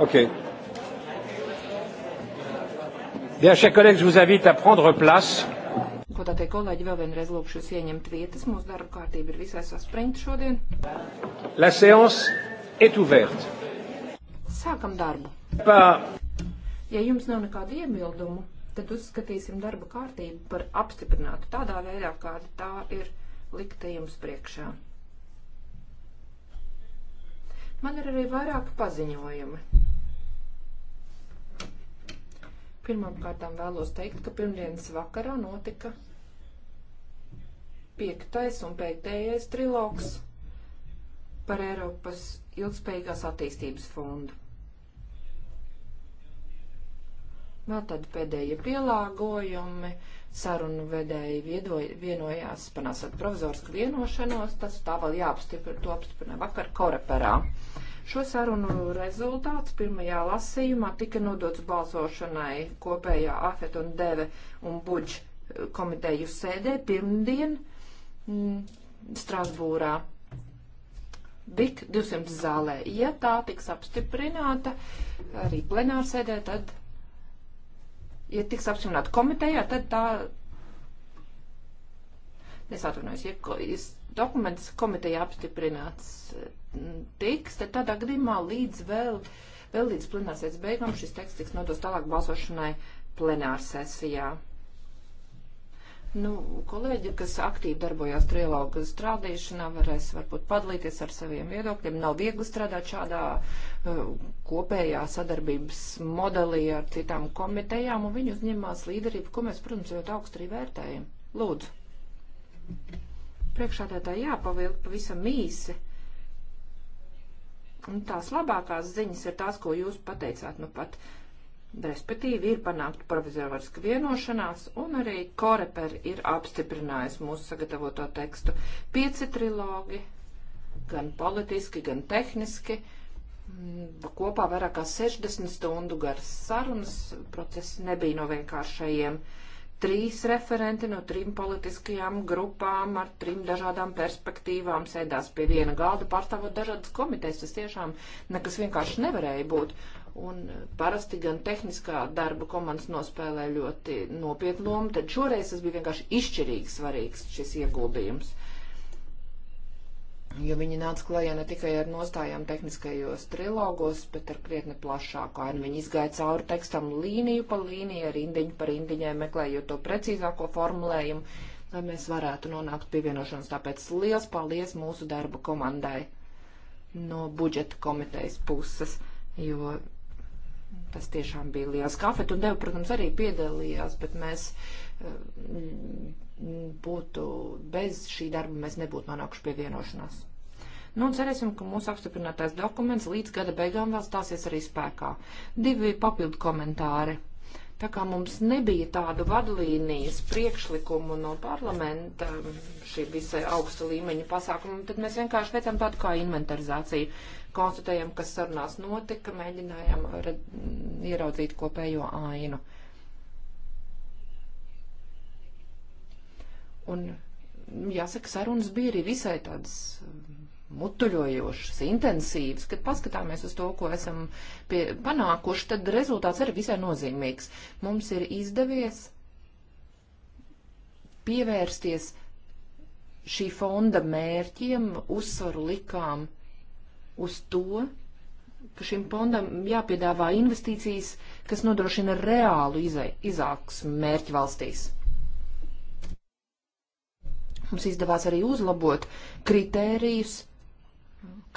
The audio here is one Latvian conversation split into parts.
Ok. Bien, chers collègues, je vous invite à prendre place. Ko tā teikt, kolēģi, vēl vienreiz lūkšu jūs ieņemt vietas. Mūsu darba kārtība ir visai saspringta šodien. La séance est ouverte. Sākam darbu. Pa... Ja jums nav nekādu iebildumu, tad uzskatīsim darba kārtību par apstiprinātu tādā veidā, kāda tā ir likta jums priekšā. Man ir arī vairāki paziņojumi. Pirmām kārtām vēlos teikt, ka pirmdienas vakarā notika piektais un pēdējais trilogs par Eiropas ilgspējīgās attīstības fondu. Vēl tad pēdējie pielāgojumi, sarunu vedēji vienojās, panāsot provizorisku vienošanos, tas tā vēl jāapstiprina, to apstiprina vakar koreperā. Uh, Šo sarunu rezultāts pirmajā lasījumā tika nodots balsošanai kopējā AFET un DEVE un BUDŽ eh, komiteju sēdē pirmdien m, mm, Strasbūrā. BIK 200 zālē. Ja tā tiks apstiprināta arī plenārsēdē, tad, ja tiks apstiprināta komitejā, tad tā, es atvainojos, ja dokuments komiteja apstiprināts eh, tiks, tad tādā gadījumā līdz vēl, vēl līdz plenārsēdes beigām šis teksts tiks nodos tālāk balsošanai plenārsesijā. Nu, kolēģi, kas aktīvi darbojās trilogu strādīšanā, varēs varbūt padalīties ar saviem viedokļiem. Nav viegli strādāt šādā uh, kopējā sadarbības modelī ar citām komitejām, un viņi uzņemās līderību, ko mēs, protams, ļoti augstu arī vērtējam. Lūdzu priekšādētāji jāpavilk pavisam īsi. Un tās labākās ziņas ir tās, ko jūs pateicāt nu pat. Respektīvi ir panākt provizoriska vienošanās, un arī Koreper ir apstiprinājis mūsu sagatavoto tekstu. Pieci trilogi, gan politiski, gan tehniski, mm, kopā vairāk kā 60 stundu garas sarunas process nebija no vienkāršajiem. Uh, trīs referenti no trim politiskajām grupām ar trim dažādām perspektīvām sēdās pie viena galda, pārstāvot dažādas komitejas. Tas tiešām nekas vienkārši nevarēja būt. Un eh, parasti gan tehniskā darba komandas nospēlē ļoti nopietnu lomu, tad šoreiz tas bija vienkārši izšķirīgi svarīgs šis ieguldījums. Uh, jo viņi nāca klajā ne tikai ar nostājām tehniskajos trilogos, bet ar krietni plašāku ainu. Viņi izgāja cauri tekstam līniju pa līniju, ar indiņu par indiņai, meklējot to precīzāko formulējumu, lai mēs varētu nonākt pievienošanas. Tāpēc liels paldies mūsu darba komandai no budžeta komitejas puses, jo Tas tiešām bija liels kafet, un tev, protams, arī piedalījās, bet mēs eh, būtu bez šī darba, mēs nebūtu nonākuši pie vienošanās. Nu, un cerēsim, ka mūsu apstiprinātais dokuments līdz gada beigām vēl stāsies arī spēkā. Divi papildu komentāri. Tā kā mums nebija tādu vadlīnijas priekšlikumu no parlamenta šī visai augsta līmeņa pasākuma, tad mēs vienkārši veicam tādu kā inventarizāciju. Konstatējam, kas sarunās notika, mēģinājām red, ieraudzīt kopējo ainu. Un jāsaka, sarunas bija arī visai tādas mutuļojošas, intensīvas, kad paskatāmies uz to, ko esam pie, panākuši, tad rezultāts arī visai nozīmīgs. Mums ir izdevies pievērsties šī fonda mērķiem, uzsvaru likām uz to, ka šim fondam jāpiedāvā investīcijas, kas nodrošina reālu izaugsmu mērķu valstīs. Mums izdevās arī uzlabot kritērijus,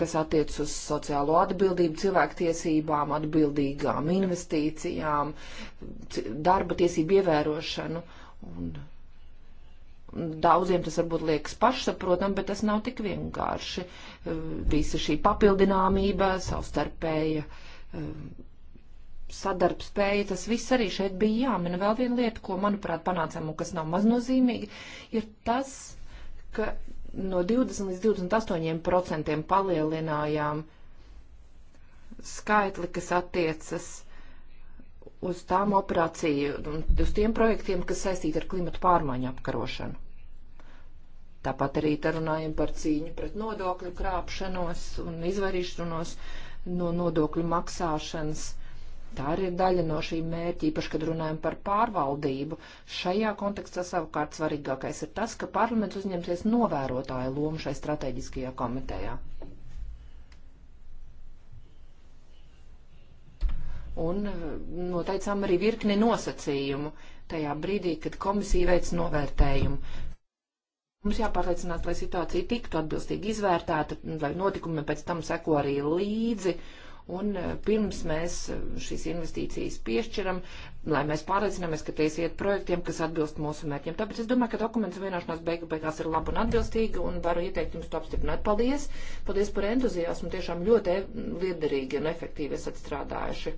kas attiec uz sociālo atbildību, cilvēktiesībām, atbildīgām investīcijām, darba tiesību ievērošanu. Un daudziem tas varbūt liekas pašsaprotam, bet tas nav tik vienkārši. Eh, visa šī papildināmība, savstarpēja eh, sadarbspēja, tas viss arī šeit bija jāmina. Vēl viena lieta, ko, manuprāt, panācām un kas nav maznozīmīga, ir tas, ka no 20 līdz 28 procentiem palielinājām skaitli, kas attiecas uz tām operāciju, uz tiem projektiem, kas saistīti ar klimatu pārmaiņu apkarošanu. Tāpat arī te runājam par cīņu pret nodokļu krāpšanos un izvairīšanos no nodokļu maksāšanas Tā arī ir daļa no šī mērķa, īpaši, kad runājam par pārvaldību. Šajā kontekstā savukārt svarīgākais ir tas, ka parlaments uzņemsies novērotāju lomu šai strateģiskajā komitejā. Un eh, noteicām arī virkni nosacījumu tajā brīdī, kad komisija veic novērtējumu. Mums jāpārliecinās, lai situācija tiktu atbilstīgi izvērtēta, lai notikumi pēc tam seko arī līdzi. Uh, un e, pirms mēs e, šīs investīcijas piešķiram, lai mēs pārliecināmies, ka tās iet projektiem, kas atbilst mūsu mērķiem. Tāpēc es domāju, ka dokumentu vienošanās beigu beigās ir laba un atbilstīga un varu ieteikt jums to apstiprināt. Paldies! Paldies par entuziasmu! Tiešām ļoti liederīgi un efektīvi esat strādājuši.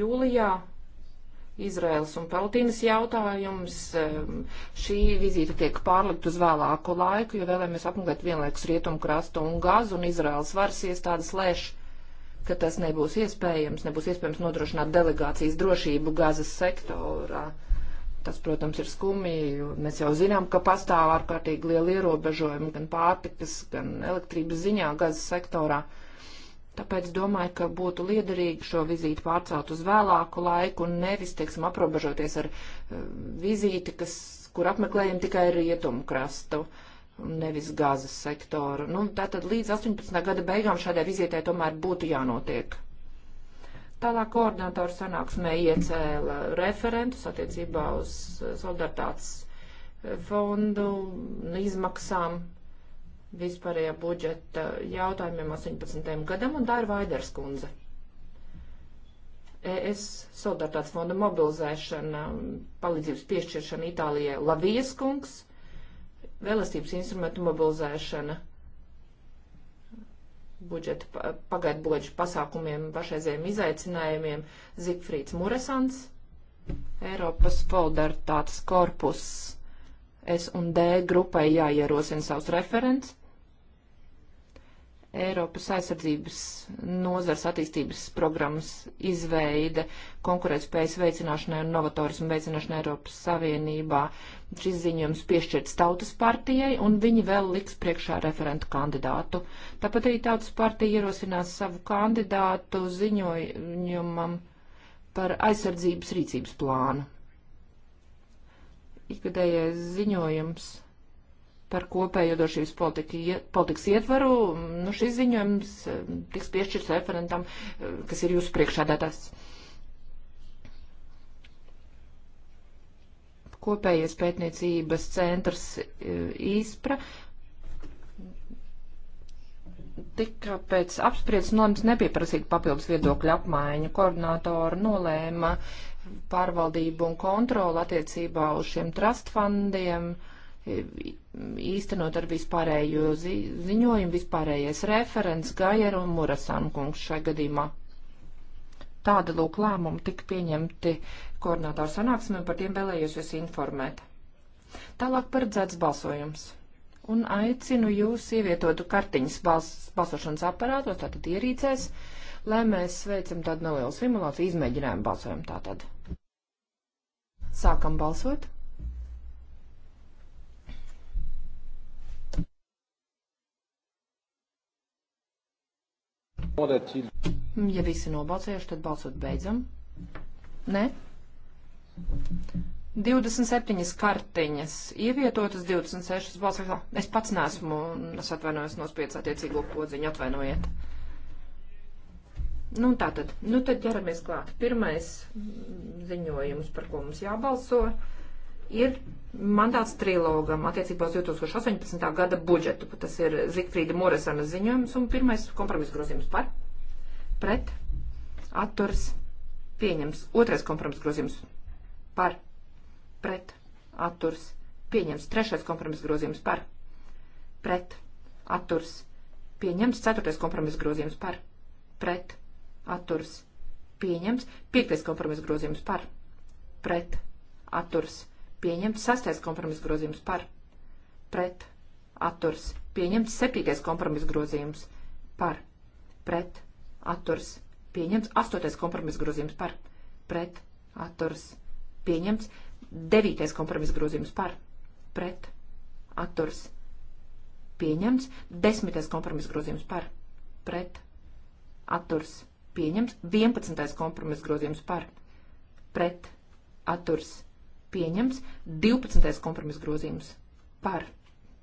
Jūlijā Izraels un Palestīnas jautājums. Šī vizīte tiek pārlikt uz vēlāku laiku, jo vēlamies apmeklēt vienlaikus rietumu krastu un gazu, un Izraels varas iestādes lēš, ka tas nebūs iespējams, nebūs iespējams nodrošināt delegācijas drošību gazas sektorā. Tas, protams, ir skumji. Mēs jau zinām, ka pastāv ārkārtīgi liela ierobežojuma gan pārtikas, gan elektrības ziņā gazas sektorā. Uh, Tāpēc domāju, ka būtu liederīgi šo vizīti pārcelt uz vēlāku laiku un nevis, teiksim, aprobežoties ar eh, vizīti, kas, kur apmeklējam tikai rietumu krastu, nevis gazas sektoru. Nu, tātad līdz 18. gada beigām šādai vizītē tomēr būtu jānotiek. Tālāk koordinātoru sanāksmē iecēla referentus attiecībā uz solidaritātes fondu izmaksām vispārējā budžeta jautājumiem 18. gadam, un tā ir Vaiders kundze. ES solidaritātes fonda mobilizēšana, palīdzības piešķiršana Itālijai Lavijas kungs, vēlestības instrumentu mobilizēšana budžeta pagaidu budžeta pasākumiem, pašreizējiem izaicinājumiem Zigfrīds Muresants, Eiropas solidaritātes korpus S un D grupai jāierosina savs referents, Eiropas aizsardzības nozars attīstības programmas izveide konkurētspējas veicināšanai un novatorismu veicināšanai Eiropas Savienībā. Šis ziņojums piešķirts Tautas partijai, un viņi vēl liks priekšā referentu kandidātu. Tāpat arī Tautas partija ierosinās savu kandidātu ziņojumam par aizsardzības rīcības plānu. Ikgadējais ziņojums par kopējo drošības politikas ietvaru. Nu, šis ziņojums eh, tiks piešķirts referentam, eh, kas ir jūsu priekšādātājs. Kopējais pētniecības centrs eh, īspra tika pēc apspriedzes nolēmts nepieprasīt papildus viedokļu apmaiņu. Koordinātori nolēma pārvaldību un kontroli attiecībā uz šiem trust fundiem. Uh, īstenot ar vispārējo zi ziņojumu, vispārējais referents Gajer un Murasan kungs šai gadījumā. Tāda lūk lēmuma tika pieņemti koordinātāru sanāksmē, par tiem vēlējos jūs informēt. Tālāk paredzēts balsojums. Un aicinu jūs ievietot kartiņas bals, balsošanas aparātos, tātad ierīcēs, lai mēs veicam tādu nelielu simulāciju, izmēģinājumu balsojumu tātad. Sākam balsot. Ja visi nobalsojuši, tad balsot beidzam. Nē? 27 kartiņas ievietotas, 26 balsas. Ah, es pats nesmu, es atvainojos, nospiedzu attiecīgo podziņu, atvainojiet. Nu, tā tad, nu tad ķeramies klāt. Pirmais ziņojums, par ko mums jābalso ir mandāts trilogam attiecībā uz 2018. gada budžetu. Tas ir Zikfrīda Moresana ziņojums un pirmais kompromiss grozījums par, pret, atturs, pieņems. Otrais kompromiss grozījums par, pret, atturs, pieņems. Trešais kompromiss grozījums par, pret, atturs, pieņems. Ceturtais kompromiss grozījums par, pret, atturs, pieņems. Piektais kompromiss grozījums par, pret, atturs, pieņems pieņemts. Sastais kompromiss grozījums par, pret, atturs, pieņemts. Septītais kompromiss grozījums par, pret, atturs, pieņemts. Astotais kompromiss grozījums par, pret, atturs, pieņemts. Devītais kompromiss grozījums par, pret, atturs, pieņemts. Desmitais kompromiss grozījums par, pret, atturs, pieņemts. Vienpadsmitais kompromiss grozījums par, pret, atturs, pieņemts pret, atturs, pieņemts. 12. kompromis grozījums par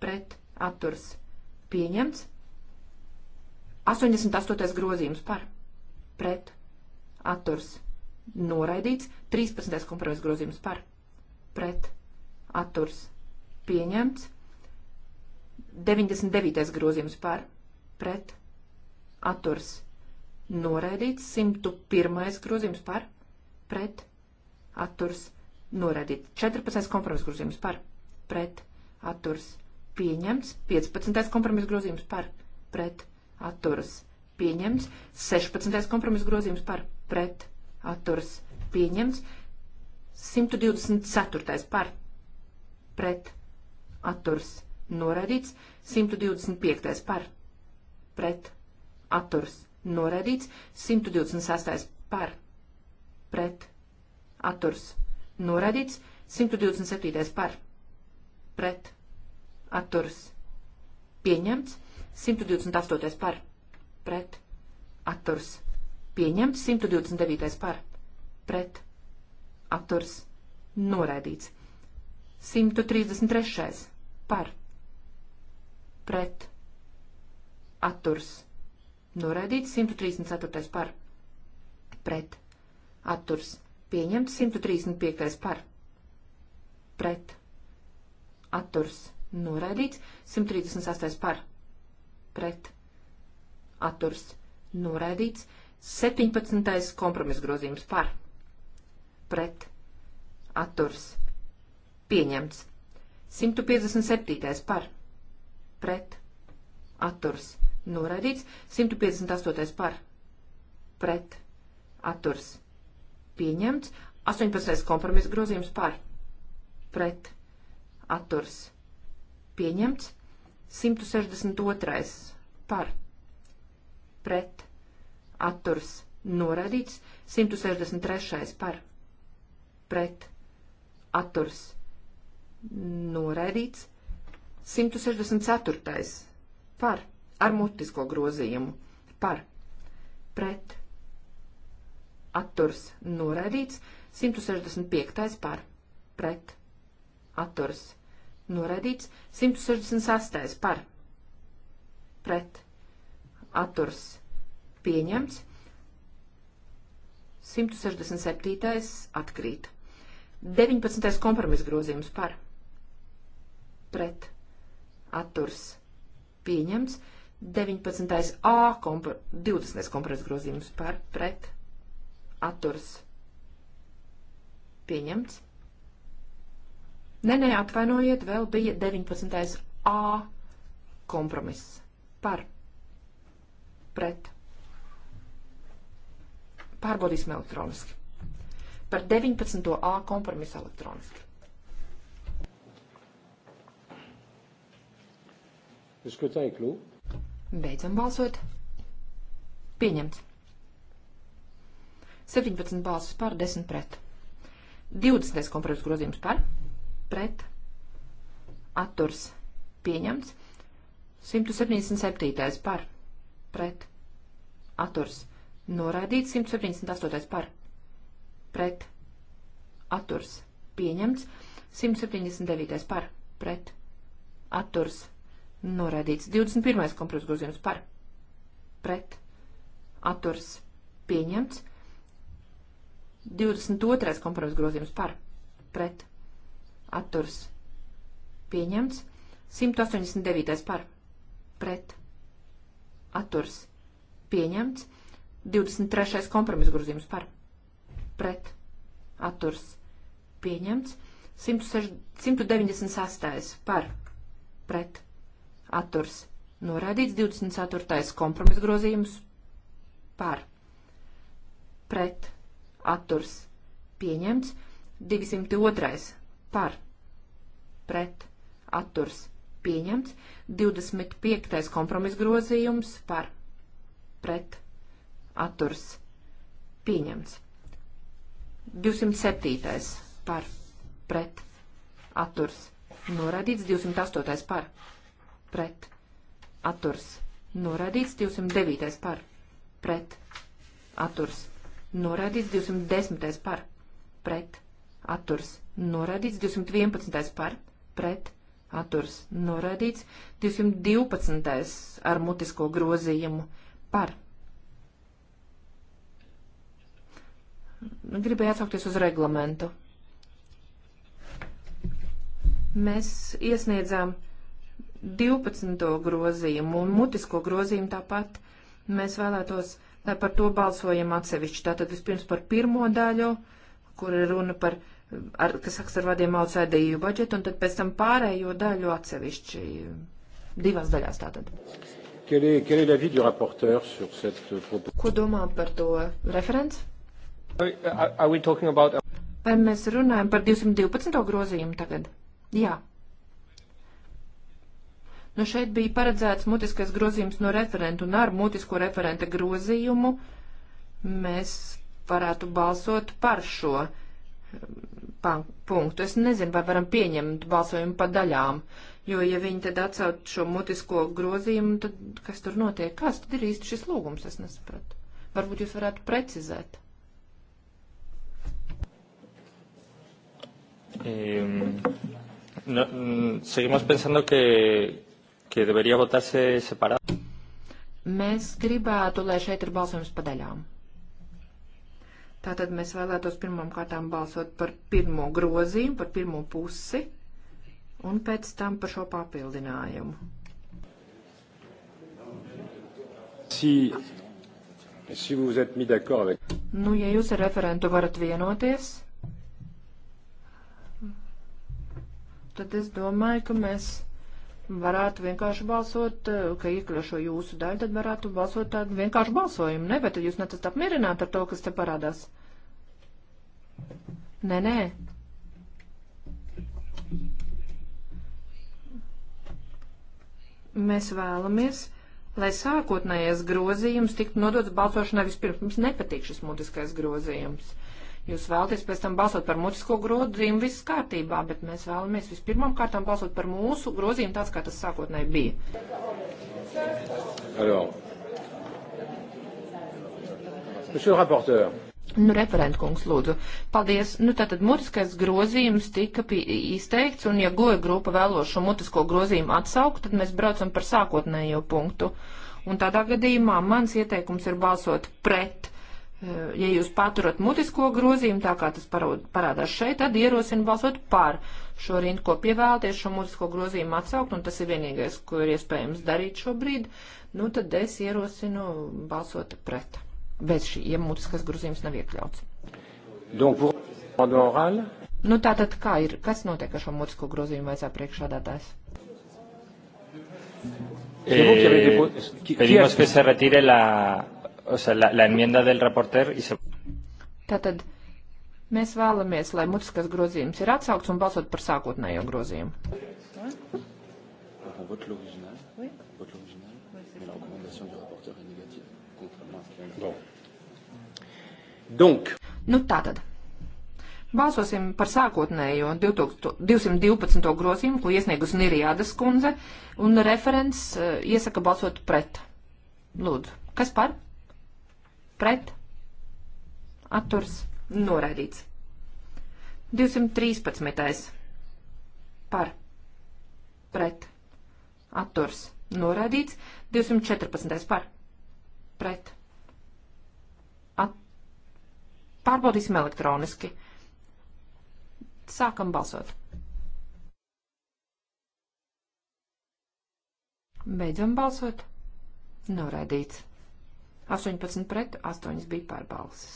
pret atturs pieņemts. 88. grozījums par pret atturs noraidīts. 13. kompromis grozījums par pret atturs pieņemts. 99. grozījums par pret atturs noraidīts. 101. grozījums par pret atturs pieņemts atturs Noraidīts. 14. kompromiss grozījums par. Pret. Atturs. Pieņemts. 15. kompromiss grozījums par. Pret. Atturs. Pieņemts. 16. kompromiss grozījums par. Pret. Atturs. Pieņemts. 124. par. Pret. Atturs. Noraidīts. 125. par. Pret. Atturs. Noraidīts. 126. par. Pret. Atturs Noraidīts 127. par pret atturas pieņemts 128. par pret atturas pieņemts 129. par pret atturas noraidīts 133. par pret atturas noraidīts 134. par pret atturas Pieņemts 135. par. Pret. Atturs. Noraidīts 138. par. Pret. Atturs. Noraidīts 17. kompromis grozījums par. Pret. Atturs. Pieņemts. 157. par. Pret. Atturs. Noraidīts 158. par. Pret. Atturs pieņemts. 18. kompromisa grozījums par pret atturs pieņemts. 162. par pret atturs noraidīts. 163. par pret atturs noraidīts. 164. par ar mutisko grozījumu par pret atturs noraidīts, 165. par pret atturs noraidīts, 168. par pret atturs pieņemts, 167. atkrīt, 19. kompromis grozījums par pret atturs pieņemts, 19. A, kompro, 20. kompromis grozījums par pret atturs atturs pieņemts. Nē, nē, atvainojiet, vēl bija 19. A kompromiss par pret. Pārbaudīsim elektroniski. Par 19. A kompromisu elektroniski. Diskutēju klū. Beidzam balsot. Pieņemts. 17 balsis par, 10 pret. 20. kompromiss grozījums par, pret, atturs pieņemts. 177. par, pret, atturs noraidīts. 178. par, pret, atturs pieņemts. 179. par, pret, atturs noraidīts. 21. kompromiss grozījums par, pret, atturs pieņemts. 22. kompromiss grozījums par pret atturs pieņemts. 189. par pret atturs pieņemts. 23. kompromiss grozījums par pret atturs pieņemts. 196. par pret atturs noraidīts. 24. kompromiss grozījums par pret atturs atturs pieņemts, 202. par pret atturs pieņemts, 25. kompromis grozījums par pret atturs pieņemts, 207. par pret atturs noradīts, 208. par pret atturs noradīts, 209. par pret atturs noradīts noraidīts 210. par, pret, atturs, noraidīts 211. par, pret, atturs, noraidīts 212. ar mutisko grozījumu par. Gribēju atsaukties uz reglamentu. Mēs iesniedzām 12. grozījumu un mutisko grozījumu tāpat. Mēs vēlētos par to balsojam atsevišķi. Tātad vispirms par pirmo daļu, kur ir runa par, ar, kas saks ar vadiem outside budžetu, un tad pēc tam pārējo daļu atsevišķi. Divās daļās tātad. Quel est, quel est l'avis du rapporteur sur cette proposition? Ko domā par to referents? Are, are we talking about... Vai mēs runājam par 212. grozījumu tagad? Jā. Yeah. Nu, šeit bija paredzēts mutiskais grozījums no referenta, un ar mutisko referenta grozījumu mēs varētu balsot par šo um, punktu. Es nezinu, vai varam pieņemt balsojumu pa daļām, jo, ja viņi tad atsauc šo mutisko grozījumu, tad kas tur notiek? Kāds tad ir īsti šis lūgums? Es nesapratu. Varbūt jūs varētu precizēt. Um, no, mm, seguimos pensando que, que debería votarse separado. Mēs gribētu, lai šeit ir balsojums pa daļām. Tātad mēs vēlētos pirmām kārtām balsot par pirmo grozījumu, par pirmo pusi un pēc tam par šo papildinājumu. Si, si vous êtes mis d'accord avec... Nu, ja jūs ar referentu varat vienoties, tad es domāju, ka mēs varētu vienkārši balsot, eh, ka iekļaušo jūsu daļu, tad varētu balsot tādu vienkāršu balsojumu. Ne, bet tad jūs netat apmierināt ar to, kas te parādās. Nē, nē. Mēs vēlamies, lai sākotnējais grozījums tiktu nodots balsošanai vispirms. Mums nepatīk šis mutiskais grozījums. Uh, Jūs vēlaties pēc tam balsot par mutisko grozījumu, viss kārtībā, bet mēs vēlamies vispirmām kārtām balsot par mūsu grozījumu tāds, kā tas sākotnēji bija. Alors. Monsieur le rapporteur. Nu, referent kungs, lūdzu. Paldies. Nu, tātad mutiskais grozījums tika izteikts, un ja goja grupa vēlos šo mutisko grozījumu atsaukt, tad mēs braucam par sākotnējo punktu. Un tādā gadījumā mans ieteikums ir balsot pret Eh, ja jūs paturat mutisko grozījumu, tā kā tas parādās šeit, tad ierosinu balsot par šo rindu, ko pievēlaties šo mutisko grozījumu atsaukt, un tas ir vienīgais, ko ir iespējams darīt šobrīd, nu tad es ierosinu balsot pret. Bez šī, ja mutiskas grozījums nav iekļauts. Donc, vous... Nu tātad kā ir, kas notiek ar šo mutisko grozījumu vajadzā priekšādātājs? Eh, eh pedimos que se retire la, o sea, la, la enmienda del reporter. Se... Tātad mēs vēlamies, lai mutiskās grozījums ir atsaukts un balsot par sākotnējo grozījumu. Donc. Nu tātad. Balsosim par sākotnējo 212. grozījumu, ko iesniegusi Nirjādas kundze, un referents eh, iesaka balsot pret. Lūdzu, kas par? pret, atturs, noraidīts. 213. par, pret, atturs, noraidīts. 214. par, pret, at... pārbaudīsim elektroniski. Sākam balsot. Beidzam balsot. Noraidīts. 18 pret, 8 bija pārbalsis.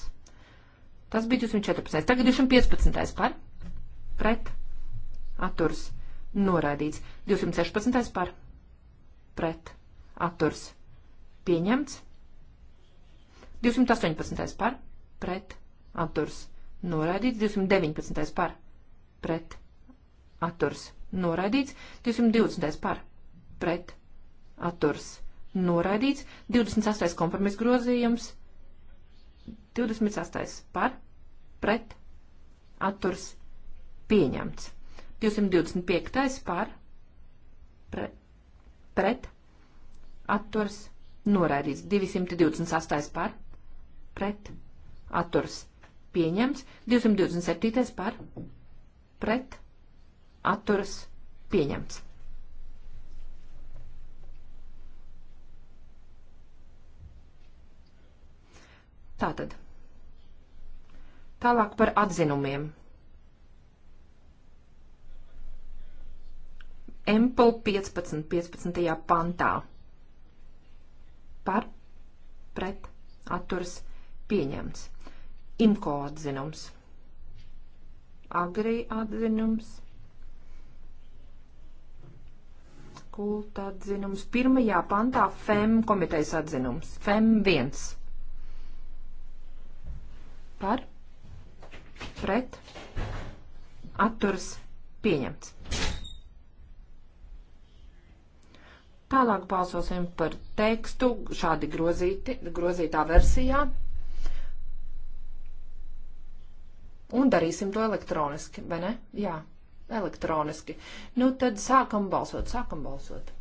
Tas bija 214. Tagad 215. par, pret, atturs, noraidīts. 216. par, pret, atturs, pieņemts. 218. par, pret, atturs, noraidīts. 219. par, pret, atturs, noraidīts. 220. par, pret, atturs, noraidīts noraidīts. 28. kompromis grozījums. 28. par, pret, atturs, pieņemts. 225. par, pre, pret, atturs, noraidīts. 228. par, pret, atturs, pieņemts. 227. par, pret, atturs, pieņemts. Tātad. Tālāk par atzinumiem. Empel 15, 15. pantā. Par, pret, atturas, pieņemts. Imko atzinums. Agri atzinums. Kulta atzinums. Pirmajā pantā FEM komitejas atzinums. FEM 1 par, pret, atturas pieņemts. Tālāk balsosim par tekstu šādi grozīti, grozītā versijā. Un darīsim to elektroniski, vai ne? Jā, elektroniski. Nu, tad sākam balsot, sākam balsot.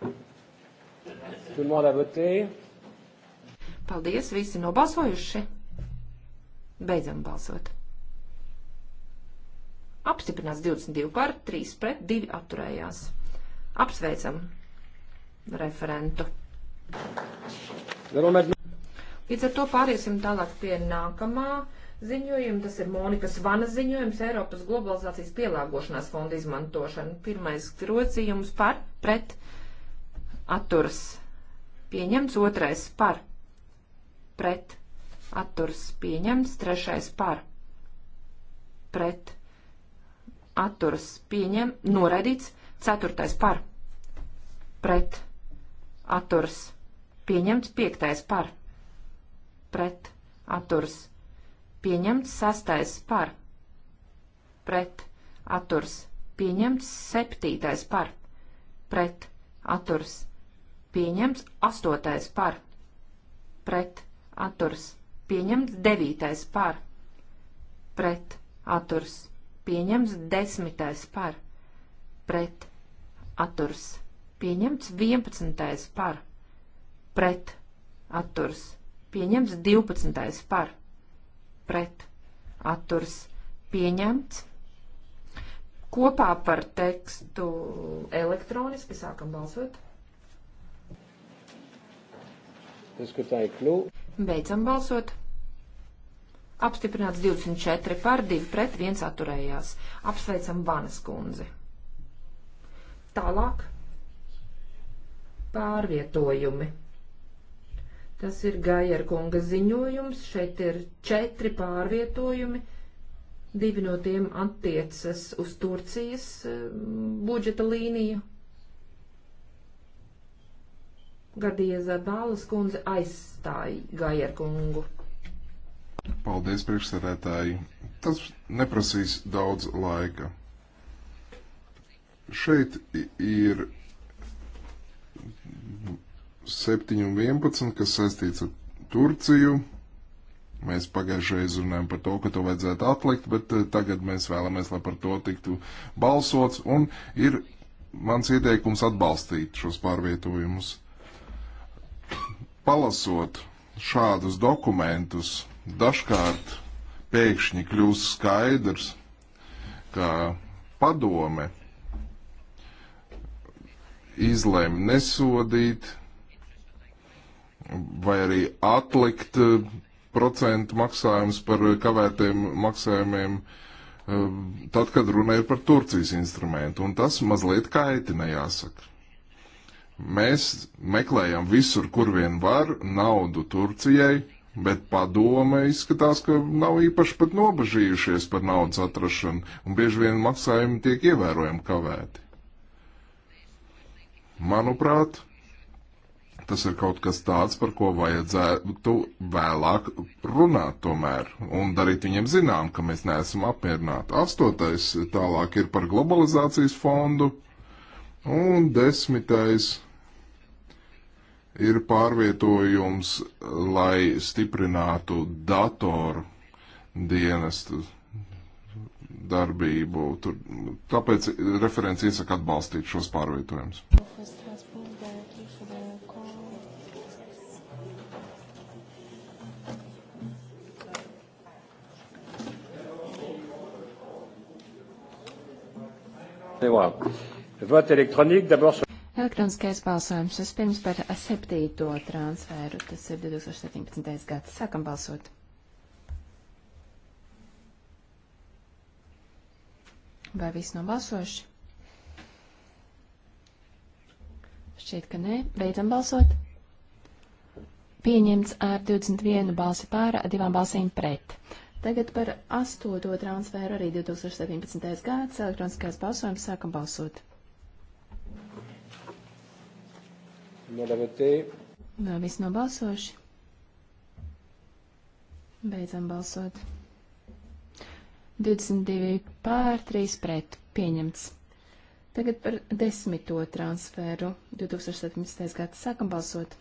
Tout le monde a voté. Paldies, visi nobalsojuši. Beidzam balsot. Apstiprināts 22 par, 3 pret, 2 atturējās. Apsveicam referentu. Līdz ar to pāriesim tālāk pie nākamā ziņojuma. Tas ir Monikas Vana ziņojums Eiropas globalizācijas pielāgošanās fonda izmantošana. Pirmais grozījums par, pret, atturas. Pieņemts otrais par, pret, atturs pieņemts, trešais par, pret, atturs pieņem, noraidīts, ceturtais par, pret, atturs pieņemts, piektais par, pret, atturs pieņemts, sastais par, pret, atturs pieņemts, septītais par, pret, atturs pieņemts, astotais par, pret, atturs atturs pieņemts, devītais par pret atturs pieņemts, desmitais par pret atturs pieņemts, vienpadsmitais par pret atturs pieņemts, divpadsmitais par pret atturs pieņemts. Kopā par tekstu elektroniski sākam balsot. Diskutēju kļūdu. Beidzam balsot. Apstiprināts 24 par 2 pret 1 atturējās. Apsveicam Vanas kundzi. Tālāk pārvietojumi. Tas ir Gajer kunga ziņojums. Šeit ir četri pārvietojumi. Divi no tiem attiecas uz Turcijas eh, budžeta līniju. Gadīja Zabālas kundze aizstāja Gajer kungu. Paldies, priekšsēdētāji. Tas neprasīs daudz laika. Šeit ir 7 un 11, kas saistīts ar Turciju. Mēs pagājušajā reizē runājām par to, ka to vajadzētu atlikt, bet eh, tagad mēs vēlamies, lai par to tiktu balsots. Un ir mans ieteikums atbalstīt šos pārvietojumus palasot šādus dokumentus, dažkārt pēkšņi kļūst skaidrs, ka padome izlēma nesodīt vai arī atlikt eh, procentu maksājumus par kavētiem maksājumiem, eh, tad, kad runa ir par Turcijas instrumentu. Un tas mazliet kaitina, jāsaka. Mēs meklējam visur, kur vien var, naudu Turcijai, bet padome izskatās, ka nav īpaši pat nobažījušies par naudas atrašanu, un bieži vien maksājumi tiek ievērojami kavēti. Manuprāt, tas ir kaut kas tāds, par ko vajadzētu vēlāk runāt tomēr un darīt viņiem zinām, ka mēs neesam apmierināti. Astotais tālāk ir par globalizācijas fondu un desmitais ir pārvietojums, lai stiprinātu datoru dienestu darbību. Tur, tāpēc referents iesaka atbalstīt šos pārvietojumus. Vote électronique d'abord sur Elektroniskais balsojums vispirms par septīto transferu, tas ir 2017. gads. Sākam balsot. Vai viss nav balsoši? Šķiet, ka nē. Beidzam balsot. Pieņemts ar 21 balsi pār, divām balsīm pret. Tagad par astoto transferu arī 2017. gads. Elektroniskais balsojums sākam balsot. Vēl viss nobalsojuši. Beidzam balsot. 22 pār 3 pret pieņemts. Tagad par desmito transferu 2017. gads sākam balsot.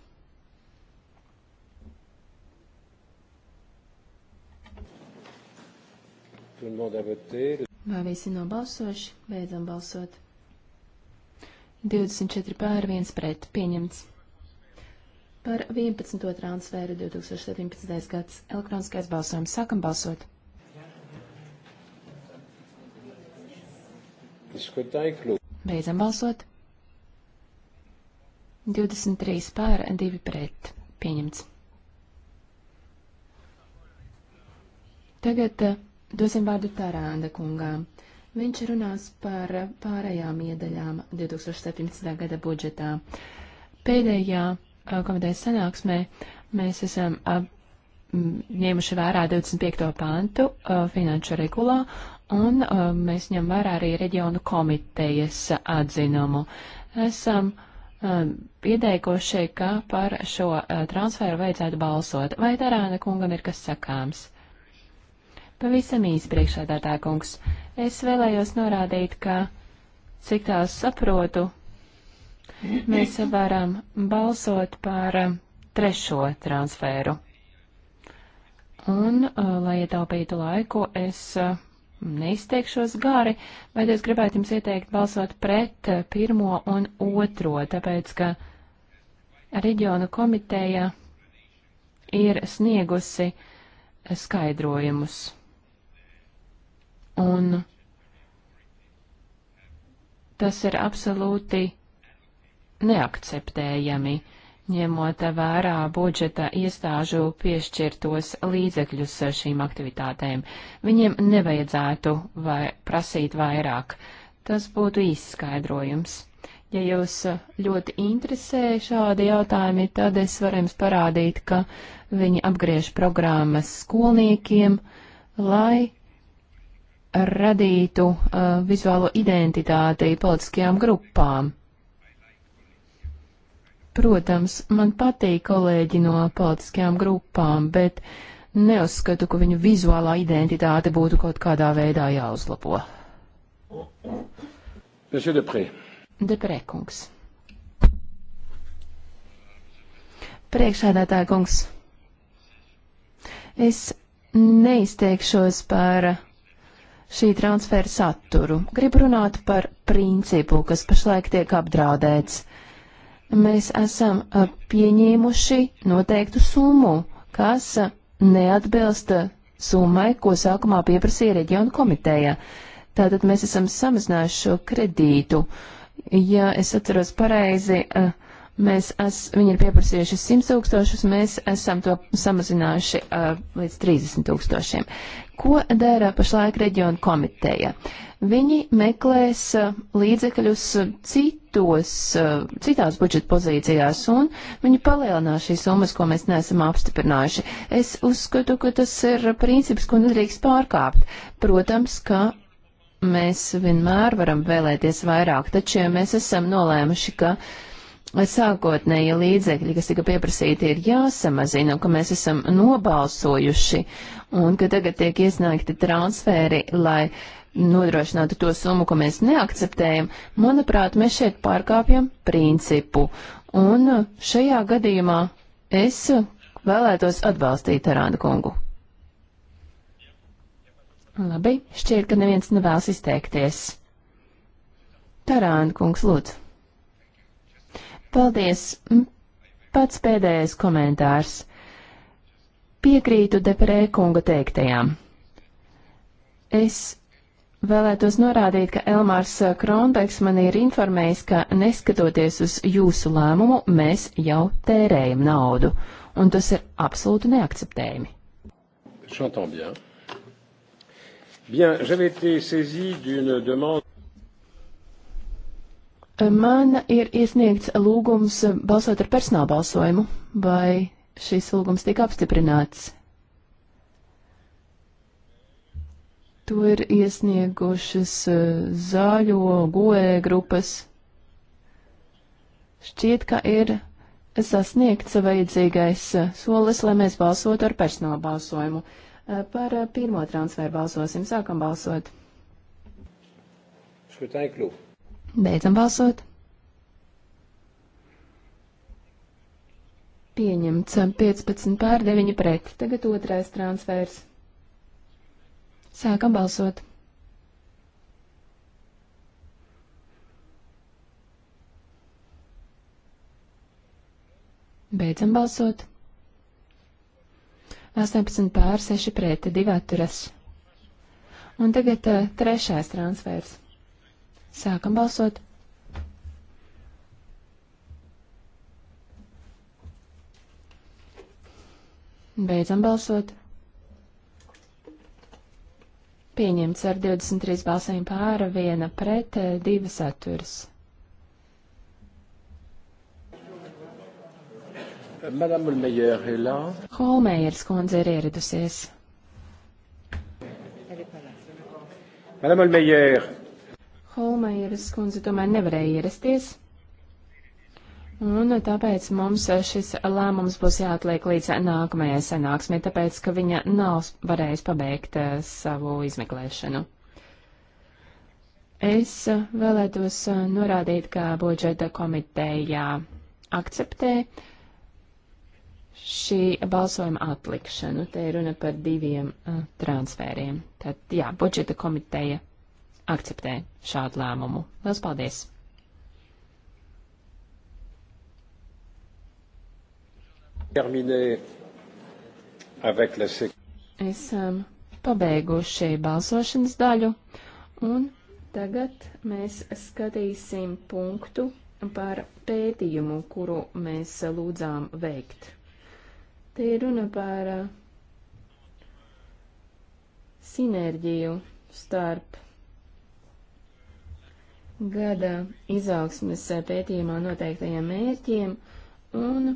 Vai visi nobalsojuši? Beidzam balsot. 24 pār 1 pret pieņemts. Par 11. transferu 2017. gads elektroniskais balsojums sākam balsot. Beidzam balsot. 23 pār 2 pret pieņemts. Tagad eh, dosim vārdu Tarānda kungām. Viņš runās par pārējām iedaļām 2017. gada budžetā. Pēdējā uh, komitejas sanāksmē mēs esam uh, ņēmuši vērā 25. pantu uh, finanšu regulā un mēs ņem vērā arī reģionu komitejas atzinumu. Esam ieteikuši, ka par šo transferu vajadzētu balsot. Vai Tarāna kungam ir kas sakāms? Pavisam īsi priekšādātā kungs. Es vēlējos norādīt, ka, cik tās saprotu, mēs varam balsot par um, trešo transferu. Un, uh, lai ietaupītu laiku, es uh, neizteikšos gari, bet es gribētu jums ieteikt balsot pret uh, pirmo un otro, tāpēc, ka reģionu komiteja ir sniegusi skaidrojumus un tas ir absolūti neakceptējami, ņemot vērā budžeta iestāžu piešķirtos līdzekļus šīm aktivitātēm. Viņiem nevajadzētu vai prasīt vairāk. Tas būtu izskaidrojums. Ja jūs ļoti interesē šādi jautājumi, tad es varu jums parādīt, ka viņi apgriež programmas skolniekiem, lai radītu uh, vizuālo identitāti politiskajām grupām. Protams, man patīk kolēģi no politiskajām grupām, bet neuzskatu, ka viņu vizuālā identitāte būtu kaut kādā veidā jāuzlabo. Deprē. Deprē kungs. Priekšādātāja kungs. Es neizteikšos par šī transfera saturu. Gribu runāt par principu, kas pašlaik tiek apdraudēts. Mēs esam pieņēmuši noteiktu summu, kas neatbilst summai, ko sākumā pieprasīja reģiona komiteja. Tātad mēs esam samazinājuši šo kredītu. Ja es atceros pareizi, uh, Mēs es, viņi ir pieprasījuši 100 tūkstošus, mēs esam to samazinājuši uh, līdz 30 tūkstošiem. Ko dara pašlaik reģiona komiteja? Viņi meklēs uh, līdzekļus citos, uh, citās budžeta pozīcijās un viņi palielinās šīs summas, ko mēs neesam apstiprinājuši. Es uzskatu, ka tas ir princips, ko nedrīkst pārkāpt. Protams, ka mēs vienmēr varam vēlēties vairāk, taču ja mēs esam nolēmuši, ka uh, sākotnēji līdzekļi, kas tika pieprasīti, ir jāsamazina, ka mēs esam nobalsojuši un ka tagad tiek iesniegti transferi, lai nodrošinātu to summu, ko mēs neakceptējam, manuprāt, mēs šeit pārkāpjam principu. Un šajā gadījumā es vēlētos atbalstīt Arānu kungu. Labi, šķiet, ka neviens nevēlas izteikties. Tarāna kungs, lūdzu. Paldies! Pats pēdējais komentārs. Piekrītu Deprē kunga teiktajām. Es vēlētos norādīt, ka Elmārs Krondeks man ir informējis, ka neskatoties uz jūsu lēmumu, mēs jau tērējam naudu, un tas ir absolūti neakceptējami. J'entends bien. Bien, j'avais été saisi d'une demande. Man ir iesniegts lūgums balsot ar personālu balsojumu, vai šis lūgums tika apstiprināts. To ir iesniegušas eh, zāļo goē grupas. Šķiet, ka ir sasniegts vajadzīgais solis, lai mēs balsotu ar personālu balsojumu. Eh, par eh, pirmo transferu balsosim, sākam balsot. Skatāju klūp. Beidzam balsot. Pieņemts 15 pār 9 pret. Tagad otrais transfers. Sākam balsot. Beidzam balsot. 18 pār 6 pret 2 atturas. Un tagad uh, trešais transfers. Sākam balsot. Beidzam balsot. Pieņemts ar 23 balsīm pāra, viena pret, divas atturas. Holmējers kundze ir ieradusies. Madame Olmeyer, Holmaieres kundze tomēr nevarēja ierasties. Un tāpēc mums šis lēmums būs jāatliek līdz nākamajai sanāksmē, tāpēc, ka viņa nav varējusi pabeigt eh, savu izmeklēšanu. Es eh, vēlētos eh, norādīt, ka budžeta komitejā akceptē šī balsojuma atlikšanu. Te ir runa par diviem uh, transfēriem. Tad, jā, budžeta komiteja akceptē šādu lēmumu. Lielas paldies! Esam pabeiguši balsošanas daļu, un tagad mēs skatīsim punktu par pētījumu, kuru mēs lūdzām veikt. Te ir runa par sinerģiju starp gada izaugsmes eh, pētījumā noteiktajiem mērķiem un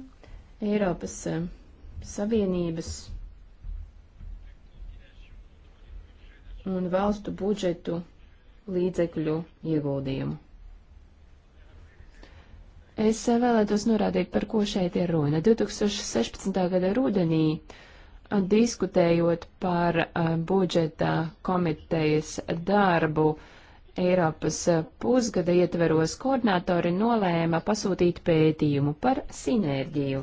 Eiropas eh, Savienības un valstu budžetu līdzekļu ieguldījumu. Es eh, vēlētos norādīt, par ko šeit ir runa. 2016. gada rudenī, diskutējot par budžeta komitejas darbu, uh, Eiropas eh, pusgada ietveros koordinātori nolēma pasūtīt pētījumu par sinerģiju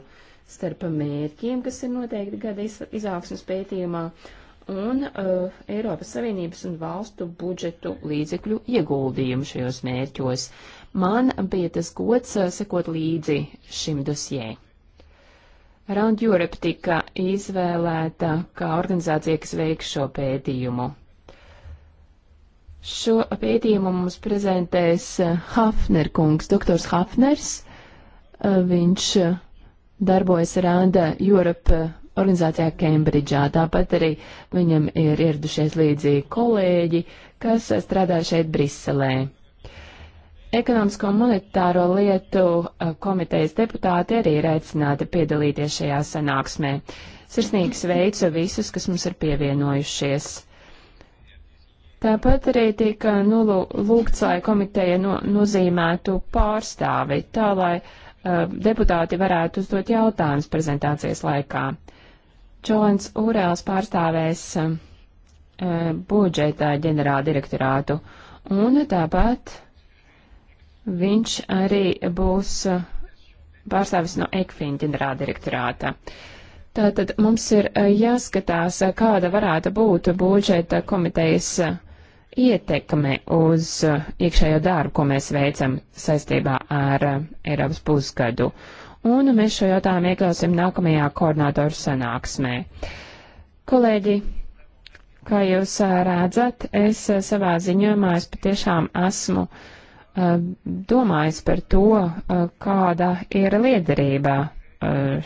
starp mērķiem, kas ir noteikti gada izaugsmas pētījumā, un uh, Eiropas Savienības un valstu budžetu līdzekļu ieguldījumu šajos mērķos. Man bija tas gods uh, sekot līdzi šim dosjē. Round Europe tika izvēlēta kā organizācija, kas veiks šo pētījumu. Šo pētījumu mums prezentēs eh, Hafner kungs, doktors Hafners. Eh, viņš eh, darbojas Randa Europe organizācijā Kembridžā. Tāpat arī viņam ir ieradušies līdzīgi kolēģi, kas strādā šeit Briselē. Ekonomisko un monetāro lietu komitejas deputāti arī ir aicināti piedalīties šajā sanāksmē. Sirsnīgi sveicu visus, kas mums ir pievienojušies. Tāpat arī tika nolūgts, lai komiteja no, nozīmētu pārstāvi, tā lai uh, deputāti varētu uzdot jautājumus prezentācijas laikā. Čolans Urēls pārstāvēs uh, budžeta ģenerāldirektorātu, un tāpat viņš arī būs uh, pārstāvis no ECFIN ģenerāldirektorāta. Tātad mums ir jāskatās, kāda varētu būt budžeta komitejas uh, ietekme uz eh, iekšējo darbu, ko mēs veicam saistībā ar eh, Eiropas pusgadu. Un mēs šo jautājumu iekļausim nākamajā koordinātoru sanāksmē. Kolēģi, kā jūs eh, redzat, es savā ziņojumā es patiešām esmu domājis par to, kāda ir liederība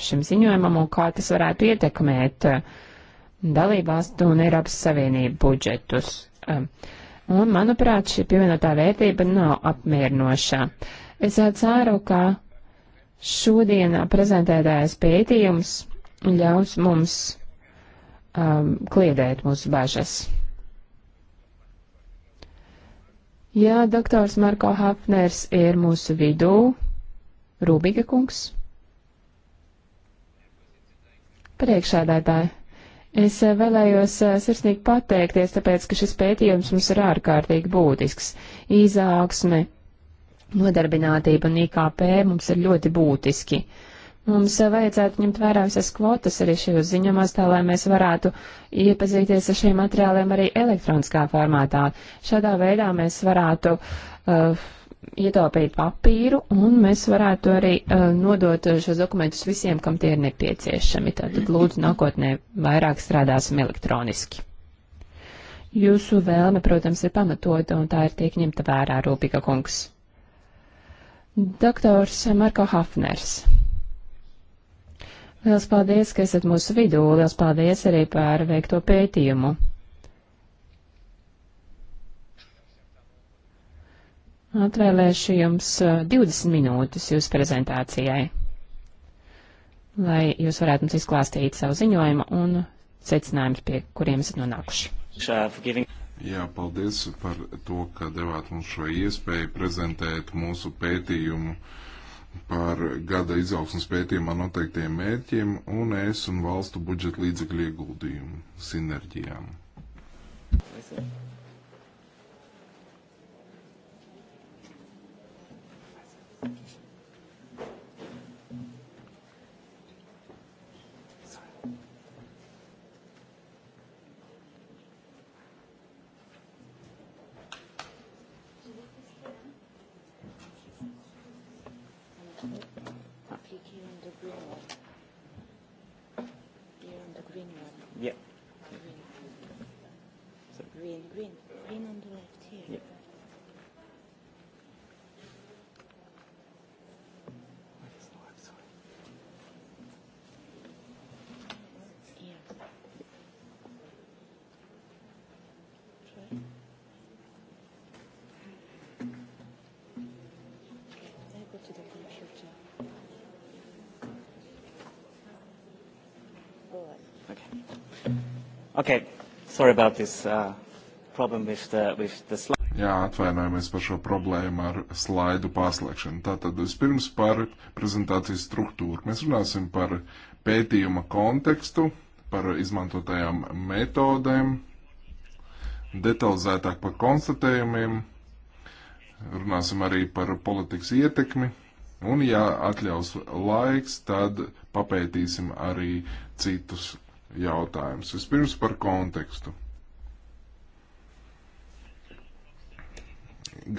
šim ziņojumam un kā tas varētu ietekmēt dalībvalstu un Eiropas Savienību budžetus. Um, un, manuprāt, šī pievienotā vērtība nav apmierinošā. Es uh, ceru, ka šodien prezentētājs pētījums ļaus mums um, kliedēt mūsu bažas. Jā, doktors Marko Hafners ir mūsu vidū. Rūbīga kungs. Priekšēdētāji. Es eh, vēlējos eh, sirsnīgi pateikties, tāpēc, ka šis pētījums mums ir ārkārtīgi būtisks. Izaugsme, nodarbinātība un IKP mums ir ļoti būtiski. Mums eh, vajadzētu ņemt vērā visas kvotas arī šajos ziņumos, tā lai mēs varētu iepazīties ar šiem materiāliem arī elektroniskā formātā. Šādā veidā mēs varētu uh, ietaupīt papīru, un mēs varētu arī uh, nodot eh, šos dokumentus visiem, kam tie ir nepieciešami. Tātad lūdzu nākotnē vairāk strādāsim elektroniski. Jūsu vēlme, protams, ir pamatota, un tā ir tiek ņemta vērā rūpīga kungs. Doktors Marko Hafners. Liels paldies, ka esat mūsu vidū, liels paldies arī par veikto pētījumu. Atvēlēšu jums 20 eh, minūtes jūsu prezentācijai, lai jūs varētu mums izklāstīt savu ziņojumu un secinājumus, pie kuriem esat nonākuši. Jā, paldies par to, ka devāt mums šo iespēju prezentēt mūsu pētījumu par gada izaugsmas pētījumā noteiktiem mērķiem un es un valstu budžeta līdzekļu ieguldījumu sinerģijām. Listen. Here on the green one. Yeah. Green. Sorry. Green, green, green on the left here. Yeah. to the computer. Okay. Okay. Sorry about this uh, problem with the, with the slide. Jā, atvainojamies par šo problēmu ar slaidu pārslēgšanu. Tātad vispirms par prezentācijas struktūru. Mēs runāsim par pētījuma kontekstu, par izmantotajām metodēm, detalizētāk par konstatējumiem, runāsim arī par politikas ietekmi Un, ja atļaus laiks, tad papētīsim arī citus jautājumus. Vispirms par kontekstu.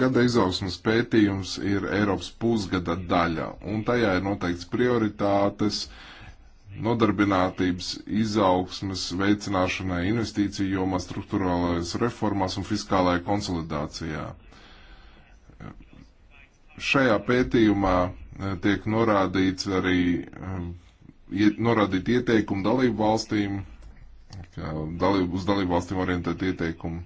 Gada izaugsmas pētījums ir Eiropas pusgada daļa, un tajā ir noteikts prioritātes nodarbinātības izaugsmas veicināšanai investīciju jomā, struktūrālajās reformās un fiskālajā konsolidācijā. Šajā pētījumā eh, tiek norādīts arī eh, norādīt ieteikumu dalību valstīm, dalību, uz dalību valstīm orientēt ieteikumu.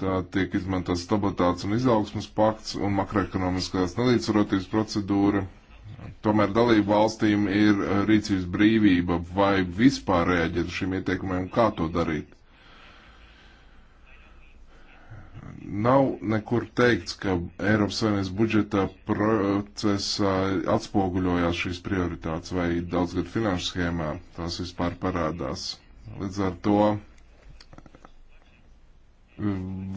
Tā tiek izmantots stabilitātes un izaugsmas pakts un makroekonomiskās nelīdzsvarotības procedūra. Tomēr dalību valstīm ir eh, rīcības brīvība vai vispār rēģēt šiem ieteikumiem, kā to darīt. Nav nekur teikts, ka Eiropas Savienības budžeta procesā atspoguļojās šīs prioritātes vai daudzgad finanšu schēmā tās vispār parādās. Līdz ar to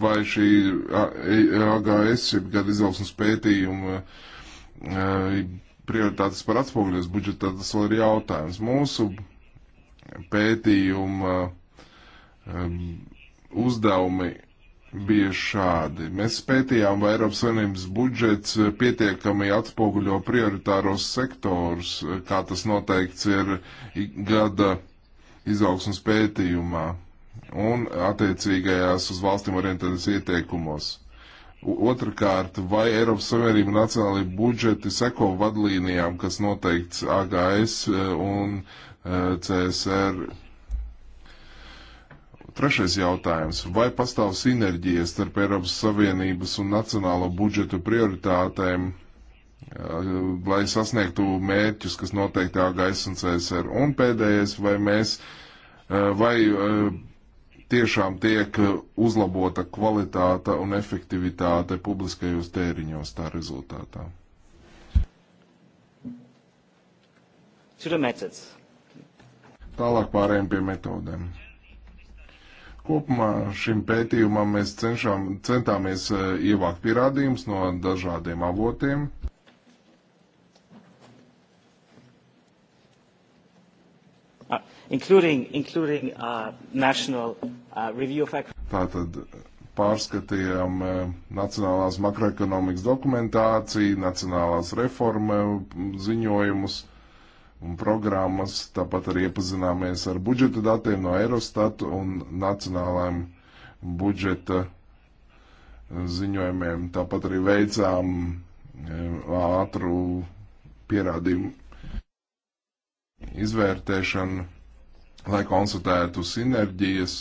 vai šī AGS, e, jeb gada izaugsmas pētījuma e, prioritātes par atspoguļos budžetā, tas vēl ir jautājums. Mūsu pētījuma e, uzdevumi bija šādi. Mēs pētījām, vai Eiropas Savienības budžets pietiekami atspoguļo prioritāros sektorus, kā tas noteikts ir gada izaugsmas pētījumā un attiecīgajās uz valstīm orientētas ieteikumos. Otrakārt, vai Eiropas Savienība nacionālajie budžeti seko vadlīnijām, kas noteikts AGS un eh, CSR Trešais jautājums. Vai pastāv sinerģijas starp Eiropas Savienības un nacionālo budžetu prioritātēm, eh, lai sasniegtu mērķus, kas noteikti AGS un CSR? Un pēdējais, vai mēs, eh, vai eh, tiešām tiek uzlabota kvalitāte un efektivitāte publiskajos tēriņos tā rezultātā? Tālāk pārējiem pie metodēm. Kopumā šim pētījumam mēs cenšām, centāmies eh, ievākt pierādījumus no dažādiem avotiem. Uh, including, including, uh, national, uh, review of... Tātad pārskatījām eh, nacionālās makroekonomikas dokumentāciju, nacionālās reforma ziņojumus un programmas, tāpat arī iepazināmies ar budžeta datiem no Eurostat un nacionālajiem budžeta ziņojumiem. Tāpat arī veicām e, ātru pierādījumu izvērtēšanu, lai konstatētu sinerģijas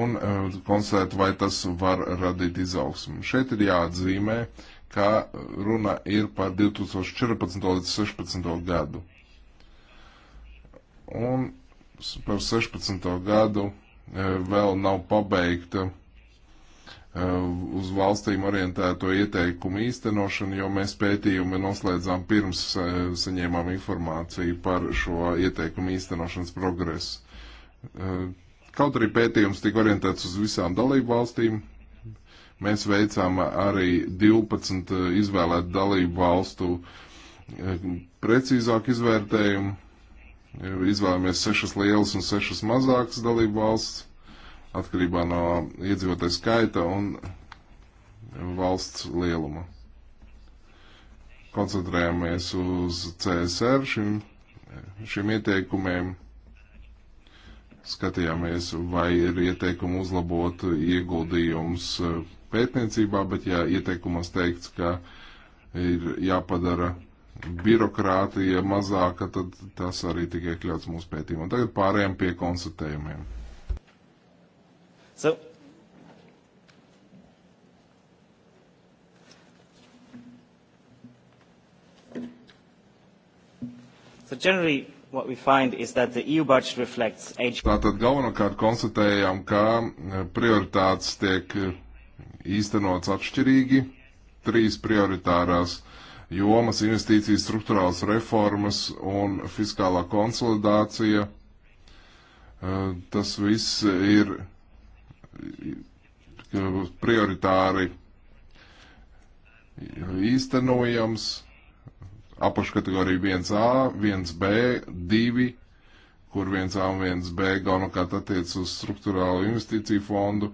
un e, konstatētu, vai tas var radīt izaugsmu. Šeit ir jāatzīmē, ka runa ir par 2014. līdz 2016. gadu. Un par 16. gadu e, vēl nav pabeigta e, uz valstīm orientēto ieteikumu īstenošanu, jo mēs pētījumu noslēdzām pirms e, saņēmām informāciju par šo ieteikumu īstenošanas progresu. Kaut arī pētījums tika orientēts uz visām dalību valstīm, mēs veicām arī 12 izvēlētu dalību valstu precīzāku izvērtējumu Izvēlamies sešas lielas un sešas mazākas dalību valsts atkarībā no iedzīvotāju skaita un valsts lieluma. Koncentrējamies uz CSR šim, šim ieteikumiem. Skatījāmies, vai ir ieteikumi uzlabot ieguldījums pētniecībā, bet ja ieteikumos teikts, ka ir jāpadara birokrātija mazāka, tad tas arī tiek iekļauts mūsu pētījumā. Tagad pārējām pie konstatējumiem. So. So generally, what we find is that the EU budget reflects age. Tātad galvenokārt konstatējām, ka eh, prioritātes tiek eh, īstenots atšķirīgi. Trīs prioritārās uh, jomas, investīcijas, struktūrāls reformas un fiskālā konsolidācija. Eh, tas viss ir eh, prioritāri īstenojams apakškategorija 1A, 1B, 2, kur 1A un 1B galvenokārt attiec uz struktūrālu investīciju fondu,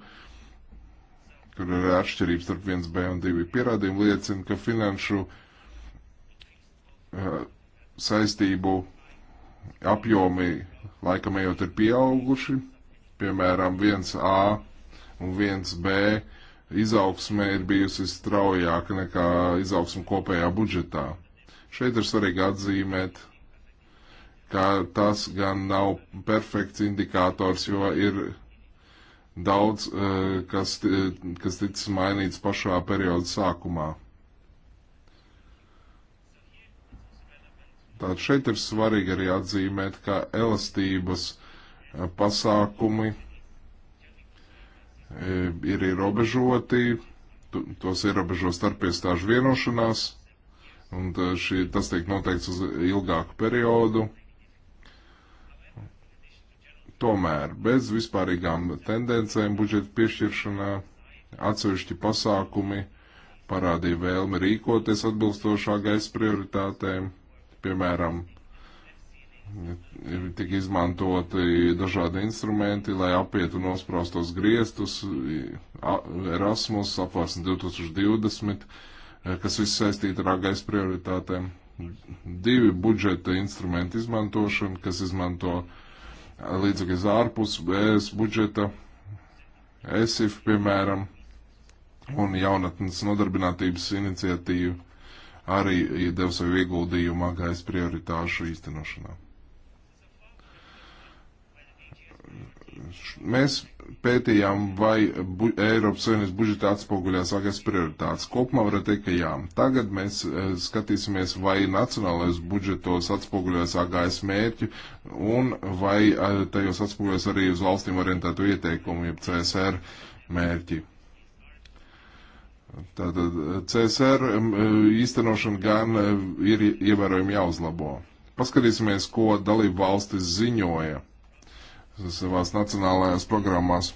kur ir atšķirības starp 1B un 2. Pierādījumi liecina, ka finanšu uh, Eh, saistību apjomi laikam ejot ir pieauguši. Piemēram, 1A un 1B izaugsme ir bijusi straujāka nekā izaugsme kopējā budžetā. Šeit ir svarīgi atzīmēt, ka tas gan nav perfekts indikators, jo ir daudz, eh, kas, kas ticis mainīts pašā perioda sākumā. Tātad šeit ir svarīgi arī atzīmēt, ka elastības eh, pasākumi eh, ir ierobežoti, tos ierobežo starpiestāžu vienošanās, un eh, šī, tas tiek noteikts uz ilgāku periodu. Tomēr bez vispārīgām tendencēm budžeta piešķiršanā atsevišķi pasākumi parādīja vēlmi rīkoties atbilstošā gaisa prioritātēm Piemēram, tika izmantoti dažādi instrumenti, lai apietu nosprostos griestus, Erasmus, apvārsni 2020, kas viss saistīta ar agais prioritātēm. Divi budžeta instrumenti izmantošana, kas izmanto līdzekļus ārpus ES budžeta, ESIF, piemēram, un jaunatnes nodarbinātības iniciatīvu arī iedeva savu ieguldījumu AGS prioritāšu īstenošanā. Mēs pētījām, vai bu Eiropas Savienības budžeta atspoguļās AGS prioritātes. Kopumā var teikt, ka jā. Tagad mēs e, skatīsimies, vai nacionālais budžetos atspoguļās AGS mērķi un vai e, tajos atspoguļās arī uz valstīm orientēto ieteikumu, jeb CSR mērķi. Tātad eh, CSR eh, īstenošana gan eh, ir ievērojami jāuzlabo. Paskatīsimies, ko dalību valstis ziņoja savās nacionālajās programmās.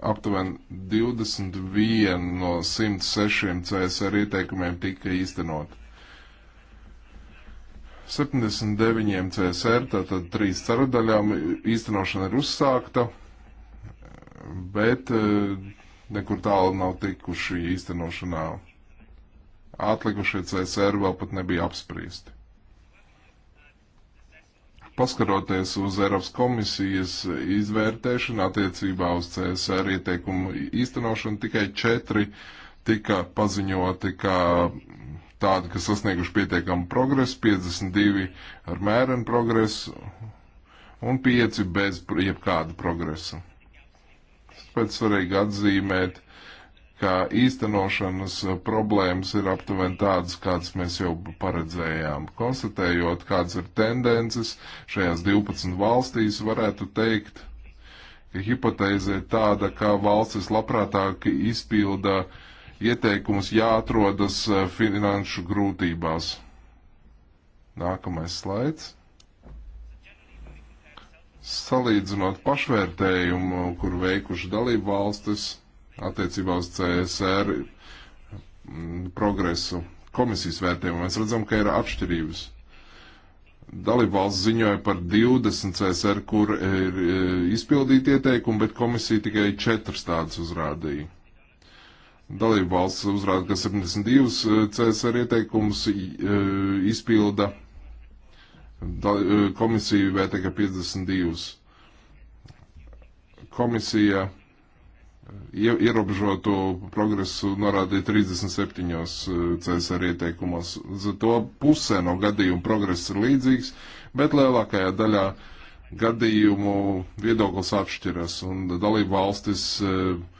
Aptuveni 21 no 106 CSR ieteikumiem tika īstenot. 79 CSR, tātad trīs ceradaļām īstenošana ir uzsākta, bet nekur tālu nav tikuši īstenošanā. Atlikušie CSR vēl pat nebija apspriesti. Paskaroties uz Eiropas komisijas izvērtēšanu attiecībā uz CSR ieteikumu īstenošanu, tikai četri tika paziņoti kā tādi, kas sasnieguši pietiekamu progresu, 52 ar mērenu progresu un 5 bez jebkāda progresa tāpēc svarīgi atzīmēt, ka īstenošanas problēmas ir aptuveni tādas, kādas mēs jau paredzējām. Konstatējot, kādas ir tendences šajās 12 valstīs, varētu teikt, ka hipotēze ir tāda, ka valstis labprātāk izpilda ieteikumus jāatrodas finanšu grūtībās. Nākamais slaids. Salīdzinot pašvērtējumu, kur veikuši dalību valstis attiecībā uz CSR mm, progresu komisijas vērtējumu, mēs redzam, ka ir atšķirības dalībvalsts ziņoja par 20 CSR, kur ir e, izpildīti ieteikumi, bet komisija tikai 4 tādas uzrādīja. Dalībvalsts uzrāda, ka 72 e, CSR ieteikumus e, izpilda E, Komisija vērtē, e, ka 52. Komisija ierobežotu progresu norādīja 37 e, CSR ieteikumos. Za to pusē no gadījumu progress ir līdzīgs, bet lielākajā daļā gadījumu viedoklis atšķiras un dalību valstis uh,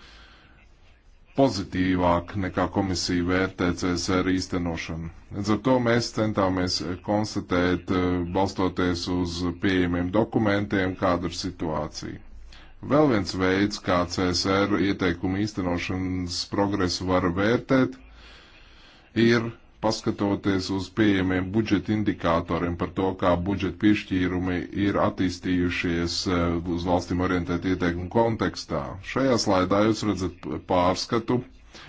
pozitīvāk nekā komisija vērtē CSR īstenošanu. Līdz ar to mēs centāmies konstatēt, eh, balstoties uz pieejamiem dokumentiem, kāda ir situācija. Vēl viens veids, kā CSR ieteikumu īstenošanas progresu var vērtēt, ir paskatoties uz pieejamiem budžeta indikatoriem par to, kā budžeta piešķīrumi ir attīstījušies e, uz valstīm orientēt ieteikumu kontekstā. Šajā slaidā jūs redzat pārskatu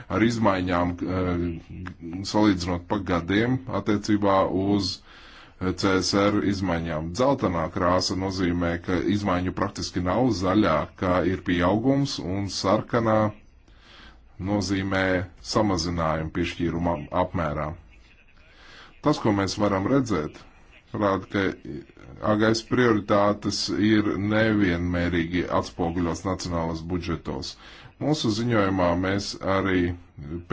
ar izmaiņām, e, salīdzinot pa gadiem attiecībā uz e, CSR izmaiņām. Dzeltenā krāsa nozīmē, ka izmaiņu praktiski nav, zaļā, ka ir pieaugums un sarkanā nozīmē samazinājumu piešķīruma apmērā. Tas, ko mēs varam redzēt, rāda, ka agais prioritātes ir nevienmērīgi atspoguļots nacionālas budžetos. Mūsu ziņojumā mēs arī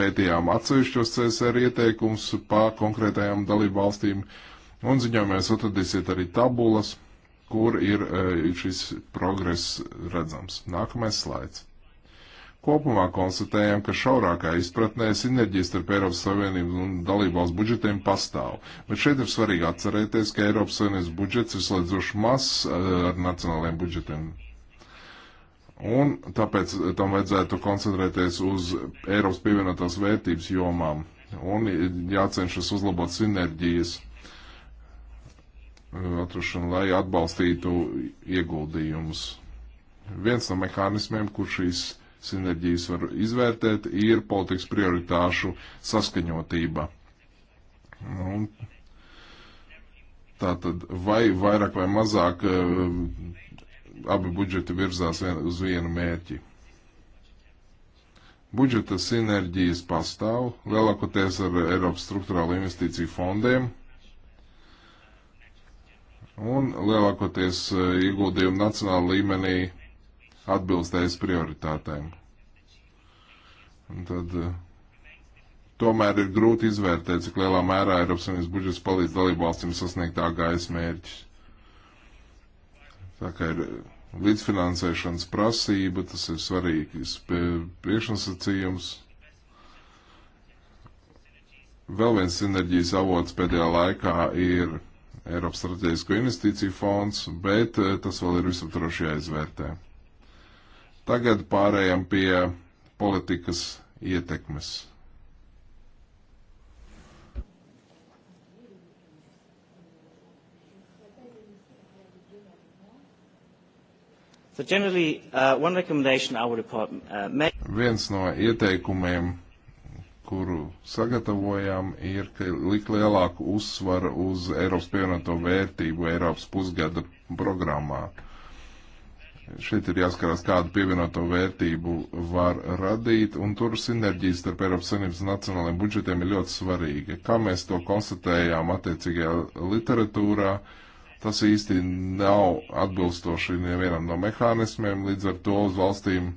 pētījām atsevišķos CSR ieteikums pa konkrētajām dalību valstīm, un ziņojumēs atradīsiet arī tabulas, kur ir eh, šis progress redzams. Nākamais slaids. Kopumā konstatējam, ka šaurākā izpratnē sinerģijas starp Eiropas Savienību un dalībvalsts budžetiem pastāv. Bet šeit ir svarīgi atcerēties, ka Eiropas Savienības budžets ir slēdzoši mazs eh, ar nacionālajiem budžetiem. Un tāpēc eh, tam vajadzētu koncentrēties uz Eiropas pievienotās vērtības jomām un jācenšas uzlabot sinerģijas eh, atrašanu, lai atbalstītu ieguldījumus. Viens no mehānismiem, kur šīs sinerģijas var izvērtēt, ir politikas prioritāšu saskaņotība. Nu, tātad vai vairāk vai mazāk eh, abi budžeti virzās vien, uz vienu mērķi. Budžeta sinerģijas pastāv lielākoties ar Eiropas struktūrālu investīciju fondiem, un lielākoties eh, ieguldījumu nacionāla līmenī atbilstējas prioritātēm. Un tad eh, tomēr ir grūti izvērtēt, cik lielā mērā Eiropas Savienības budžets palīdz dalībvalstīm sasniegt tā gaisa mērķis. Tā kā ir eh, līdzfinansēšanas prasība, tas ir svarīgs priekšnosacījums. Vēl viens sinerģijas avots pēdējā laikā ir Eiropas Strateģisko investīciju fonds, bet eh, tas vēl ir visaptroši jāizvērtē. Tagad pārējām pie politikas ietekmes. So generally, uh, one recommendation our report uh, made. Viens no ieteikumiem, kuru sagatavojām, ir, ka likt lielāku uzsvaru uz Eiropas pievienoto vērtību Eiropas pusgada programmā. Uh, Šeit ir jāskatās, kādu pievienoto vērtību var radīt, un tur sinerģijas starp Eiropas Savienības nacionālajiem budžetiem ir ļoti svarīga. Kā mēs to konstatējām attiecīgajā literatūrā, tas īsti nav atbilstoši nevienam no mehānismiem, līdz ar to uz valstīm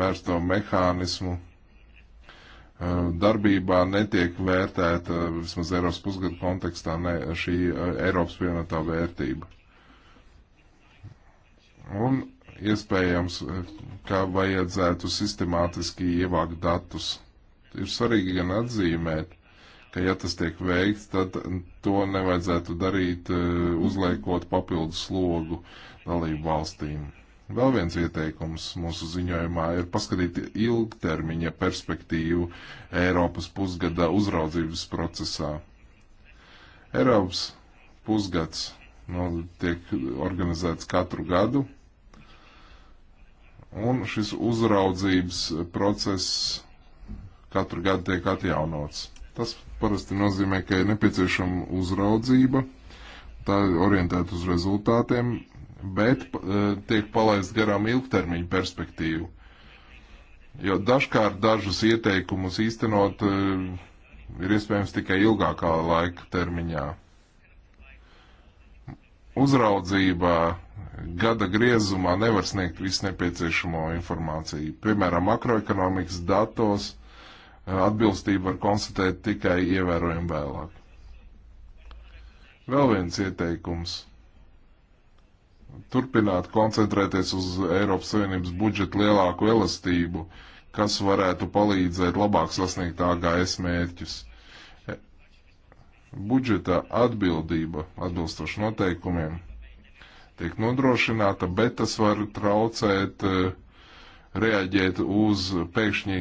vērsto mehānismu eh, darbībā netiek vērtēta, eh, vismaz Eiropas pusgadu kontekstā, ne, šī eh, Eiropas pievienotā vērtība. Un iespējams, eh, ka vajadzētu sistemātiski ievākt datus. Ir svarīgi gan atzīmēt, ka ja tas tiek veikts, tad to nevajadzētu darīt eh, uzliekot papildus slogu dalību valstīm. Vēl viens ieteikums mūsu ziņojumā ir paskatīt ilgtermiņa perspektīvu Eiropas pusgada uzraudzības procesā. Eiropas pusgads nu, tiek organizēts katru gadu, Un šis uzraudzības process katru gadu tiek atjaunots. Tas parasti nozīmē, ka ir nepieciešama uzraudzība, tā orientēta uz rezultātiem, bet eh, tiek palaist garām ilgtermiņa perspektīvu. Jo dažkārt dažus ieteikumus īstenot eh, ir iespējams tikai ilgākā laika termiņā. Uzraudzība gada griezumā nevar sniegt visu nepieciešamo informāciju. Piemēram, makroekonomikas datos eh, atbilstību var konstatēt tikai ievērojami vēlāk. Vēl viens ieteikums. Turpināt koncentrēties uz Eiropas Savienības budžeta lielāku elastību, kas varētu palīdzēt labāk sasniegt AGS mērķus. E, budžeta atbildība atbilstoši noteikumiem tiek nodrošināta, bet tas var traucēt e, reaģēt uz pēkšņi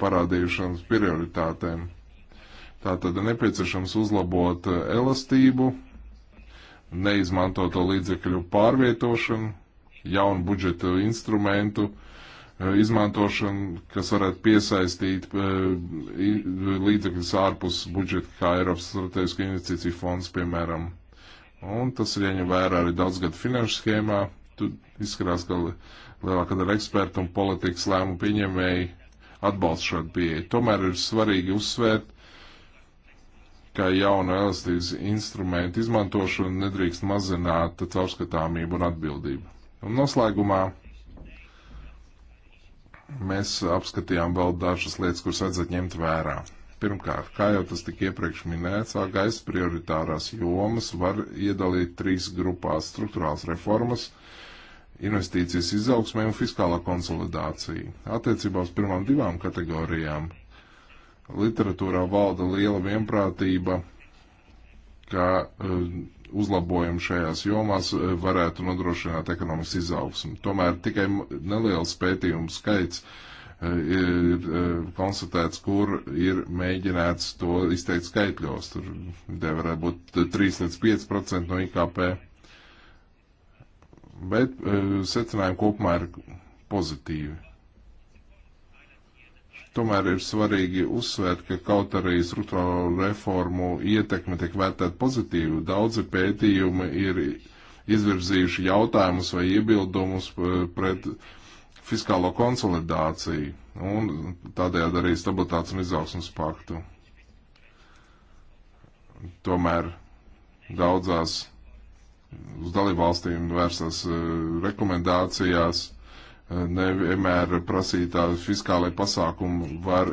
parādījušanas prioritātēm. Tātad ir nepieciešams uzlabot e, elastību, neizmantoto līdzekļu pārvietošanu, jaunu budžeta instrumentu e, izmantošanu, kas varētu piesaistīt līdzekļus ārpus budžeta, kā Eiropas strateģiska investīcija fonds, piemēram. Un tas ir jāņem vērā arī daudzgadu finanšu schēmā. Tur izskatās, ka lielākā daļa ekspertu un politikas lēmumu pieņemēji atbalsta šādu pieeju. Tomēr ir svarīgi uzsvērt, ka jauna elastības instrumenta izmantošana nedrīkst mazināt caurskatāmību un atbildību. Un noslēgumā mēs apskatījām vēl dažas lietas, kuras vajadzētu ņemt vērā. Pirmkārt, kā jau tas tika iepriekš minēts, AGS prioritārās jomas var iedalīt trīs grupās - struktūrāls reformas, investīcijas izaugsmē un fiskālā konsolidācija. Attiecībā uz pirmām divām kategorijām literatūrā valda liela vienprātība, ka uzlabojumi šajās jomās varētu nodrošināt ekonomikas izaugsmu. Tomēr tikai neliels pētījums skaits uh, ir e, e, e, konstatēts, kur ir mēģināts to izteikt skaitļos. Tur te varētu būt 3,5% no IKP. Bet secinājumi kopumā ir pozitīvi. Tomēr ir svarīgi uzsvērt, ka kaut arī struktūrālo reformu ietekme tiek vērtēta pozitīvi. Daudzi pētījumi ir izvirzījuši jautājumus vai iebildumus pret uh, fiskālo konsolidāciju un tādējādi arī stabilitātes un izaugsmas paktu. Tomēr daudzās uz dalībvalstīm vērsās uh, rekomendācijās e, nevienmēr prasītā fiskālai pasākumu var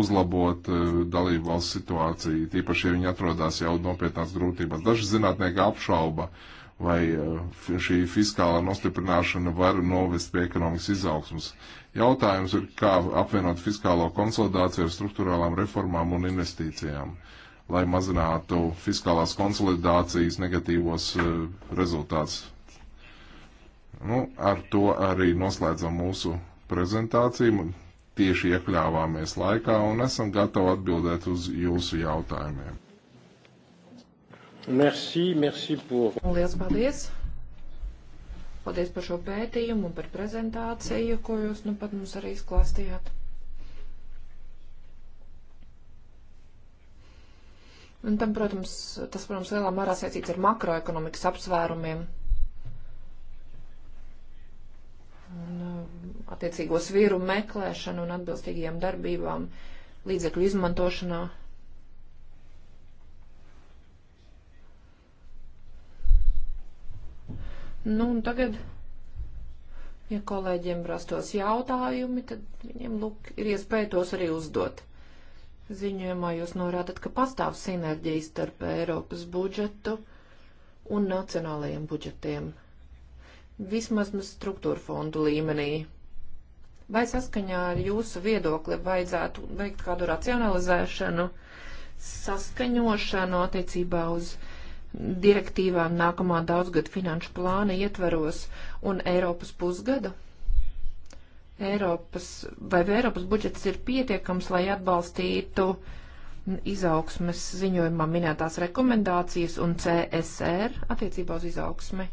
uzlabot uh, dalībvalsts situāciju, tīpaši, ja viņi atrodas jau nopietnās grūtībās. Daži zinātnieki apšauba uh, vai eh, šī fiskālā nostiprināšana var novest pie ekonomikas izaugsmas. Jautājums ir, kā apvienot fiskālo konsolidāciju ar struktūrālām reformām un investīcijām, lai mazinātu fiskālās konsolidācijas negatīvos eh, rezultātus. Nu, ar to arī noslēdzam mūsu prezentāciju tieši iekļāvāmies laikā un esam gatavi atbildēt uz jūsu jautājumiem. Merci, merci pour. Un liels paldies! Paldies par šo pētījumu un par prezentāciju, ko jūs nu pat mums arī izklāstījāt. Un tam, protams, tas, protams, lielā mērā saistīts ar makroekonomikas apsvērumiem. Un uh, attiecīgo svīru meklēšanu un atbilstīgajām darbībām līdzekļu izmantošanā. Nu, un tagad, ja kolēģiem rastos jautājumi, tad viņiem, lūk, ir iespēja tos arī uzdot. Ziņojumā jūs norādat, ka pastāv sinerģija starp Eiropas budžetu un nacionālajiem budžetiem. Vismaz nu, struktūra fondu līmenī. Vai saskaņā ar jūsu viedokli vajadzētu veikt kādu racionalizēšanu, saskaņošanu attiecībā uz direktīvām nākamā daudzgada finanšu plāna ietveros un Eiropas pusgadu? Eiropas, vai Eiropas budžets ir pietiekams, lai atbalstītu izaugsmes ziņojumā minētās rekomendācijas un CSR attiecībā uz izaugsmi?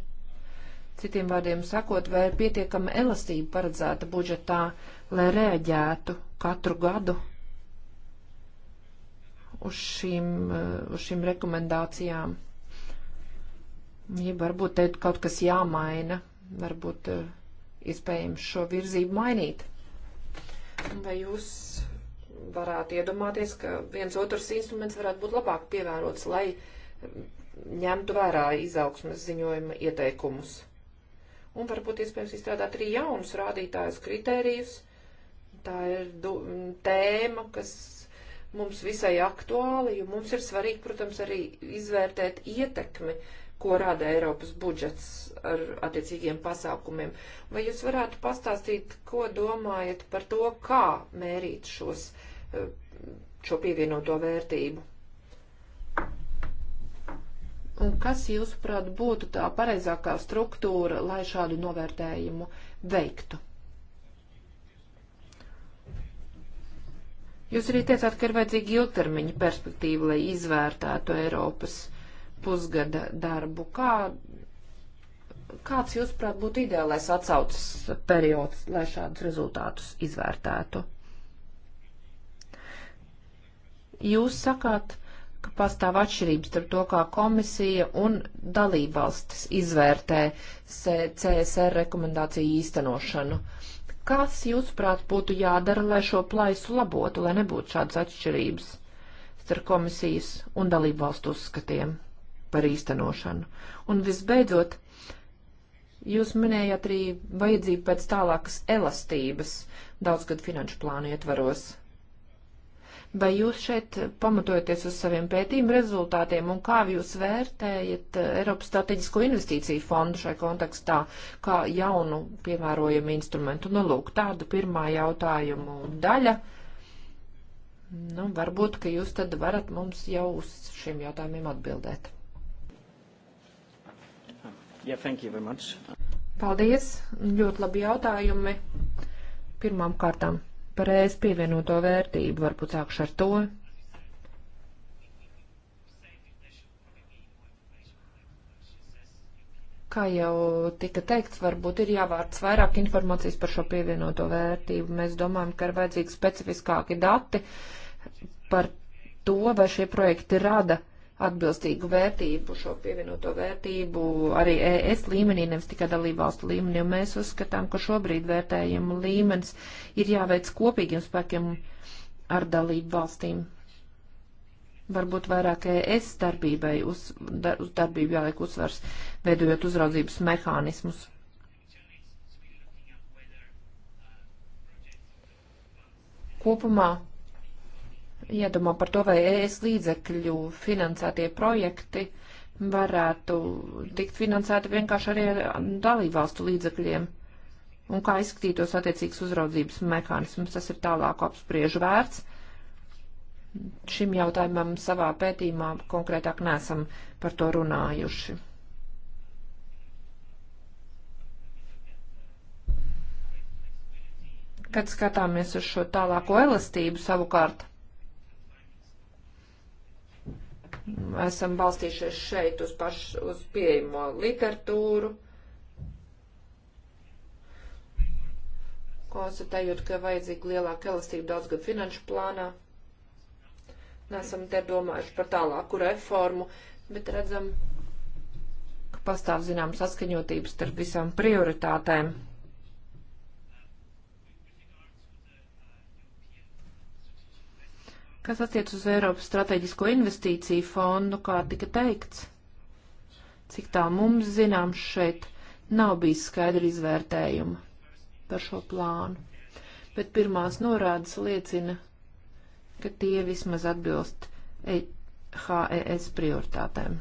Citiem vārdiem sakot, vai ir pietiekama elastība paredzēta budžetā, lai rēģētu katru gadu uz šīm, uz šīm rekomendācijām? Ja varbūt te kaut kas jāmaina, varbūt eh, iespējams šo virzību mainīt. Vai jūs varētu iedomāties, ka viens otrs instruments varētu būt labāk piemērots, lai mm, ņemtu vērā izaugsmes ziņojuma ieteikumus? Un varbūt iespējams izstrādāt arī jaunus rādītājus, kritērijus. Tā ir mm, tēma, kas mums visai aktuāli, jo mums ir svarīgi, protams, arī izvērtēt ietekmi ko rada Eiropas budžets ar attiecīgiem pasākumiem. Vai jūs varētu pastāstīt, ko domājat par to, kā mērīt šos, eh, šo pievienoto vērtību? Un kas, jūsuprāt, būtu tā pareizākā struktūra, lai šādu novērtējumu veiktu? Jūs arī teicāt, ka ir vajadzīga ilgtermiņa perspektīva, lai izvērtētu Eiropas pusgada darbu. Kā, kāds, jūsuprāt, būtu ideālais atsaucas periods, lai šādus rezultātus izvērtētu? Jūs sakāt, ka pastāv atšķirības starp to, kā komisija un dalībvalstis izvērtē CSR rekomendāciju īstenošanu. Kas, jūsuprāt, būtu jādara, lai šo plaisu labotu, lai nebūtu šādas atšķirības starp komisijas un dalībvalstu uzskatiem? par īstenošanu. Un visbeidzot, jūs minējāt arī vajadzību pēc tālākas elastības daudzgad finanšu plānu ietvaros. Vai jūs šeit pamatojaties uz saviem pētījumu rezultātiem un kā jūs vērtējat eh, Eiropas strateģisko investīciju fondu šai kontekstā kā jaunu piemērojumu instrumentu? Nu, lūk, tādu pirmā jautājumu daļa. Nu, varbūt, ka jūs tad varat mums jau uz šiem jautājumiem atbildēt. Yeah, thank you very much. Paldies. Ļoti labi jautājumi. Pirmām kārtām par ēst pievienoto vērtību. Varbūt sākšu ar to. Kā jau tika teikts, varbūt ir jāvārds vairāk informācijas par šo pievienoto vērtību. Mēs domājam, ka ir vajadzīgi specifiskāki dati par to, vai šie projekti rada uh, atbilstīgu vērtību, šo pievienoto vērtību arī ES līmenī, nevis tikai dalībvalstu līmenī, jo mēs uzskatām, ka šobrīd vērtējumu līmenis ir jāveic kopīgiem spēkiem ar dalību valstīm. Varbūt vairāk ES darbībai, uz, dar, uz darbību jāliek uzsvars, veidojot uzraudzības mehānismus. Kopumā jādomā par to, vai ES līdzekļu finansētie projekti varētu tikt finansēti vienkārši arī ar dalībvalstu līdzekļiem. Un kā izskatītos attiecīgs uzraudzības mehānisms, tas ir tālāk apspriežu vērts. Šim jautājumam savā pētījumā konkrētāk nesam par to runājuši. Kad skatāmies uz šo tālāko elastību savukārt, esam balstījušies šeit uz, paš, uz pieejamo literatūru, konstatējot, ka vajadzīga lielāka elastība daudzgad finanšu plānā. Nesam te domājuši par tālāku reformu, bet redzam, ka pastāv zinām saskaņotības starp visām prioritātēm. Kas attiec uz Eiropas strateģisko investīciju fondu, kā tika teikts, cik tā mums zināms šeit nav bijis skaidri izvērtējuma par šo plānu, bet pirmās norādes liecina, ka tie vismaz atbilst HES prioritātēm.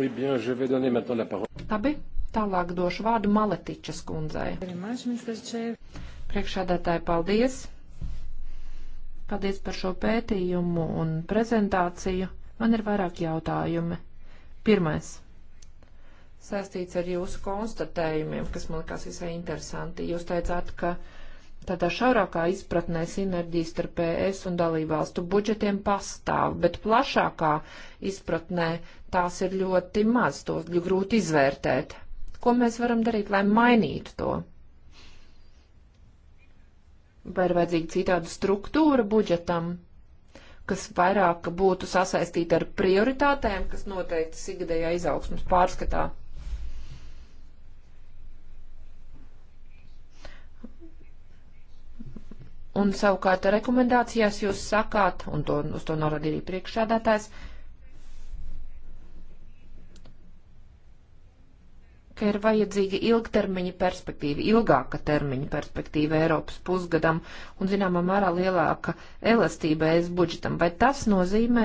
Oui, bien, je vais donner maintenant la parole. Tabi. Tālāk došu vārdu Maletičas kundzei. Priekšādātāji, paldies! Paldies par šo pētījumu un prezentāciju. Man ir vairāk jautājumi. Pirmais. Sāstīts ar jūsu konstatējumiem, kas man likās visai interesanti. Jūs teicāt, ka tādā šaurākā izpratnē sinerģijas starp PS e un dalībvalstu budžetiem pastāv, bet plašākā izpratnē tās ir ļoti maz, to grūti izvērtēt. Ko mēs varam darīt, lai mainītu to? Vai ir vajadzīga citāda struktūra budžetam, kas vairāk būtu sasaistīta ar prioritātēm, kas noteikti ikgadējā izaugsmas pārskatā? Un savukārt rekomendācijās jūs sakāt, un to, uz to norādīja arī priekšsēdētājs, ka ir vajadzīga ilgtermiņa perspektīva, ilgāka termiņa perspektīva Eiropas pusgadam un, zināmā mērā, lielāka elastība es budžetam. Vai tas nozīmē,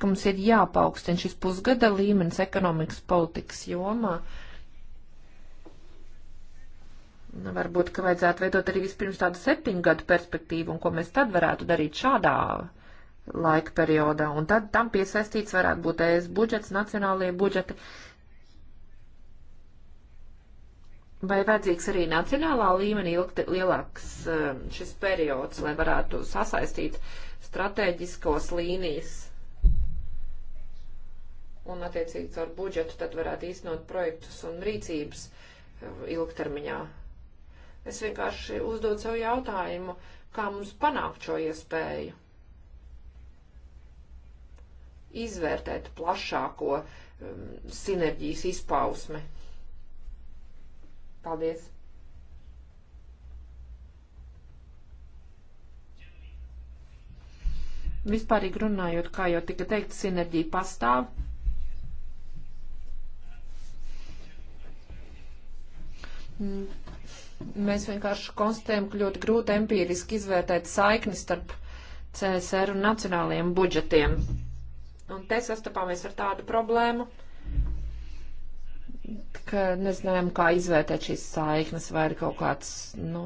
ka mums ir jāpaukstina šis pusgada līmenis ekonomikas politikas jomā? Nu, varbūt, ka vajadzētu veidot arī vispirms tādu septiņu gadu perspektīvu, un ko mēs tad varētu darīt šādā laika periodā, un tad tam piesaistīts varētu būt ES budžets, nacionālajie budžeti. Vai vajadzīgs arī nacionālā līmenī lielāks um, šis periods, lai varētu sasaistīt strateģiskos līnijas? Un, attiecīgi, caur budžetu tad varētu īstenot projektus un rīcības um, ilgtermiņā. Es vienkārši uzdodu sev jautājumu, kā mums panākt šo iespēju izvērtēt plašāko um, sinerģijas izpausmi. Paldies! Vispārīgi runājot, kā jau tika teikt, sinerģija pastāv. Mēs vienkārši konstatējam, ka ļoti grūti empīriski izvērtēt saikni starp CSR un nacionālajiem budžetiem. Un te sastapāmies ar tādu problēmu, ka nezinājām, kā izvērtēt šīs saiknes, vai ir kaut kāds, nu,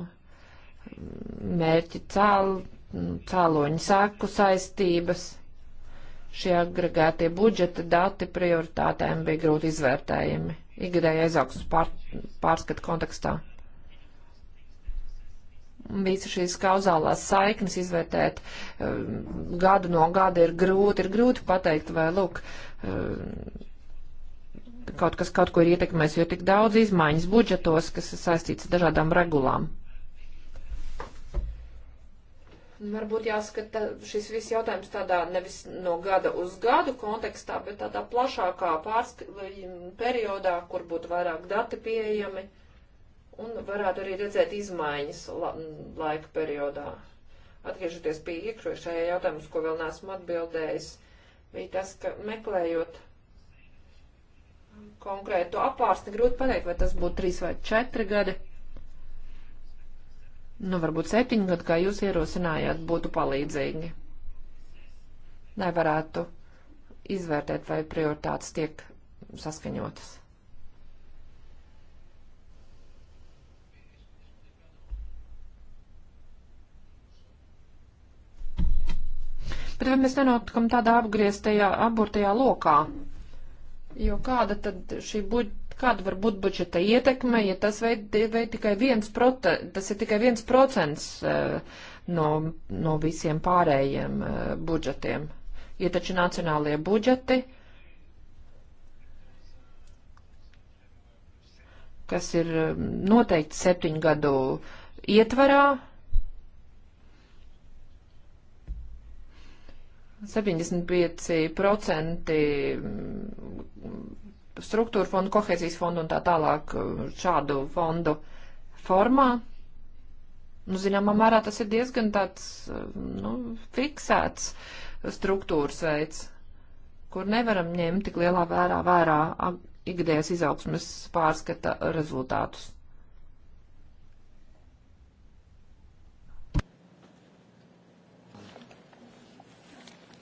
mērķi cēl, cēloņu sēku saistības. Šie agregētie budžeta dati prioritātēm bija grūti izvērtējami ikgadēja aizaugsmas pār, pārskata kontekstā visu šīs kauzālās saiknes izvērtēt eh, gadu no gada ir grūti, ir grūti pateikt, vai, lūk, eh, kaut kas kaut ko ir ietekmēs, jo tik daudz izmaiņas budžetos, kas ir saistīts ar dažādām regulām. Varbūt jāskata šis viss jautājums tādā nevis no gada uz gadu kontekstā, bet tādā plašākā pārst periodā, kur būtu vairāk dati pieejami un varētu arī redzēt izmaiņas la laika periodā. Atgriežoties pie iepriekšējā jautājuma, uz ko vēl neesmu atbildējis, bija tas, ka meklējot konkrētu apārsni, grūti pateikt, vai tas būtu trīs vai četri gadi. Nu, varbūt septiņi gadi, kā jūs ierosinājāt, būtu palīdzīgi. Nevarētu izvērtēt, vai prioritātes tiek saskaņotas. Bet vai mēs nenonākam tādā apgrieztajā, aburtajā lokā? Jo kāda tad šī budžeta? kāda var būt budžeta ietekme, ja tas veid, veid tikai viens prote, tas ir tikai viens procents eh, no, no visiem pārējiem eh, budžetiem. Ir taču nacionālie budžeti, kas ir mm, noteikti septiņu gadu ietvarā, 75% mm, struktūra fondu, kohēzijas fondu un tā tālāk mm, šādu fondu formā. Nu, zināmā mērā tas ir diezgan tāds, mm, nu, fiksēts struktūras veids, kur nevaram ņemt tik lielā vērā, vērā ikdienas izaugsmes pārskata rezultātus.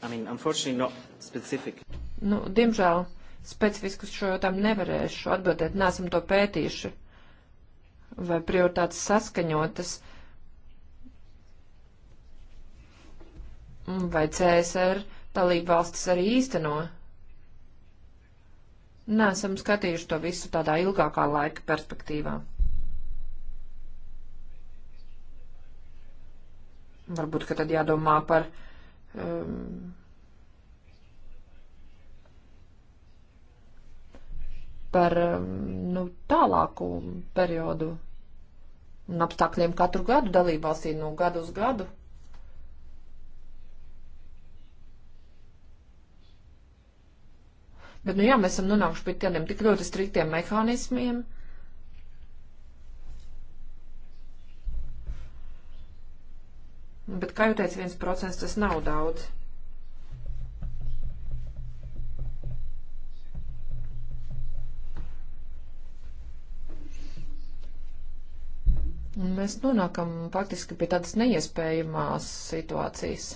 I mean, unfortunately not specific. Nu, diemžēl specifiskus šo jautājumu nevarēšu atbildēt, nesam to pētījuši. Vai prioritātes saskaņotas? Vai CSR dalība valstis arī īsteno? Nesam skatījuši to visu tādā ilgākā laika perspektīvā. Varbūt, ka tad jādomā par um, par um, nu, tālāku periodu un apstākļiem katru gadu dalībvalstī no gadu uz gadu. Bet, nu jā, mēs esam nonākuši pie tādiem tik ļoti striktiem mehānismiem, Bet, kā jau teicu, 1% tas nav daudz. Un mēs nonākam faktiski pie tādas neiespējamās situācijas.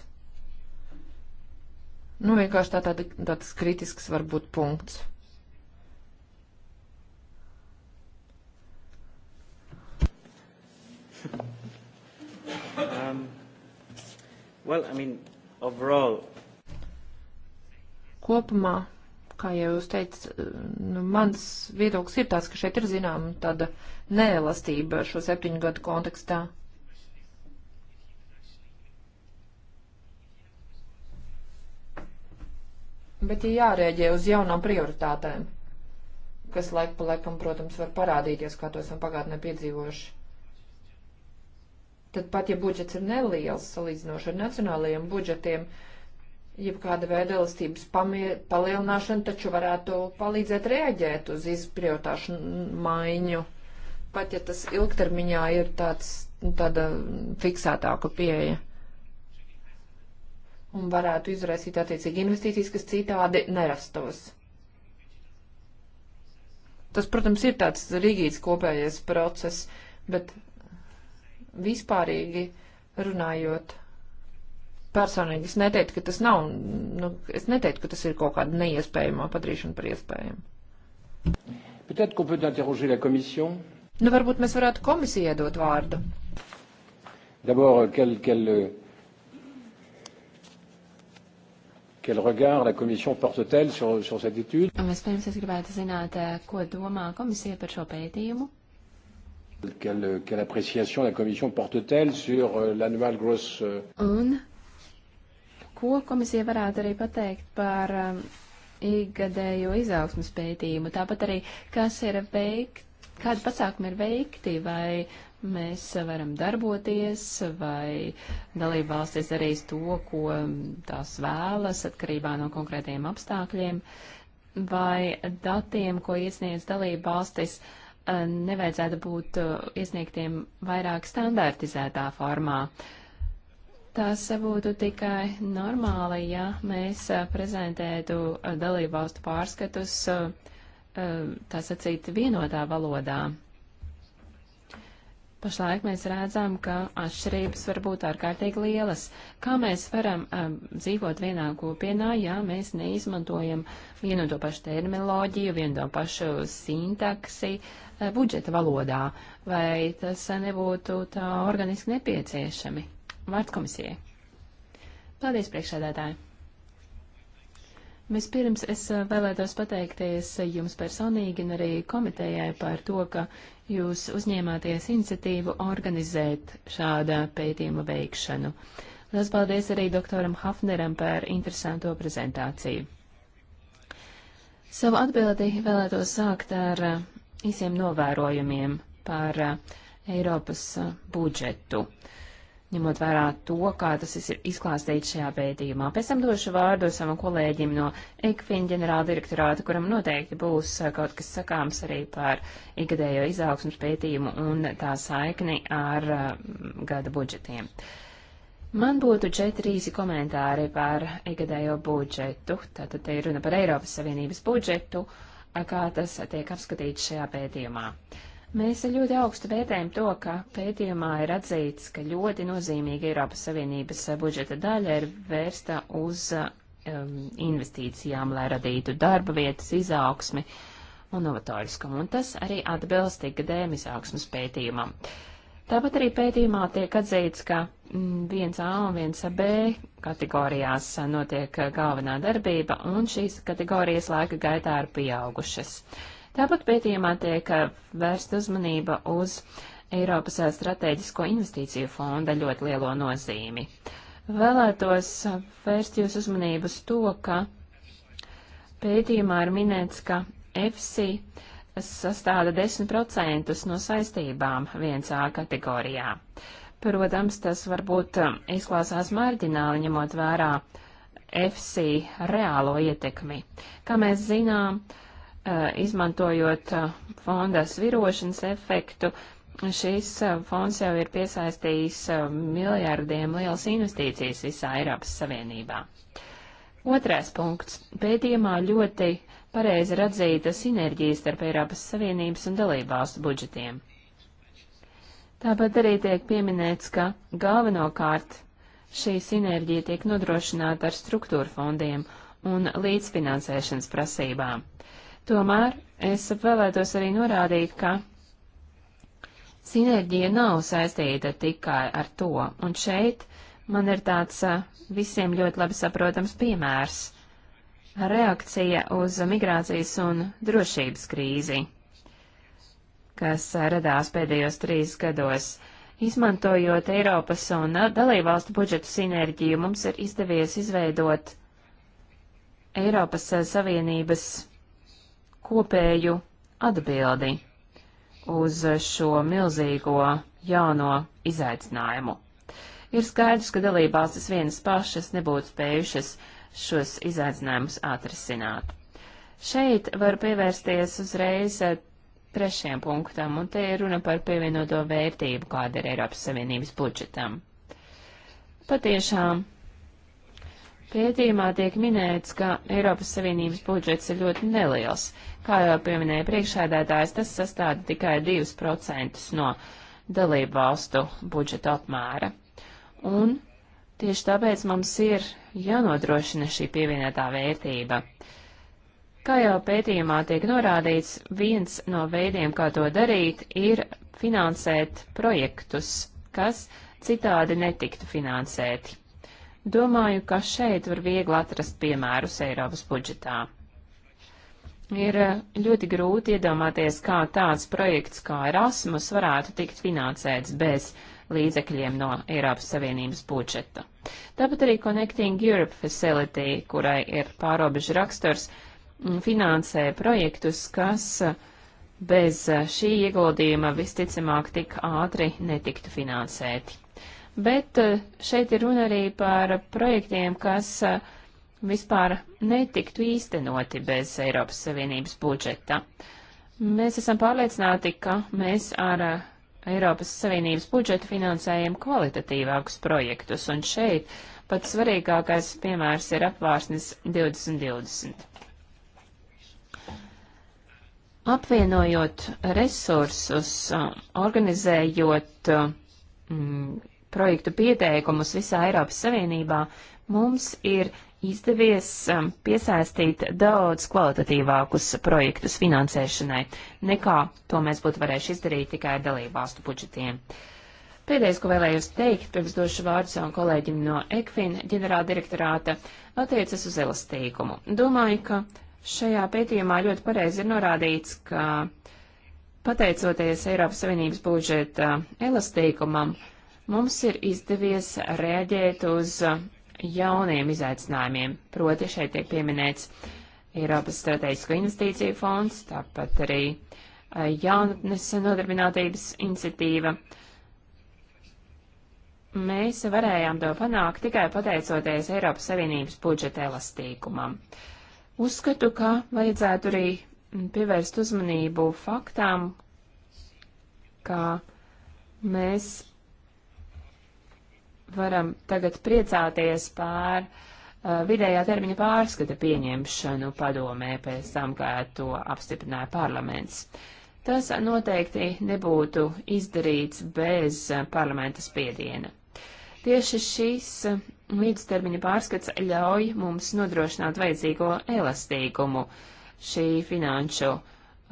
Nu, vienkārši tā tāda, tāds kritisks varbūt punkts. Thank you. Well, I mean, overall. Kopumā, kā jau jūs teicat, nu, mans viedoklis ir tāds, ka šeit ir zināma tāda neelastība šo septiņu gadu kontekstā. Bet ir ja jārēģē uz jaunām prioritātēm, kas laik pa laikam, protams, var parādīties, kā to esam pagātnē piedzīvojuši tad pat ja budžets ir neliels salīdzinoši ar nacionālajiem budžetiem, jeb kāda veida elastības palielināšana taču varētu palīdzēt rēģēt uz izprioritāšu maiņu, pat ja tas ilgtermiņā ir tāds, tāda fiksētāka pieeja. Un varētu izraisīt attiecīgi investīcijas, kas citādi nerastos. Tas, protams, ir tāds rigīts kopējais process, bet vispārīgi runājot personīgi es neteiktu, ka tas nav, nu, es neteiktu, ka tas ir kaut kāda neiespējama padarīšana par iespējamu. Peut-être qu'on peut interroger la commission. Nu, varbūt mēs varētu komisijai dot vārdu. D'abord, quel, quel, quel regard la commission porte-t-elle sur, sur cette étude? Vispirms es gribētu zināt, ko domā komisija par šo pētījumu. Quelle, quelle appréciation la Commission porte-t-elle sur euh, l'annual gross? Euh? Un ko komisija varētu arī pateikt par um, ikgadējo izaugsmas pētījumu? Tāpat arī, kas ir veikt, kādi pasākumi ir veikti, vai mēs varam darboties, vai dalība valstis darīs to, ko um, tās vēlas, atkarībā no konkrētiem apstākļiem, vai datiem, ko iesniedz dalība valstis. Uh, Eh, nevajadzētu būt eh, iesniegtiem vairāk standartizētā formā. Tas būtu tikai normāli, ja mēs eh, prezentētu dalībvalstu pārskatus, tā sacīt, vienotā valodā. Pašlaik mēs redzam, ka atšķirības var būt ārkārtīgi lielas. Kā mēs varam um, dzīvot vienā kopienā, ja mēs neizmantojam vienu to pašu terminoloģiju, vienu to pašu sintaksi uh, budžeta valodā? Vai tas uh, nebūtu tā organiski nepieciešami? Vārds komisijai. Paldies, priekšsēdētāji! Vispirms es eh, vēlētos pateikties eh, jums personīgi un arī komitejai par to, ka jūs uzņēmāties iniciatīvu organizēt šāda pētījuma veikšanu. Lielas paldies arī doktoram Hafneram par interesanto prezentāciju. Savu atbildi vēlētos sākt ar eh, īsiem novērojumiem par Eiropas budžetu. Uh, ņemot vērā to, kā tas ir izklāstīts šajā pētījumā. Pēc tam došu vārdu savam kolēģim no ECFIN ģenerāla direktorāta, kuram noteikti būs uh, kaut kas sakāms arī par ikgadējo izaugsmas pētījumu un tā saikni ar uh, gada budžetiem. Man būtu četri īsi komentāri par ikgadējo budžetu. Tātad te ir runa par Eiropas Savienības budžetu, kā tas tiek apskatīts šajā pētījumā. Uh, Mēs ļoti augstu vērtējam to, ka pētījumā ir atzīts, ka ļoti nozīmīga Eiropas Savienības budžeta daļa ir vērsta uz um, investīcijām, lai radītu darba vietas izaugsmi un novatoriskumu, un tas arī atbilst ikgadējiem izaugsmas pētījumam. Tāpat arī pētījumā tiek atzīts, ka 1A mm, un 1B kategorijās notiek galvenā darbība, un šīs kategorijas laika gaitā ir pieaugušas. Uh, Tāpat pētījumā tiek eh, vērst uzmanība uz Eiropas eh, strateģisko investīciju fonda ļoti lielo nozīmi. Vēlētos eh, vērst jūs uzmanību uz to, ka pētījumā ir minēts, ka EFSI sastāda 10% no saistībām 1A kategorijā. Protams, tas varbūt izklāsās marģināli, ņemot vērā FC reālo ietekmi. Kā mēs zinām, uh, Uh, izmantojot uh, fonda svirošanas efektu, šīs uh, fonds jau ir piesaistījis miljardiem lielas investīcijas visā Eiropas Savienībā. Otrais punkts. Pētījumā ļoti pareizi ir atzīta sinerģija starp Eiropas Savienības un dalībvalstu budžetiem. Tāpat arī tiek pieminēts, ka galvenokārt šī sinerģija tiek nodrošināta ar struktūra fondiem un līdzfinansēšanas prasībām. Tomēr es vēlētos arī norādīt, ka sinerģija nav saistīta tikai ar to, un šeit man ir tāds visiem ļoti labi saprotams piemērs - reakcija uz migrācijas un drošības krīzi, kas radās pēdējos trīs gados. Izmantojot Eiropas un dalībvalstu budžetu sinerģiju, mums ir izdevies izveidot Eiropas Savienības kopēju atbildi uz šo milzīgo jauno izaicinājumu. Ir skaidrs, ka dalībvalstis vienas pašas nebūtu spējušas šos izaicinājumus atrisināt. Šeit var pievērsties uzreiz trešajam punktam, un te ir runa par pievienoto vērtību, kāda ir Eiropas Savienības budžetam. Patiešām, pētījumā tiek minēts, ka Eiropas Savienības budžets ir ļoti neliels, Kā jau pieminēja priekšsēdētājs, tas sastāda tikai 2% no dalību valstu budžeta apmēra. Un tieši tāpēc mums ir jānodrošina šī pievienotā vērtība. Kā jau pētījumā tiek norādīts, viens no veidiem, kā to darīt, ir finansēt projektus, kas citādi netiktu finansēti. Domāju, ka šeit var viegli atrast piemērus Eiropas budžetā. Ir eh, ļoti grūti iedomāties, kā tāds projekts kā Erasmus varētu tikt finansēts bez līdzekļiem no Eiropas Savienības budžeta. Tāpat arī Connecting Europe Facility, kurai ir pārobežu raksturs, mm, finansē projektus, kas eh, bez eh, šī ieguldījuma visticamāk tik ātri netiktu finansēti. Bet šeit ir runa arī par projektiem, kas uh, vispār netiktu īstenoti bez Eiropas Savienības budžeta. Mēs esam pārliecināti, ka mēs ar eh, Eiropas Savienības budžetu finansējam kvalitatīvākus projektus, un šeit pats svarīgākais piemērs ir apvārsnes 2020. Apvienojot resursus, organizējot mm, projektu pieteikumus visā Eiropas Savienībā, mums ir izdevies um, piesaistīt daudz kvalitatīvākus projektus finansēšanai, nekā to mēs būtu varējuši izdarīt tikai ar dalībvalstu budžetiem. Pēdējais, ko vēlējos teikt, pirms došu vārdu savam kolēģim no ECFIN ģenerāla direktorāta, attiecas uz elastīgumu. Domāju, ka šajā pētījumā ļoti pareizi ir norādīts, ka pateicoties Eiropas Savienības budžeta elastīgumam, mums ir izdevies rēģēt uz jauniem izaicinājumiem. Proti šeit tiek pieminēts Eiropas Stratēģisko investīciju fonds, tāpat arī eh, jaunatnes nodarbinātības iniciatīva. Mēs varējām to panākt tikai pateicoties Eiropas Savienības budžeta elastīgumam. Uzskatu, ka vajadzētu arī pievērst uzmanību faktām, ka mēs varam tagad priecāties pār uh, vidējā termiņa pārskata pieņemšanu padomē pēc tam, kā to apstiprināja parlaments. Tas noteikti nebūtu izdarīts bez uh, parlamenta spiediena. Tieši šis uh, līdztermiņa pārskats ļauj mums nodrošināt vajadzīgo elastīgumu šī finanšu uh,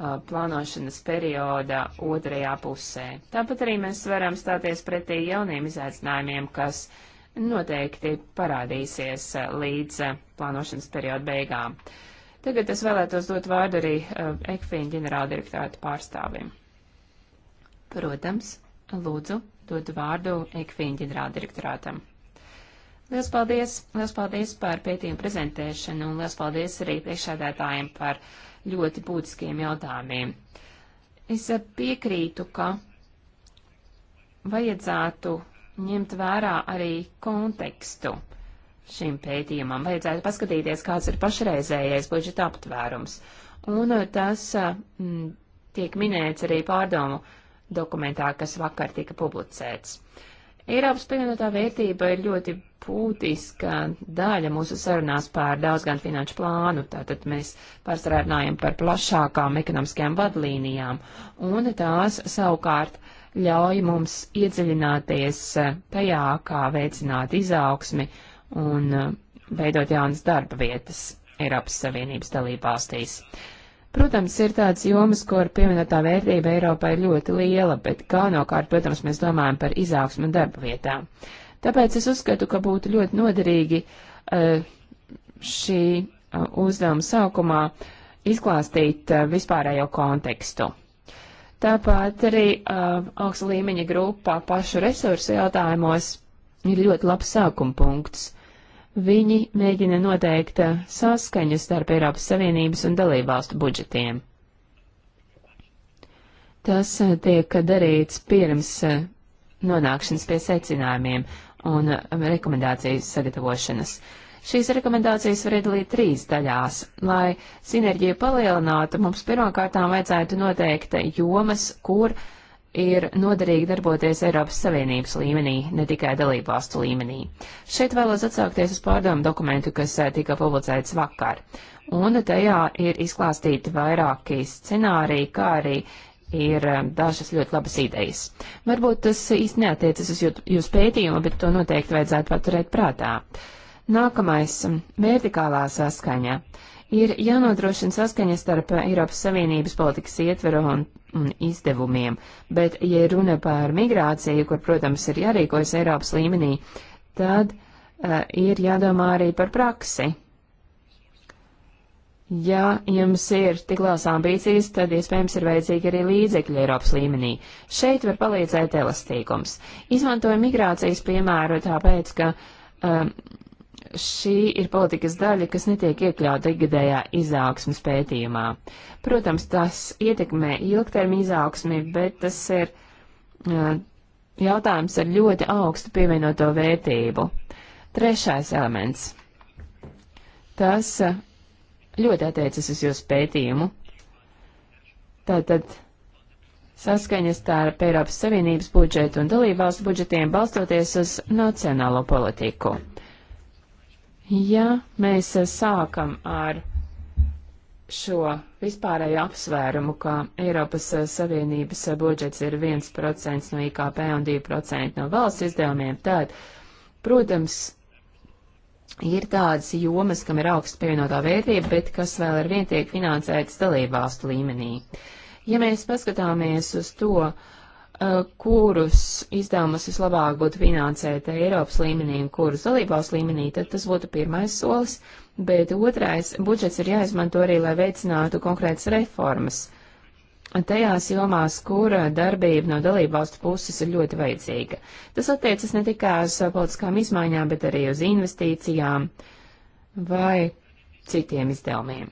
Uh, plānošanas perioda otrajā pusē. Tāpat arī mēs varam stāties pretī jauniem izaicinājumiem, kas noteikti parādīsies uh, līdz uh, plānošanas perioda beigām. Tagad es vēlētos dot vārdu arī Ekfīna ģenerāldirektorāta pārstāvim. Protams, lūdzu, dod vārdu Ekfīna ģenerāldirektorātam. Liels paldies! Liels paldies par pētījumu prezentēšanu un liels paldies arī priekšādētājiem par uh, ļoti būtiskiem jautājumiem. Es piekrītu, ka vajadzētu ņemt vērā arī kontekstu šim pētījumam. Vajadzētu paskatīties, kāds ir pašreizējais budžeta aptvērums. Un tas m, mm, tiek minēts arī pārdomu dokumentā, kas vakar tika publicēts. Uh, Eiropas pievienotā vērtība ir ļoti būtiska daļa mūsu sarunās pār daudzgan finanšu plānu. Tātad mēs pārsarādājam par plašākām ekonomiskajām vadlīnijām, un tās savukārt ļauj mums iedziļināties tajā, kā veicināt izaugsmi un veidot jaunas darba vietas Eiropas Savienības dalībvalstīs. Protams, ir tādas jomas, kur pievienotā vērtība Eiropā ir ļoti liela, bet galvenokārt, protams, mēs domājam par izaugsmu un darba vietām. Tāpēc es uzskatu, ka būtu ļoti noderīgi eh, šī eh, uzdevuma sākumā izklāstīt eh, vispārējo kontekstu. Tāpat arī augsta līmeņa grupā pašu resursu jautājumos ir ļoti labs sākuma punkts. Viņi mēģina noteikt eh, saskaņu starp Eiropas Savienības un dalībvalstu budžetiem. Tas eh, tiek darīts pirms eh, nonākšanas pie secinājumiem un rekomendācijas sagatavošanas. Šīs rekomendācijas var iedalīt trīs daļās. Lai sinerģiju palielinātu, mums pirmkārtām vajadzētu noteikt jomas, kur uh, ir noderīgi darboties Eiropas Savienības līmenī, ne tikai dalībvalstu līmenī. Šeit vēlos atsaukties uz pārdomu dokumentu, kas eh, tika publicēts vakar, un tajā ir izklāstīti vairāki scenāriji, kā arī ir eh, dažas ļoti labas idejas. Varbūt tas īsti neatiecas uz jūsu pētījumu, bet to noteikti vajadzētu paturēt prātā. Nākamais mm, - vertikālā saskaņa. Ir jānodrošina saskaņa starp Eiropas Savienības politikas ietveru un un izdevumiem, bet, ja runa par migrāciju, kur, protams, ir jārīkojas Eiropas līmenī, tad uh, ir jādomā arī par praksi. Ja jums ir tik liels ambīcijas, tad iespējams ir vajadzīgi arī līdzekļi Eiropas līmenī. Šeit var palīdzēt elastīgums. Izmantoju migrācijas piemēru tāpēc, ka um, uh, Šī ir politikas daļa, kas netiek iekļauta ikgadējā izaugsmas pētījumā. Protams, tas ietekmē ilgtermiņa izaugsmi, bet tas ir uh, jautājums ar ļoti augstu pievienoto vērtību. Trešais elements. Tas uh, ļoti attiecas uz jūsu pētījumu. Tātad saskaņa starp Eiropas Savienības budžetu un dalībvalstu budžetiem balstoties uz nacionālo politiku. Ja mēs eh, sākam ar šo vispārēju apsvērumu, ka Eiropas eh, Savienības eh, budžets ir 1% no IKP un 2% no valsts izdevumiem, tad, protams, ir tādas jomas, kam ir augsts pievienotā vērtība, bet kas vēl ar vien tiek finansētas dalībvalstu līmenī. Ja mēs paskatāmies uz to, uh, Uh, kurus izdevumus vislabāk būtu finansēt Eiropas līmenī un kurus dalībās līmenī, tad tas būtu pirmais solis, bet otrais budžets ir jāizmanto arī, lai veicinātu konkrētas reformas tajās jomās, kur darbība no dalībvalstu puses ir ļoti vajadzīga. Tas attiecas ne tikai uz politiskām izmaiņām, bet arī uz investīcijām vai citiem izdevumiem.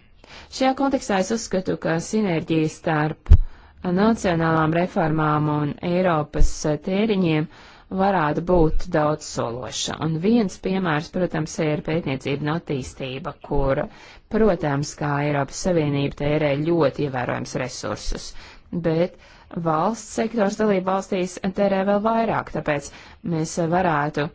Šajā kontekstā es uzskatu, ka sinerģija starp nacionālām reformām un Eiropas eh, tēriņiem varētu būt daudz sološa. Un viens piemērs, protams, ir pētniecība un attīstība, kur, protams, kā Eiropas Savienība tērē ļoti ievērojams resursus, bet valsts sektors dalība valstīs tērē vēl vairāk, tāpēc mēs varētu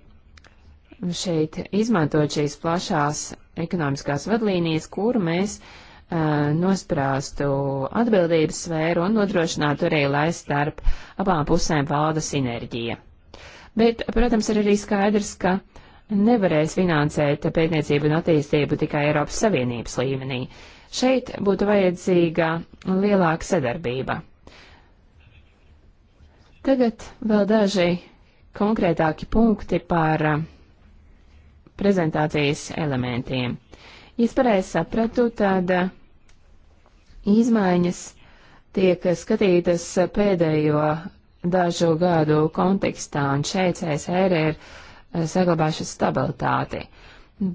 šeit izmantot šīs plašās ekonomiskās vadlīnijas, kur mēs uh, nosprāstu atbildības sfēru un nodrošinātu arī, lai starp abām pusēm valda sinerģija. Bet, protams, ir arī skaidrs, ka nevarēs finansēt pētniecību un attīstību tikai Eiropas Savienības līmenī. Šeit būtu vajadzīga lielāka sadarbība. Tagad vēl daži konkrētāki punkti par prezentācijas elementiem. Ja es pareizi sapratu, tad uh, izmaiņas tiek skatītas pēdējo dažu gadu kontekstā, un šeit CSR ir uh, saglabājuši stabilitāti.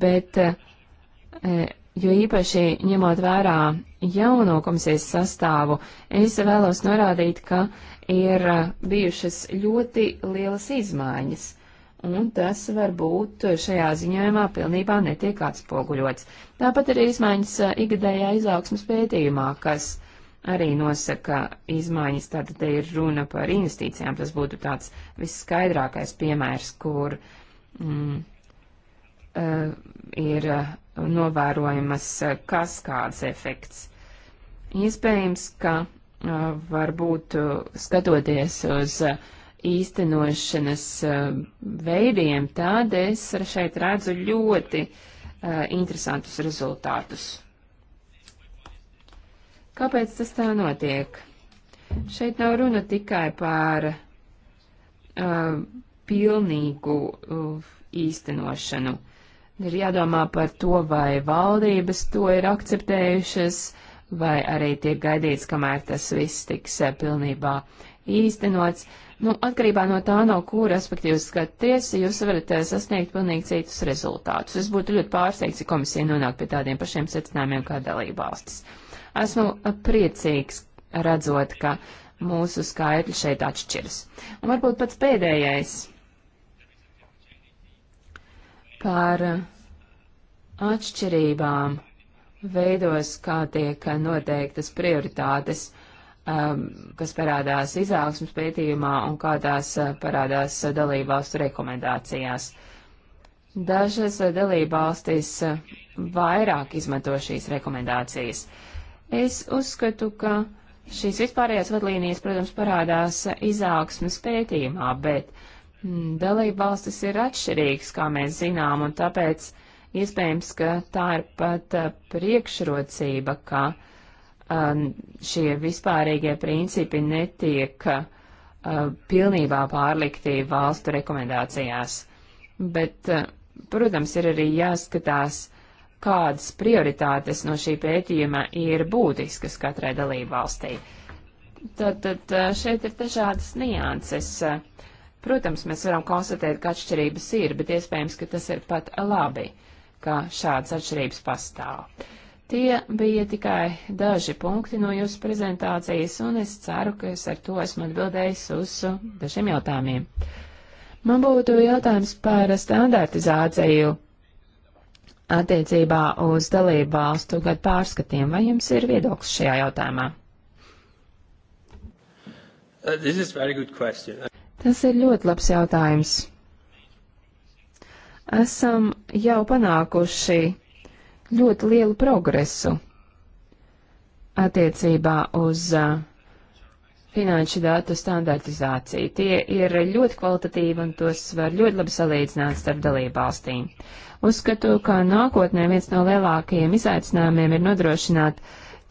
Bet, uh, e, jo īpaši ņemot vērā jauno komisijas sastāvu, es vēlos norādīt, ka ir bijušas ļoti lielas izmaiņas un tas varbūt šajā ziņojumā pilnībā netiek atspoguļots. Tāpat arī izmaiņas ikgadējā izaugsmas pētījumā, kas arī nosaka izmaiņas, tātad te ir runa par investīcijām, tas būtu tāds visskaidrākais piemērs, kur mm, uh, ir uh, novērojamas uh, kaskāds efekts. Iespējams, ka uh, varbūt uh, skatoties uz uh, īstenošanas eh, veidiem, tad es šeit redzu ļoti eh, interesantus rezultātus. Kāpēc tas tā notiek? Šeit nav runa tikai par uh, pilnīgu uh, īstenošanu. Ir jādomā par to, vai valdības to ir akceptējušas, vai arī tiek gaidīts, kamēr tas viss tiks uh, pilnībā īstenots. Uh, Nu, atkarībā no tā, no kura aspekta jūs skatāties, jūs varat eh, sasniegt pilnīgi citus rezultātus. Es būtu ļoti pārsteigts, ja komisija nonāk pie tādiem pašiem secinājumiem kā dalībvalstis. Esmu eh, priecīgs redzot, ka mūsu skaitļi šeit atšķiras. Un varbūt pats pēdējais par eh, atšķirībām veidos, kā tiek noteiktas prioritātes Um, kas parādās izaugsmas pētījumā un kādās uh, parādās uh, dalībvalstu rekomendācijās. Dažas uh, dalībvalstis vairāk izmanto šīs rekomendācijas. Es uzskatu, ka šīs vispārējās vadlīnijas, protams, parādās izaugsmas pētījumā, bet mm, dalībvalstis ir atšķirīgs, kā mēs zinām, un tāpēc iespējams, ka tā ir pat priekšrocība, ka uh, Um, šie vispārīgie principi netiek uh, pilnībā pārlikti valstu rekomendācijās. Bet, uh, protams, ir arī jāskatās, kādas prioritātes no šī pētījuma ir būtiskas katrai dalību valstī. Tad, tad uh, šeit ir dažādas nianses. Protams, mēs varam konstatēt, ka atšķirības ir, bet iespējams, ka tas ir pat labi, ka šādas atšķirības pastāv. Uh, Tie bija tikai daži punkti no jūsu prezentācijas, un es ceru, ka es ar to esmu atbildējis uz dažiem jautājumiem. Man būtu jautājums par standartizāciju attiecībā uz dalību valstu gadu pārskatiem. Vai jums ir viedoklis šajā jautājumā? Uh, Tas ir ļoti labs jautājums. Esam jau panākuši ļoti lielu progresu attiecībā uz finanšu datu standartizāciju. Tie ir ļoti kvalitatīvi un tos var ļoti labi salīdzināt starp dalībvalstīm. Uzskatu, ka nākotnē viens no lielākajiem izaicinājumiem ir nodrošināt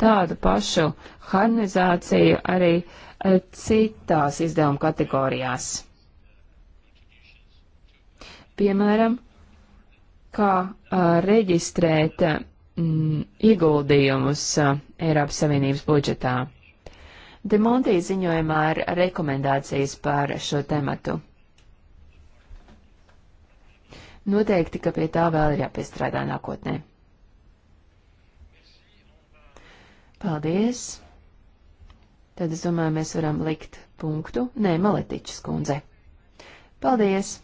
tādu pašu harmonizāciju arī citās izdevuma kategorijās. Piemēram, kā reģistrēt mm, ieguldījumus Eiropas Savienības budžetā. Demontī ziņojumā ir rekomendācijas par šo tematu. Noteikti, ka pie tā vēl ir jāpiestrādā nākotnē. Paldies! Tad es domāju, mēs varam likt punktu. Nē, Maletiķis kundze. Paldies!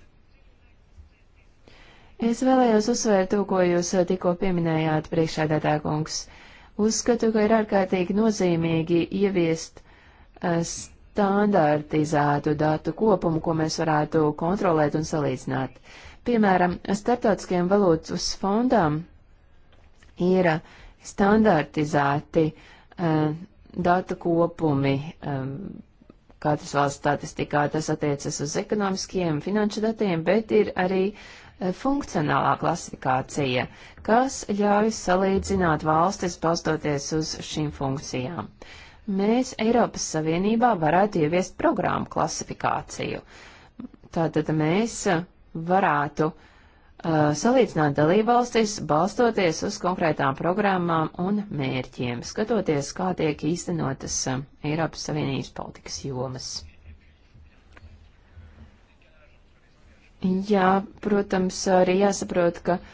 Es vēlējos uzsvērt to, ko jūs eh, tikko pieminējāt, priekšādātā kungs. Uzskatu, ka ir ārkārtīgi nozīmīgi ieviest uh, standartizētu datu kopumu, ko mēs varētu kontrolēt un salīdzināt. Piemēram, starptautiskajiem valūtas fondām ir standartizēti uh, datu kopumi um, katras valsts statistikā. Tas attiecas uz ekonomiskiem, finanšu datiem, bet ir arī uh, funkcionālā klasifikācija, kas ļauj salīdzināt valstis balstoties uz šīm funkcijām. Mēs Eiropas Savienībā varētu ieviest programmu klasifikāciju. Tātad mēs varētu uh, salīdzināt dalībvalstis balstoties uz konkrētām programmām un mērķiem, skatoties, kā tiek īstenotas uh, Eiropas Savienības politikas jomas. Jā, protams, arī jāsaprot, ka uh,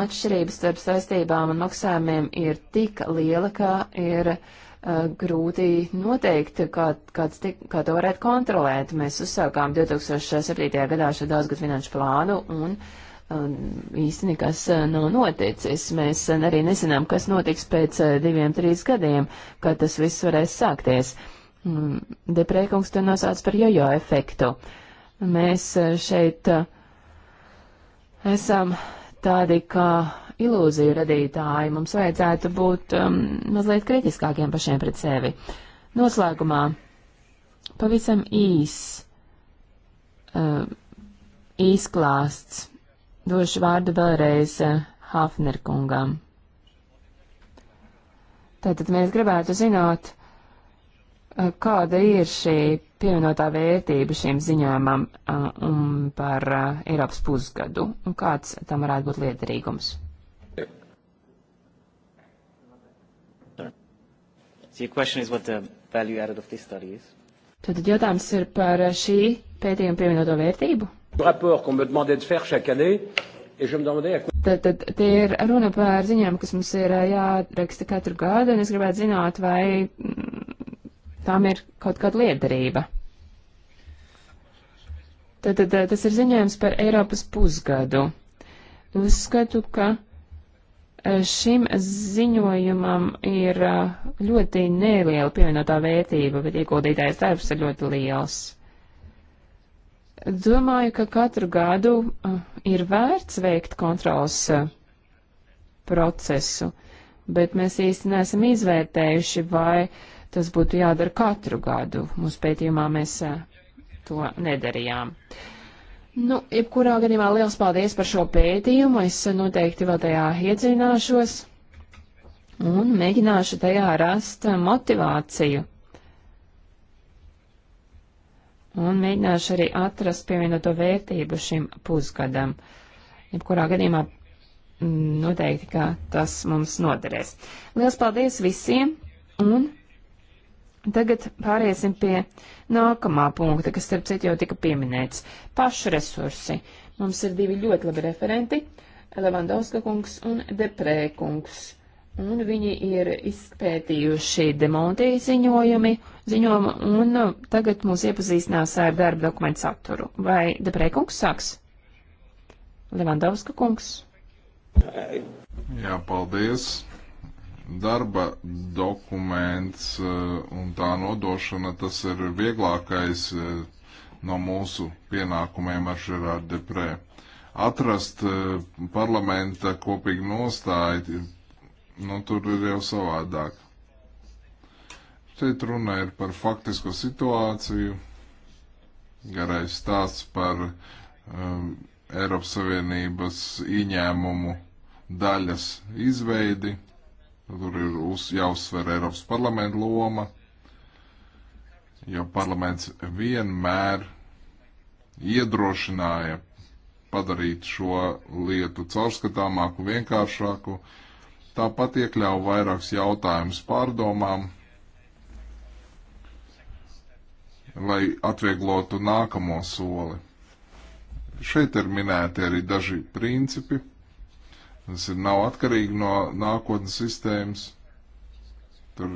atšķirības starp saistībām un maksājumiem ir tik liela, ka ir uh, grūti noteikt, kā, kāds tik, kā to varētu kontrolēt. Mēs uzsākām 2007. gadā šo daudzgadu finanšu plānu un um, īsti nekas nav noticis. Mēs arī nezinām, kas notiks pēc uh, diviem, trīs gadiem, kad tas viss varēs sākties. Mm, Deprēkungs to nosauc par jojo efektu. Uh, Mēs eh, šeit eh, esam tādi kā ilūziju radītāji. Mums vajadzētu būt um, mazliet kritiskākiem pašiem pret sevi. Noslēgumā pavisam īs uh, īsklāsts. Došu vārdu vēlreiz uh, Hafner kungam. Tātad mēs gribētu zināt, Eh, kāda ir šī pievienotā vērtība šiem ziņojumam eh, par eh, Eiropas pusgadu un kāds tam varētu būt liederīgums? Tātad jautājums ir par šī pētījuma pievienoto vērtību? Tātad tie ir runa par ziņām, kas mums ir jāraksta katru gadu, un es gribētu zināt, vai mm, tām ir kaut kāda liederība. Tad, tad eh, tas ir ziņojums par Eiropas pusgadu. Uzskatu, ka eh, šim ziņojumam ir eh, ļoti neliela pievienotā vērtība, bet ieguldītājs darbs ir ļoti liels. Domāju, ka katru gadu ir vērts veikt kontrols procesu, bet mēs īsti neesam izvērtējuši, vai uh, Tas būtu jādara katru gadu. Mūsu pētījumā mēs eh, to nedarījām. Nu, jebkurā gadījumā liels paldies par šo pētījumu. Es noteikti vēl tajā iedzināšos un mēģināšu tajā rast eh, motivāciju. Un mēģināšu arī atrast pievienoto vērtību šim pusgadam. Jebkurā gadījumā mm, noteikti, ka tas mums noderēs. Liels paldies visiem un Tagad pāriesim pie nākamā punkta, kas, starp citu, jau tika pieminēts - pašresursi. Mums ir divi ļoti labi referenti - Levandovska kungs un Deprē kungs. Un viņi ir izpētījuši demontī ziņojumi, ziņojumu, un tagad mūs iepazīstinās ar darba dokumentu saturu. Vai Deprē kungs sāks? Levandovska kungs. Jā, paldies darba dokuments eh, un tā nodošana, tas ir vieglākais eh, no mūsu pienākumiem ar Žerāru Deprē. Atrast eh, parlamenta kopīgu nostāju, nu tur ir jau savādāk. Šeit runa ir par faktisko situāciju, garais stāsts par um, Eiropas Savienības ieņēmumu daļas izveidi, Tur ir uz, jāuzsver Eiropas parlamenta loma, jo parlaments vienmēr iedrošināja padarīt šo lietu caurskatāmāku, vienkāršāku. Tāpat iekļauj vairākus jautājumus pārdomām, lai atvieglotu nākamo soli. Šeit ir minēti arī daži principi Tas ir, nav atkarīgi no nākotnes sistēmas. Tur,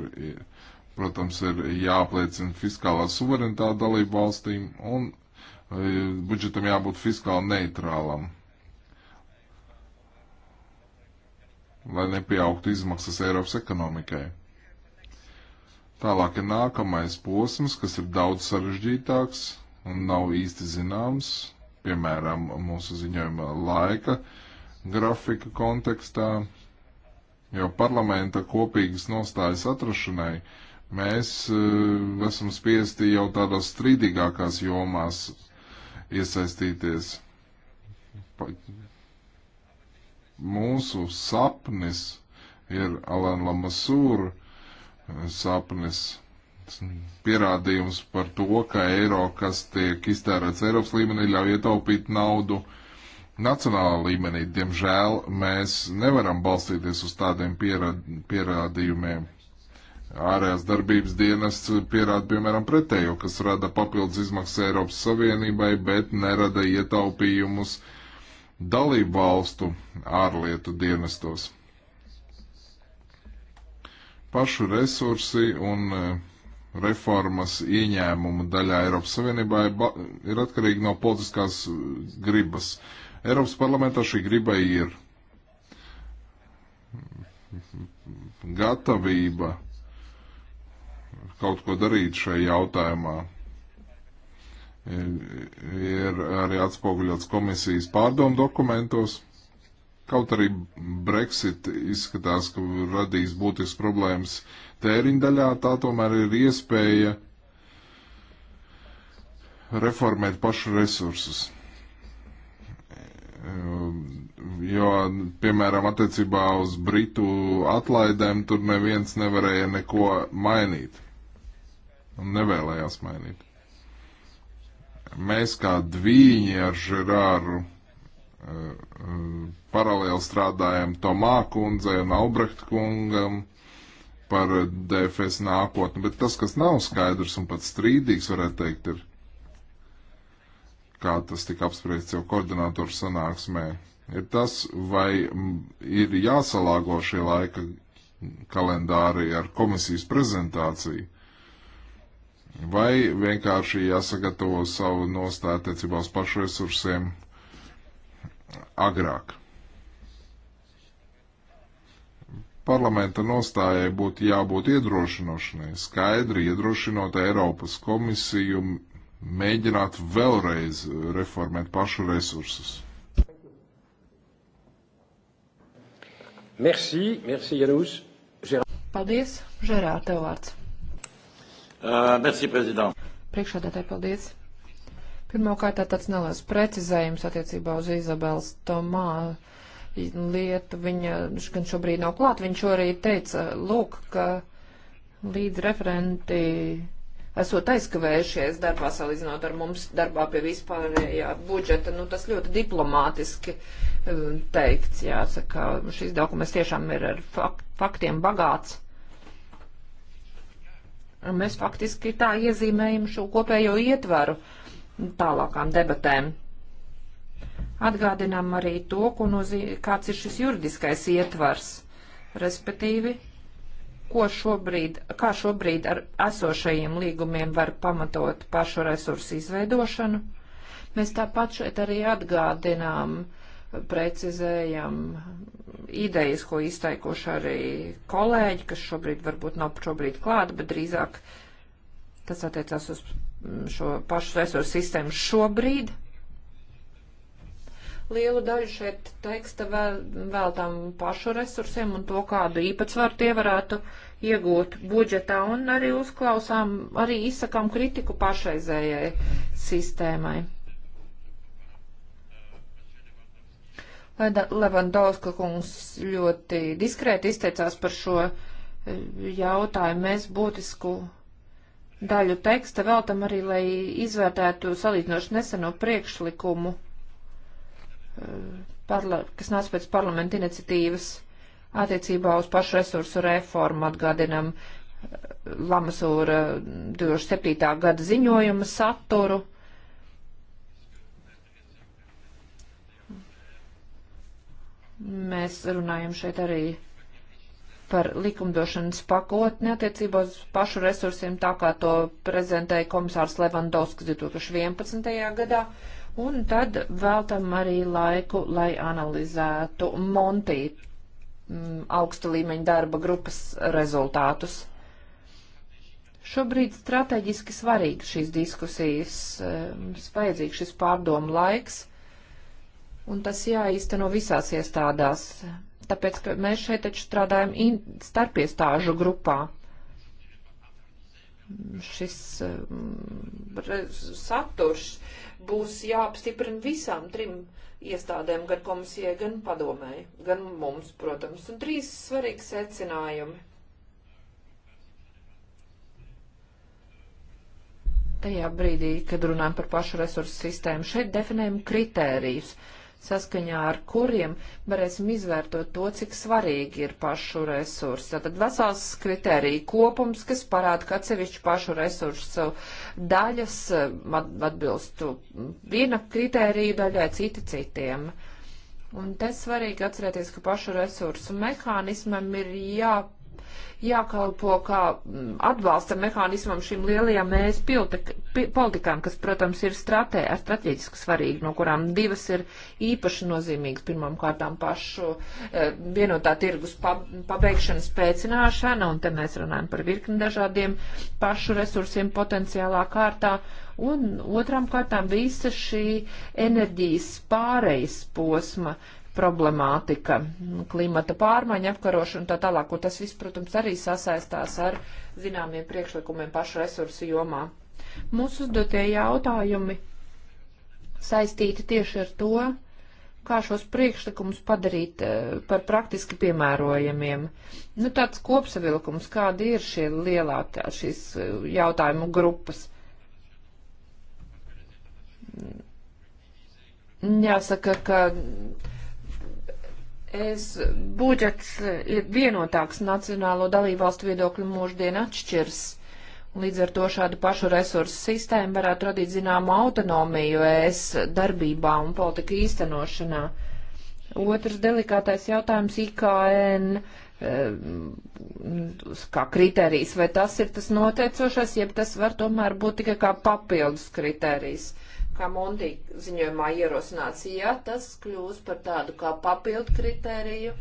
protams, ir jāapliecina fiskālā suverenitāte dalību valstīm un budžetam jābūt fiskāli neitrālam. Lai nepieaugtu izmaksas Eiropas ekonomikai. Tālāk ir nākamais posms, kas ir daudz sarežģītāks un nav īsti zināms, piemēram, mūsu ziņojuma laika grafika kontekstā, jo parlamenta kopīgas nostājas atrašanai mēs uh, esam spiesti jau tādās strīdīgākās jomās iesaistīties. Pa, mūsu sapnis ir Alan Lamasūra eh, sapnis pierādījums par to, ka eiro, kas tiek iztērēts Eiropas līmenī, ļauj ietaupīt naudu uh, Nacionālā līmenī, diemžēl, mēs nevaram balstīties uz tādiem pierādījumiem. Ārējās darbības dienas pierāda, piemēram, pretējo, kas rada papildus izmaksas Eiropas Savienībai, bet nerada ietaupījumus dalību valstu ārlietu dienestos. Pašu resursi un eh, reformas ieņēmumu daļā Eiropas Savienībā ir atkarīgi no politiskās eh, gribas. Uh, Eiropas parlamentā šī griba ir gatavība kaut ko darīt šajā jautājumā. Ir arī atspoguļots komisijas pārdomu dokumentos. Kaut arī Brexit izskatās, ka radīs būtisks problēmas tēriņdaļā, tā tomēr ir iespēja reformēt pašu resursus. Ehm, jo, piemēram, attiecībā uz Britu atlaidēm tur neviens nevarēja neko mainīt. Un nevēlējās mainīt. Mēs kā dvīņi ar Žerāru eh, eh, paralēli strādājam Tomā kundzei un Albrecht kungam par DFS nākotni, bet tas, kas nav skaidrs un pat strīdīgs, varētu teikt, ir kā tas tika apspriests jau koordinātoru sanāksmē, ir tas, vai ir jāsalāgo šie laika kalendāri ar komisijas prezentāciju, vai vienkārši jāsagatavo savu nostāju attiecībā uz pašresursiem agrāk. Parlamenta nostājai būtu jābūt iedrošinošanai, skaidri iedrošinot Eiropas komisiju mēģināt vēlreiz eh, reformēt pašu resursus. Merci, merci Janus. Paldies, Žerār, tev vārds. Uh, merci, prezident. Priekšādātāji, paldies. Pirmkārt, tāds neliels precizējums attiecībā uz Izabelas Tomā lietu. Viņa gan šobrīd nav klāt, viņš šorīt teica, lūk, ka līdz referenti esot aizkavējušies darbā salīdzinot ar mums darbā pie vispārējā budžeta. Nu, tas ļoti diplomātiski um, teikts, jāsaka. Šis dokuments tiešām ir ar faktiem bagāts. Mēs faktiski tā iezīmējam šo kopējo ietvaru tālākām debatēm. Atgādinām arī to, nozīm, kāds ir šis juridiskais ietvars, respektīvi ko šobrīd, kā šobrīd ar esošajiem līgumiem var pamatot pašu resursu izveidošanu. Mēs tāpat šeit arī atgādinām, precizējam idejas, ko izteikuši arī kolēģi, kas šobrīd varbūt nav šobrīd klāta, bet drīzāk tas attiecās uz šo pašu resursu sistēmu šobrīd, lielu daļu šeit teksta vēl, veltām pašu resursiem un to, kādu īpatsvaru tie varētu iegūt budžetā un arī uzklausām, arī izsakām kritiku pašreizējai sistēmai. Levandovska kungs ļoti diskrēti izteicās par šo e, jautājumu. Mēs būtisku daļu teksta veltam arī, lai izvērtētu salīdzinoši neseno priekšlikumu parla, kas nāca pēc parlamenta iniciatīvas attiecībā uz pašu resursu reformu atgādinam eh, Lamasūra 2007. gada ziņojuma saturu. Mēs runājam šeit arī par likumdošanas pakotni attiecībā uz pašu resursiem, tā kā to prezentēja komisārs Levandovskis 2011. gadā un tad veltam arī laiku, lai analizētu Monti mm, augsta līmeņa darba grupas rezultātus. Šobrīd strateģiski svarīgi šīs diskusijas, ehm, vajadzīgs šis pārdomu laiks, un tas jāīsteno visās iestādās, tāpēc, ka mēs šeit taču strādājam starpiestāžu grupā šis um, saturs būs jāapstiprina visām trim iestādēm, gan komisijai, gan padomēji, gan mums, protams, un trīs svarīgi secinājumi. Tajā brīdī, kad runājam par pašu resursu sistēmu, šeit definējam kritērijus. Uh, saskaņā ar kuriem varēsim izvērtot to, cik svarīgi ir pašu resursi. Tātad vesels kriterija kopums, kas parāda, ka atsevišķi pašu resursu daļas eh, atbilstu viena kriterija daļai, citi citiem. Un te svarīgi atcerēties, ka pašu resursu mehānismam ir jāpārāk jākalpo kā mm, atbalsta mehānismam šīm lielajām mēs politikām, kas, protams, ir stratē, strateģiski svarīgi, no kurām divas ir īpaši nozīmīgas. Pirmām kārtām pašu eh, vienotā tirgus pabeigšana spēcināšana, un te mēs runājam par virkni dažādiem pašu resursiem potenciālā kārtā. Un otrām kārtām visa šī enerģijas pārejas posma, uh, problemātika, klimata pārmaiņa, apkarošana un tā tālāk, un tas viss, protams, arī sasaistās ar zināmiem priekšlikumiem pašu resursu jomā. Mūsu uzdotie jautājumi saistīti tieši ar to, kā šos priekšlikumus padarīt eh, par praktiski piemērojamiem. Nu, tāds kopsavilkums, kādi ir šie lielā tā, šīs eh, jautājumu grupas. Jāsaka, ka Es budžets ir vienotāks nacionālo dalībvalstu viedokļu mūždien atšķirs. Līdz ar to šādu pašu resursu sistēmu varētu radīt zināmu autonomiju ES darbībā un politika īstenošanā. Otrs delikātais jautājums - IKN ehm, kā kriterijs, vai tas ir tas noteicošais, jeb tas var tomēr būt tikai kā papildus kriterijs. Uh, kā Montī ziņojumā ierosināts, ja tas kļūs par tādu kā papildu kritēriju,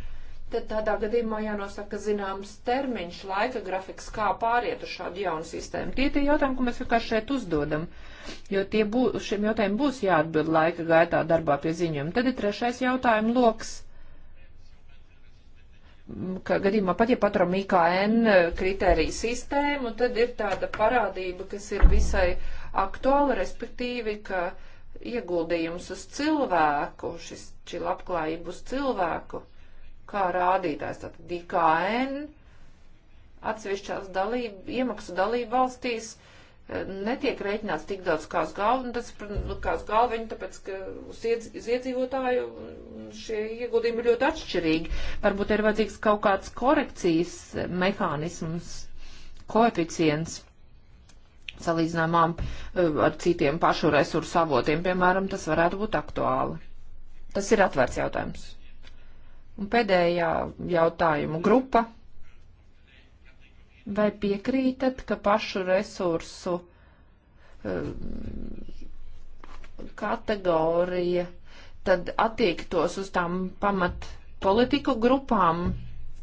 tad tādā gadījumā jānosaka zināms termiņš, laika grafiks, kā pāriet uz šādu jaunu sistēmu. Tie tie jautājumi, ko mēs vienkārši šeit uzdodam, jo tie bū, šiem jautājumiem būs jāatbild laika gaitā darbā pie ziņojuma. Tad ir trešais jautājuma loks. Ka gadījumā pat, ja paturam IKN kritēriju sistēmu, tad ir tāda parādība, kas ir visai uh, aktuāla, respektīvi, ka ieguldījums uz cilvēku, šis, šī labklājība uz cilvēku, kā rādītājs, tātad IKN, atsevišķās dalība, iemaksu dalība valstīs eh, netiek rēķināts tik daudz kā uz galvu, nu, un tas, nu, kā uz galvu, viņi tāpēc, ka uz, iedz, uz iedzīvotāju šie ieguldījumi ir ļoti atšķirīgi. Varbūt ir vajadzīgs kaut kāds korekcijas eh, mehānisms, koeficients salīdzināmām eh, ar citiem pašu resursu avotiem, piemēram, tas varētu būt aktuāli. Tas ir atvērts jautājums. Un pēdējā jautājumu grupa. Vai piekrītat, ka pašu resursu eh, kategorija tad attiektos uz tām pamat politiku grupām,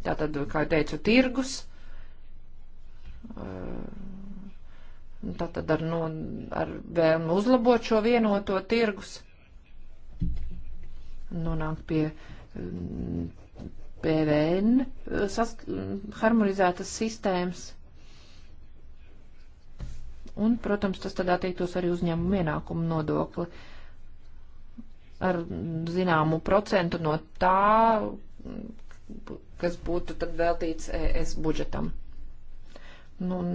tātad, kā teicu, tirgus, eh, tātad ar, no, ar vēlmu uzlabot šo vienoto tirgus, nonākt pie mm, PVN eh, sas, mm, harmonizētas sistēmas. Un, protams, tas tad attiektos arī uzņēmumu ienākumu nodokli ar mm, zināmu procentu no tā, kas būtu tad veltīts ES budžetam. Nu, un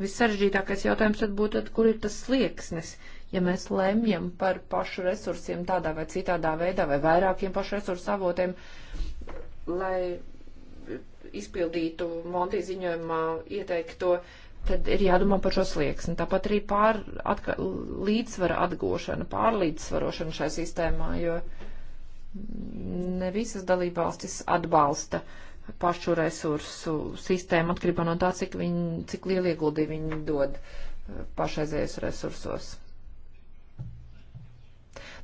Vissaržģītākais jautājums tad būtu, tad, kur ir tas slieksnis, ja mēs lemjam par pašu resursiem tādā vai citādā veidā vai vairākiem pašu resursu avotiem, lai izpildītu Monti ziņojumā ieteikto, tad ir jādomā par šo slieksni. Tāpat arī pār atka, līdzsvara atgošana, pārlīdzsvarošana šai sistēmā, jo ne visas dalībvalstis atbalsta uh, pašu resursu sistēmu atkarībā no tā, cik, viņi, cik lielu ieguldījumu viņi dod eh, pašreizējos resursos.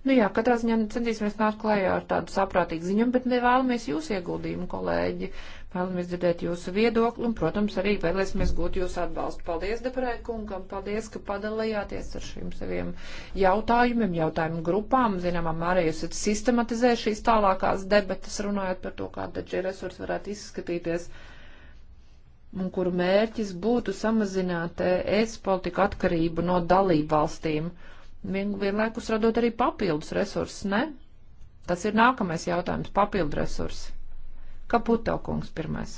Nu jā, katrā ziņā nu, centīsimies nākt klējā ar tādu saprātīgu ziņu, bet nevēlamies jūs ieguldījumu, kolēģi, Vēlamies dzirdēt jūsu viedokli un, protams, arī vēlēsimies gūt jūsu atbalstu. Paldies, Deparēt kungam, paldies, ka padalījāties ar šiem saviem jautājumiem, jautājumu grupām. Zināmā mērā jūs esat sistematizējuši šīs tālākās debatas, runājot par to, kā tad šie resursi varētu izskatīties un kuru mērķis būtu samazināt es politiku atkarību no dalību valstīm, Vien, vienlaikus radot arī papildus resursus, ne? Tas ir nākamais jautājums - papildu resursi. Kaputo kungs pirmais.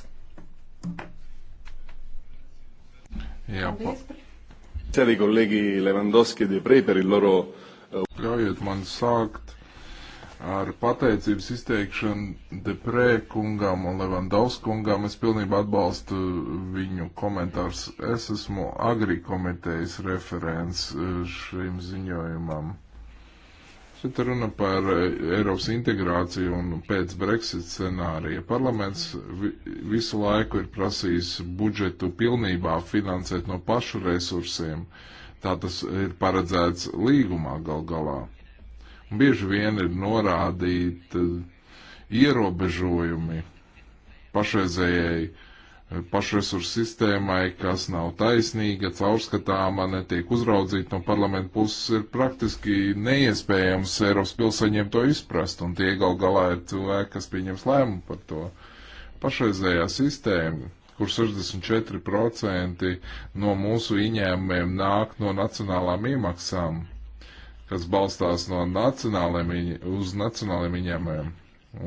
Jā, Ceri kolēģi Levandovski Deprei par loro. Eh, Ļaujiet man sākt ar pateicības izteikšanu Deprei kungam un Levandovski kungam. Es pilnībā atbalstu viņu komentārus. Es esmu agri komitejas referents eh, šim ziņojumam. Šeit runa par e, Eiropas integrāciju un pēc Brexit scenārija. Parlaments visu laiku ir prasījis budžetu pilnībā finansēt no pašu resursiem. Tā tas ir paredzēts līgumā gal galā. Un bieži vien ir norādīti e, ierobežojumi pašreizējai pašresursu sistēmai, kas nav taisnīga, caurskatāma, netiek uzraudzīta no parlamenta puses, ir praktiski neiespējams Eiropas pilsēņiem to izprast, un tie gal galā ir cilvēki, kas pieņems lēmumu par to. Pašreizējā sistēma, kur 64% no mūsu ieņēmumiem nāk no nacionālām iemaksām, kas balstās no nacionāliem, uz nacionāliem ieņēmumiem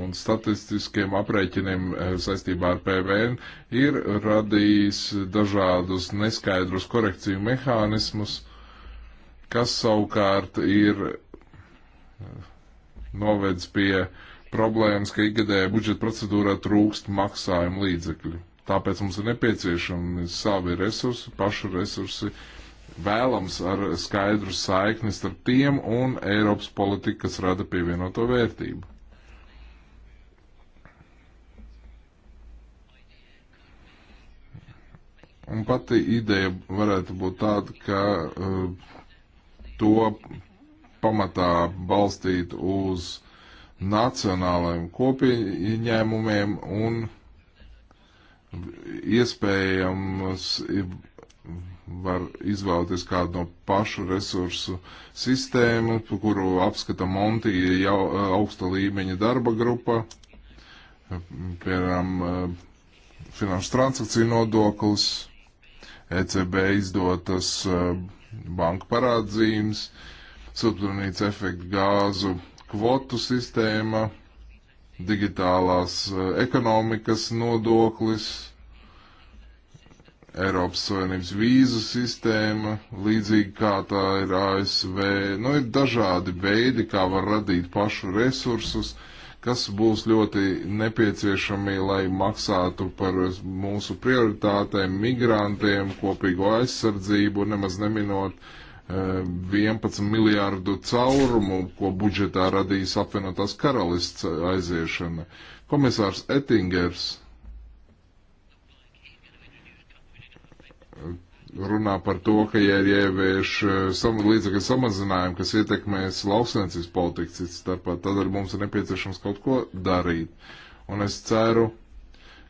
un statistiskiem aprēķiniem eh, saistībā ar PVN ir radījis dažādus neskaidrus korekciju mehānismus, kas savukārt ir eh, novedis pie problēmas, ka ikgadējā budžeta procedūrā trūkst maksājumu līdzekļu. Tāpēc mums ir nepieciešami savi resursi, pašu resursi, vēlams ar skaidru saikni starp tiem un Eiropas politiku, kas rada pievienoto vērtību. Un pati ideja varētu būt tāda, ka uh, to pamatā balstīt uz nacionālajiem kopieņēmumiem un iespējams var izvēlēties kādu no pašu resursu sistēmu, kuru apskata Monti jau eh, augsta līmeņa darba grupa, piemēram, eh, finanšu transakciju nodoklis, ECB izdotas eh, banku parādzīmes, siltumnīca efektu gāzu kvotu sistēma, digitālās eh, ekonomikas nodoklis, Eiropas Savienības vīzu sistēma, līdzīgi kā tā ir ASV. Nu, ir dažādi veidi, kā var radīt pašu resursus, uh, kas būs ļoti nepieciešami, lai maksātu par mūsu prioritātēm, migrantiem, kopīgo aizsardzību, nemaz neminot eh, 11 miljārdu caurumu, ko budžetā radīs apvienotās karalists aiziešana. Komisārs Ettingers runā par to, ka ja ir ievieš eh, sam, līdzekļu samazinājumi, kas ietekmēs lauksnēcības politikas cits starpā, tad ar mums ir nepieciešams kaut ko darīt. Un es ceru,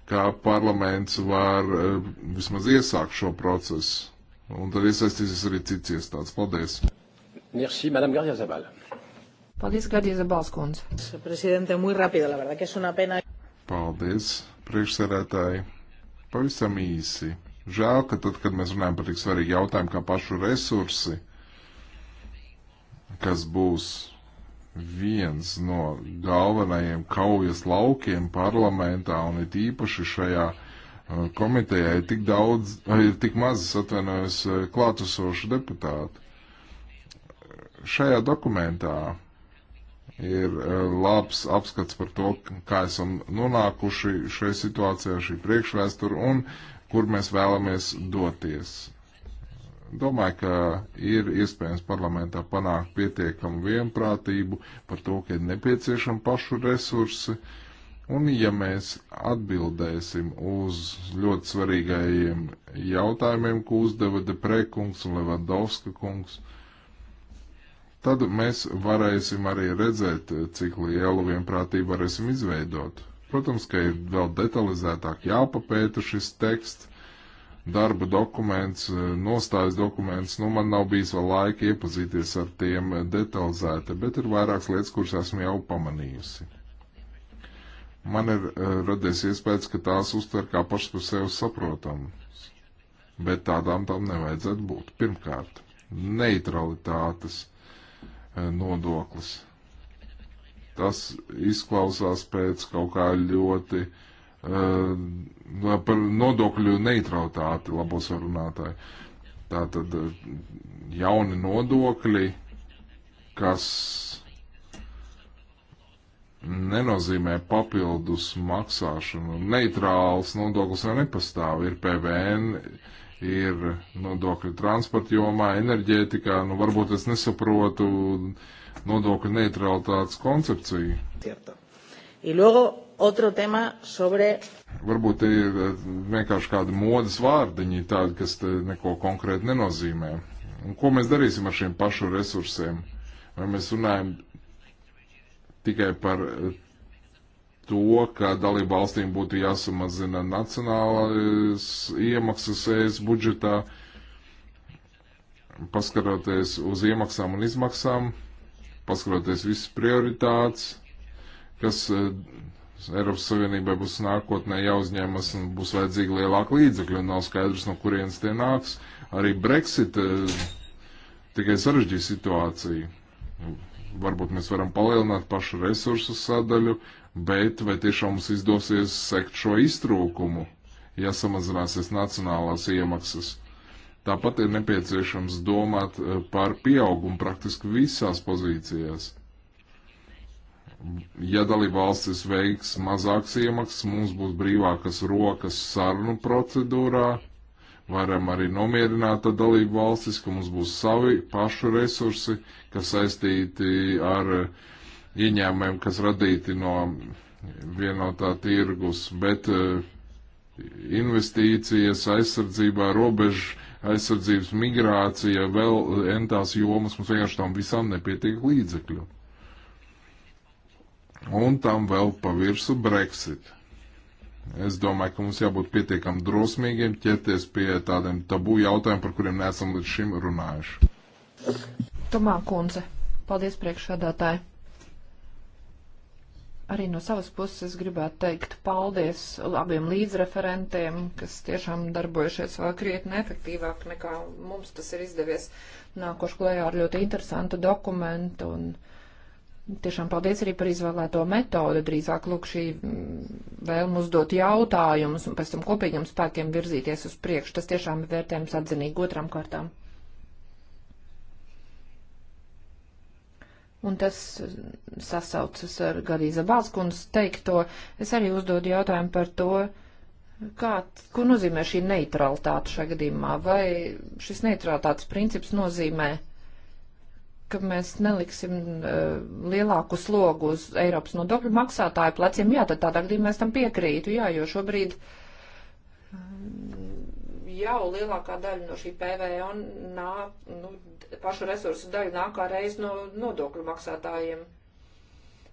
ka parlaments var eh, vismaz iesākt šo procesu. Un tad iesaistīsies arī cits iestāds. Paldies! Merci, Madame Gardia Zabal. Paldies, Gardia Zabals kundze. Presidente, muy rápido, la verdad, que es una pena. Paldies, priekšsēdētāji. Pavisam īsi Žēl, ka tad, kad mēs runājam par tik svarīgu jautājumu kā pašu resursi, kas būs viens no galvenajiem kaujas laukiem parlamentā un it īpaši šajā uh, komitejā ir tik daudz, uh, ir tik maz, atvainojos, uh, klātesošu deputātu. Šajā dokumentā ir labs apskats par to, kā esam nonākuši šajā situācijā, šī priekšvēstura un uh, kur mēs vēlamies doties. Domāju, ka ir iespējams parlamentā panākt pietiekamu vienprātību par to, ka ir nepieciešama pašu resursi, un ja mēs atbildēsim uz ļoti svarīgajiem jautājumiem, ko uzdeva Deprekungs un Levandovska kungs, tad mēs varēsim arī redzēt, cik lielu vienprātību varēsim izveidot. Protams, ka ir vēl detalizētāk jāpapēta šis teksts, darba dokuments, e, nostājas dokuments. Nu, man nav bijis vēl laika iepazīties ar tiem detalizēti, bet ir vairākas lietas, kuras esmu jau pamanījusi. Man ir e, radies iespējas, ka tās uztver kā pašas par sevi saprotamu, bet tādām tam nevajadzētu būt. Pirmkārt, neutralitātes e, nodoklis Tas izklausās pēc kaut kā ļoti uh, par nodokļu neutralitāti labos runātāji. Tātad uh, jauni nodokļi, kas nenozīmē papildus maksāšanu. Neitrāls nodoklis jau nepastāv. Ir PVN, ir nodokļi transporta jomā, enerģētikā. Nu, varbūt es nesaprotu uh, nodokļu neutralitātes koncepciju. Cierto. Y luego otro tema sobre. Varbūt tie ir eh, vienkārši kādi modes vārdiņi, tādi, kas neko konkrēti nenozīmē. Un ko mēs darīsim ar šiem pašu resursiem? Vai mēs runājam tikai par eh, to, ka dalību valstīm būtu jāsamazina nacionālās iemaksas ES budžetā, paskaroties uz iemaksām un izmaksām, paskatoties visas prioritātes, kas eh, Eiropas Savienībai būs nākotnē jāuzņemas un būs vajadzīgi lielāka līdzekļa, un nav skaidrs, no kurienes tie nāks. Arī Brexit eh, tikai sarežģīja situāciju. Varbūt mēs varam palielināt pašu resursu sadaļu, bet vai tiešām mums izdosies sekt šo iztrūkumu, ja samazināsies nacionālās iemaksas? Tāpat ir nepieciešams domāt eh, par pieaugumu praktiski visās pozīcijās. Ja dalībvalstis veiks mazāks iemaksas, mums būs brīvākas rokas sarunu procedūrā, varam arī nomierināt ar dalībvalstis, ka mums būs savi pašu resursi, kas saistīti ar eh, ieņēmumiem, kas radīti no vienotā tirgus, bet eh, investīcijas aizsardzībā robežu aizsardzības, migrācija, vēl entās jomas, mums vienkārši tam visam nepietiek līdzekļu. Un tam vēl pavirsu Brexit. Es domāju, ka mums jābūt pietiekam drosmīgiem ķerties pie tādiem tabū jautājumiem, par kuriem neesam līdz šim runājuši. Tomā kundze, paldies priekšādātāji. Arī no savas puses gribētu teikt paldies abiem līdzreferentiem, kas tiešām darbojušies vēl krietni efektīvāk nekā mums tas ir izdevies. Nākošu klējā ar ļoti interesantu dokumentu un tiešām paldies arī par izvēlēto metodu. Drīzāk lūk šī mm, vēlmu uzdot jautājumus un pēc tam kopīgiem spēkiem virzīties uz priekšu. Tas tiešām ir vērtējums atzinīgi otram kārtām. Un tas eh, sasaucas ar Gadīza Balskundas teikto. Es arī uzdodu jautājumu par to, kā, ko nozīmē šī neutralitāte šajā gadījumā. Vai šis neutralitātes princips nozīmē, ka mēs neliksim uh, lielāku slogu uz Eiropas nodokļu maksātāju pleciem? Jā, tad tādā gadījumā es tam piekrītu, jā, jo šobrīd. Uh, jau lielākā daļa no šī PVO nāk, nu, pašu resursu daļu nākā reiz no nodokļu maksātājiem.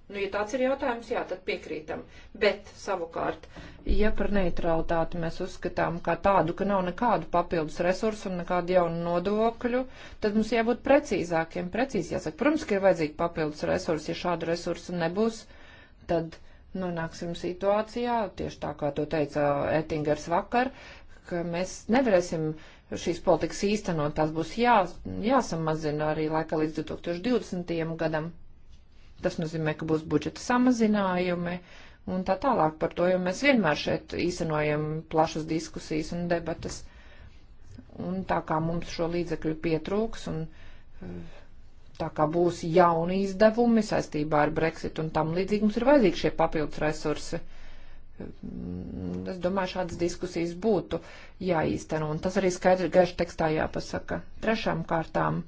Nu, ja tāds ir jautājums, jā, tad piekrītam. Bet, savukārt, ja par neutralitāti mēs uzskatām kā tādu, ka nav nekādu papildus resursu un nekādu jaunu nodokļu, tad mums jābūt precīzākiem, precīzi jāsaka. Protams, ka ir vajadzīgi papildus resursi, ja šādu resursu nebūs, tad nonāksim situācijā, tieši tā kā to teica Ettingers vakar, ka mēs nevarēsim uh, šīs politikas īstenot, tās būs jā, jāsamazina arī laika līdz 2020. gadam. Tas nozīmē, ka būs budžeta samazinājumi un tā tālāk par to, jo mēs vienmēr šeit īstenojam plašas diskusijas un debatas. Un tā kā mums šo līdzekļu pietrūks un eh, tā kā būs jauni izdevumi saistībā ar Brexit un tam līdzīgi, mums ir vajadzīgi šie papildus resursi. Uh, Mm, es domāju, šādas diskusijas būtu jāīsteno, un tas arī skaidri gaiši tekstā jāpasaka. Trešām kārtām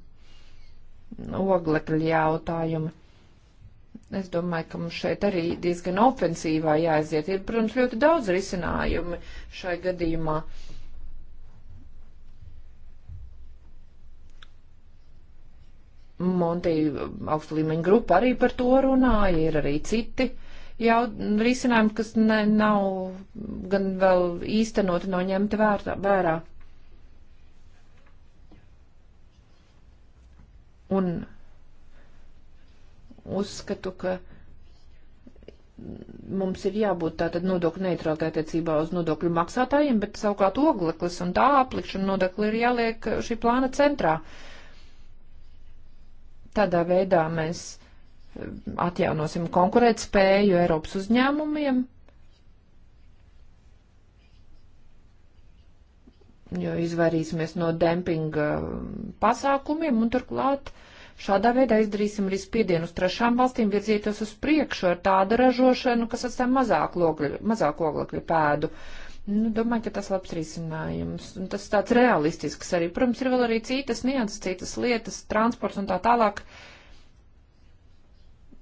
oglekļa jautājumi. Es domāju, ka mums šeit arī diezgan ofensīvā jāaiziet. Ir, protams, ļoti daudz risinājumu šai gadījumā. Monti augsta līmeņa grupa arī par to runāja, ir arī citi jau risinājumi, kas ne, nav gan vēl īstenoti, nav ņemti vērā. vērā. Un uzskatu, ka mums ir jābūt tātad nodokļu neitrālai attiecībā uz nodokļu maksātājiem, bet savukārt ogleklis un tā aplikšana nodokļi ir jāliek šī plāna centrā. Tādā veidā mēs atjaunosim konkurētspēju Eiropas uzņēmumiem. jo izvairīsimies no dempinga pasākumiem un turklāt šādā veidā izdarīsim arī spiedienu uz trešām valstīm virzītos uz priekšu ar tādu ražošanu, kas atstāja mazāk, logļu, mazāk oglekļu pēdu. Nu, domāju, ka tas labs risinājums. Un tas tāds realistisks arī. Protams, ir vēl arī citas nianses, citas lietas, transports un tā tālāk. Uh,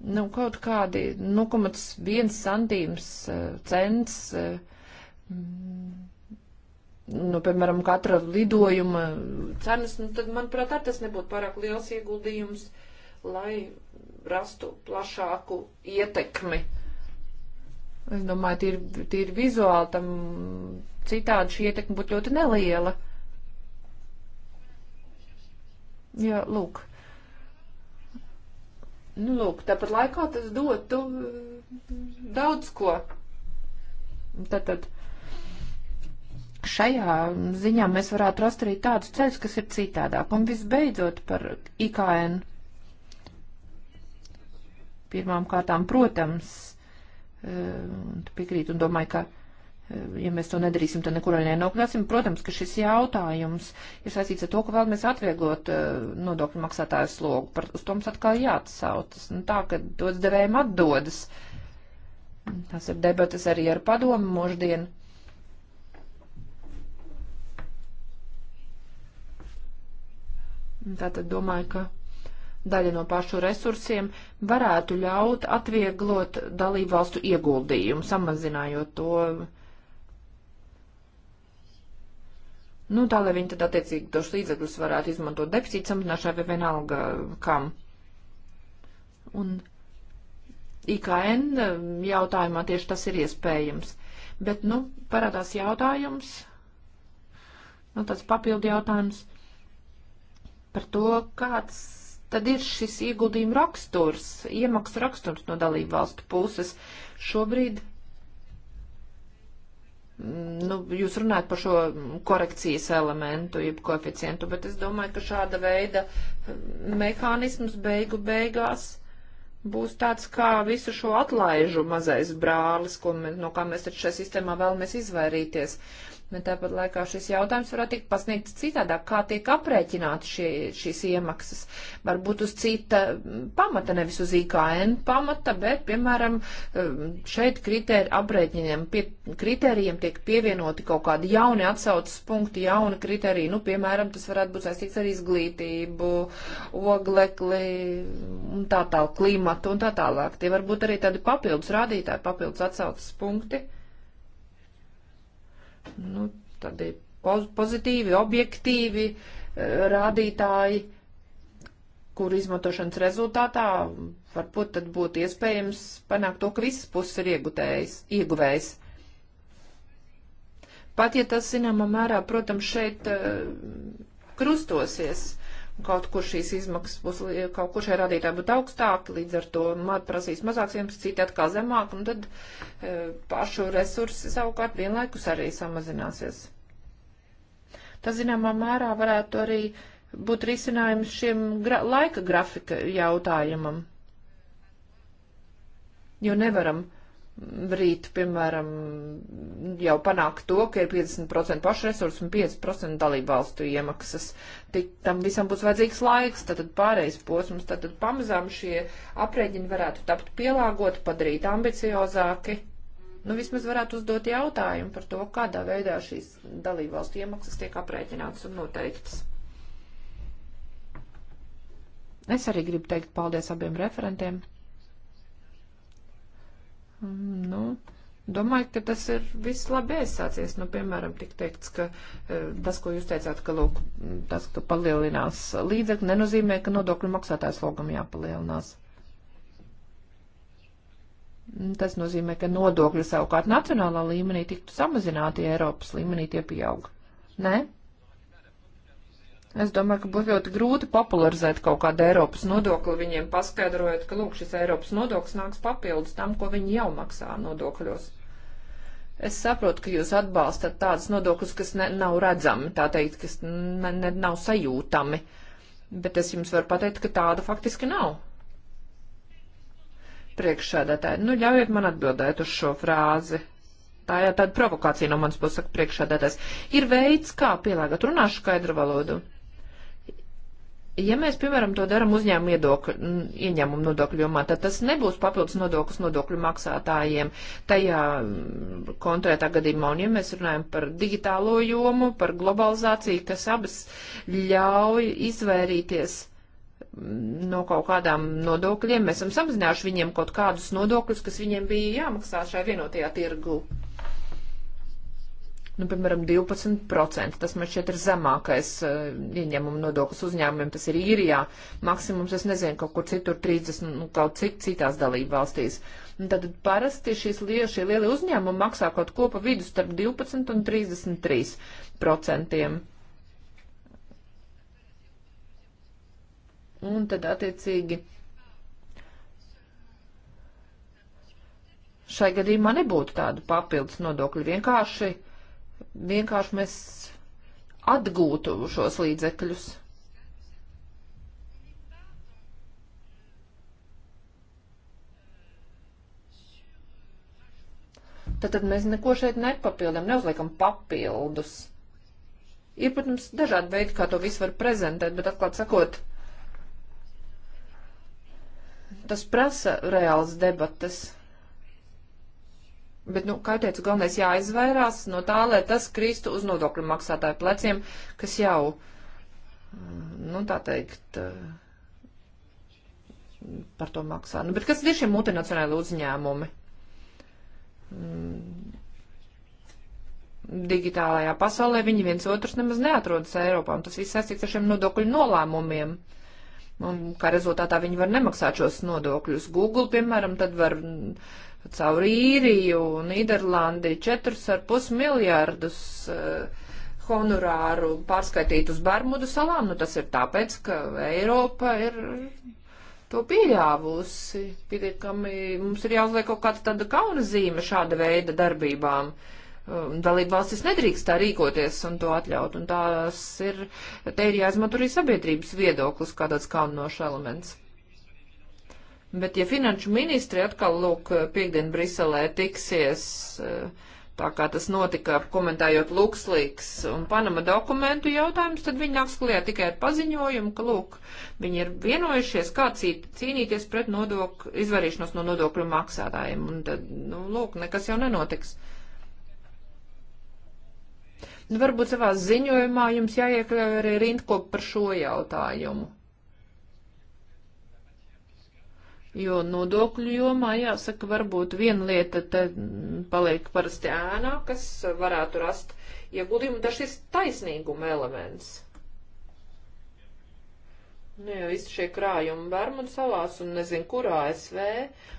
nu, kaut kādi 0,1 centīms eh, cents, eh, nu, piemēram, katra lidojuma cenas, nu, tad, manuprāt, ar tas nebūtu pārāk liels ieguldījums, lai rastu plašāku ietekmi. Es domāju, tīri, tīri vizuāli tam citādi šī ietekme būtu ļoti neliela. Jā, lūk. Uh, Nu, lūk, tāpat laikā tas dotu mm, daudz ko. Tātad šajā ziņā mēs varētu rast arī tādus ceļus, kas ir citādāk. Un visbeidzot par IKN. Pirmām kārtām, protams, piekrīt eh, un domāju, ka Eh, ja mēs to nedarīsim, tad nekur nenokļūsim. Protams, ka šis jautājums ir saistīts ar to, ka vēlamies atvieglot eh, nodokļu maksātāju slogu. Par, uz to mums atkal jāatsaucas. Nu, tā, ka dots devējiem atdodas. Tas ir debatas arī ar padomu moždien. Tātad domāju, ka daļa no pašu resursiem varētu ļaut atvieglot dalību valstu ieguldījumu, samazinājot to Nu, tā, lai viņi tad attiecīgi tos līdzekļus varētu izmantot deficīta samazināšanai vai vienalga kam. Un IKN um, jautājumā tieši tas ir iespējams. Bet, nu, parādās jautājums, nu, tāds papildu jautājums par to, kāds tad ir šis ieguldījuma raksturs, iemaksu raksturs no dalību valstu puses. Šobrīd nu, jūs runājat par šo korekcijas elementu, jeb koeficientu, bet es domāju, ka šāda veida hm, mehānisms beigu beigās būs tāds kā visu šo atlaižu mazais brālis, ko, no kā mēs taču šajā sistēmā vēlamies izvairīties. Uh, bet tāpat laikā šis jautājums varētu tikt pasniegts citādāk, kā tiek aprēķināti šie, šīs iemaksas. Varbūt uz cita mm, pamata, nevis uz IKN pamata, bet, piemēram, mm, šeit kritēri, aprēķiniem, pie, kritērijiem tiek pievienoti kaut kādi jauni atsaucas punkti, jauni kritēriji. Nu, piemēram, tas varētu būt saistīts ar izglītību, oglekli un tā tālāk, klimatu un tā tālāk. Tie varbūt arī tādi papildus rādītāji, papildus atsaucas punkti nu, tādi pozitīvi, objektīvi e, rādītāji, kur izmantošanas rezultātā varbūt tad būtu iespējams panākt to, ka visas puses ir ieguvējis. Pat ja tas, zināmā mērā, protams, šeit e, krustosies kaut kur šīs izmaksas būs, kaut kur šai rādītāji būtu augstāki, līdz ar to māt prasīs mazāks, viens citi atkal zemāk, un tad e, pašu resursi savukārt vienlaikus arī samazināsies. Tas, zināmā mērā, varētu arī būt risinājums šiem gra laika grafika jautājumam. Jo nevaram rīt, piemēram, jau panākt to, ka ir 50% pašu resursu un 5% dalībvalstu iemaksas. Tik tam visam būs vajadzīgs laiks, tad pārējais posms, tad pamazām šie aprēķini varētu tapt pielāgoti, padarīt ambiciozāki. Nu, vismaz varētu uzdot jautājumu par to, kādā veidā šīs dalībvalstu iemaksas tiek aprēķinātas un noteiktas. Es arī gribu teikt paldies abiem referentiem. Mm, nu, domāju, ka tas ir viss labi aizsācies. Nu, piemēram, tik teikts, ka e, tas, ko jūs teicāt, ka, lūk, tas, ka palielinās līdzekļi, nenozīmē, ka nodokļu maksātājs logam jāpalielinās. Mm, tas nozīmē, ka nodokļi savukārt nacionālā līmenī tiktu samazināti, ja Eiropas līmenī tie pieaug. Nē? Ne? Es domāju, ka būtu ļoti grūti popularizēt kaut kādu Eiropas nodokli, viņiem paskaidrojot, ka, lūk, šis Eiropas nodoklis nāks papildus tam, ko viņi jau maksā nodokļos. Es saprotu, ka jūs atbalstat tādas nodokļus, kas ne, nav redzami, tā teikt, kas ne, ne, nav sajūtami, bet es jums varu pateikt, ka tāda faktiski nav. Priekšsēdētāji, nu ļaujiet man atbildēt uz šo frāzi. Tā jau tāda provokācija no manas puses, saka priekšsēdētājs. Ir veids, kā pielāgot runāšu skaidru valodu. Ja mēs, piemēram, to darām uzņēmumu iedokļu, ieņēmumu nodokļu jomā, tad tas nebūs papildus nodoklis nodokļu maksātājiem tajā konkrētā gadījumā. Un ja mēs runājam par digitālo jomu, par globalizāciju, kas abas ļauj izvairīties no kaut kādām nodokļiem, mēs esam samazinājuši viņiem kaut kādus nodokļus, kas viņiem bija jāmaksā šajā vienotajā tirgu nu, piemēram, 12%. Tas man šķiet ir zemākais uh, ieņēmuma nodoklis uzņēmumiem. Tas ir īrijā. Maksimums, es nezinu, kaut kur citur 30, nu, kaut cik citās dalību valstīs. Un tad parasti šīs lielie, šie lielie uzņēmumi maksā kaut ko pa vidu starp 12 un 33%. Un tad attiecīgi. Šai gadījumā nebūtu tādu papildus nodokļu. Vienkārši uh, vienkārši mēs atgūtu šos līdzekļus. Tad, tad mēs neko šeit nepapildam, neuzliekam papildus. Ir, protams, dažādi veidi, kā to visu var prezentēt, bet atklāt sakot, tas prasa reāls debatas. Bet, nu, kā teicu, galvenais jāizvairās no tā, lai tas kristu uz nodokļu maksātāju pleciem, kas jau, mm, nu, tā teikt, mm, par to maksā. Nu, bet kas ir šie multinacionāli uzņēmumi? Mm, digitālajā pasaulē viņi viens otrs nemaz neatrodas Eiropā, un tas viss saistīts ar šiem nodokļu nolēmumiem. Un, kā rezultātā viņi var nemaksāt šos nodokļus. Google, piemēram, tad var. Mm, caur īriju un Nīderlandi 4,5 miljārdus uh, honorāru pārskaitīt uz Bermudu salām. Nu, tas ir tāpēc, ka Eiropa ir to pieļāvusi. Pietiekami mums ir jāuzliek kaut kāda tāda kauna zīme šāda veida darbībām. Um, Dalība valstis nedrīkst tā rīkoties un to atļaut, un tās ir, te ir jāizmanto arī sabiedrības viedoklis, kā tāds kaunošs elements. Bet, ja finanšu ministri atkal, lūk, piekdien Briselē tiksies, eh, tā kā tas notika, komentējot Luxlīks un Panama dokumentu jautājumus, tad viņi nāks klajā tikai ar paziņojumu, ka, lūk, viņi ir vienojušies, kā cīnīties pret nodokļu, izvarīšanos no nodokļu maksātājiem. Un tad, nu, lūk, nekas jau nenotiks. Nu, varbūt savā ziņojumā jums jāiekļauj arī rindkopi par šo jautājumu. Jo nodokļu jomā, jāsaka, varbūt viena lieta te paliek parasti ēnā, kas varētu rast ieguldījumu, ja tas ir taisnīguma elements. Nu, jo visi šie krājumi Bermudu salās un nezinu, kurā ASV,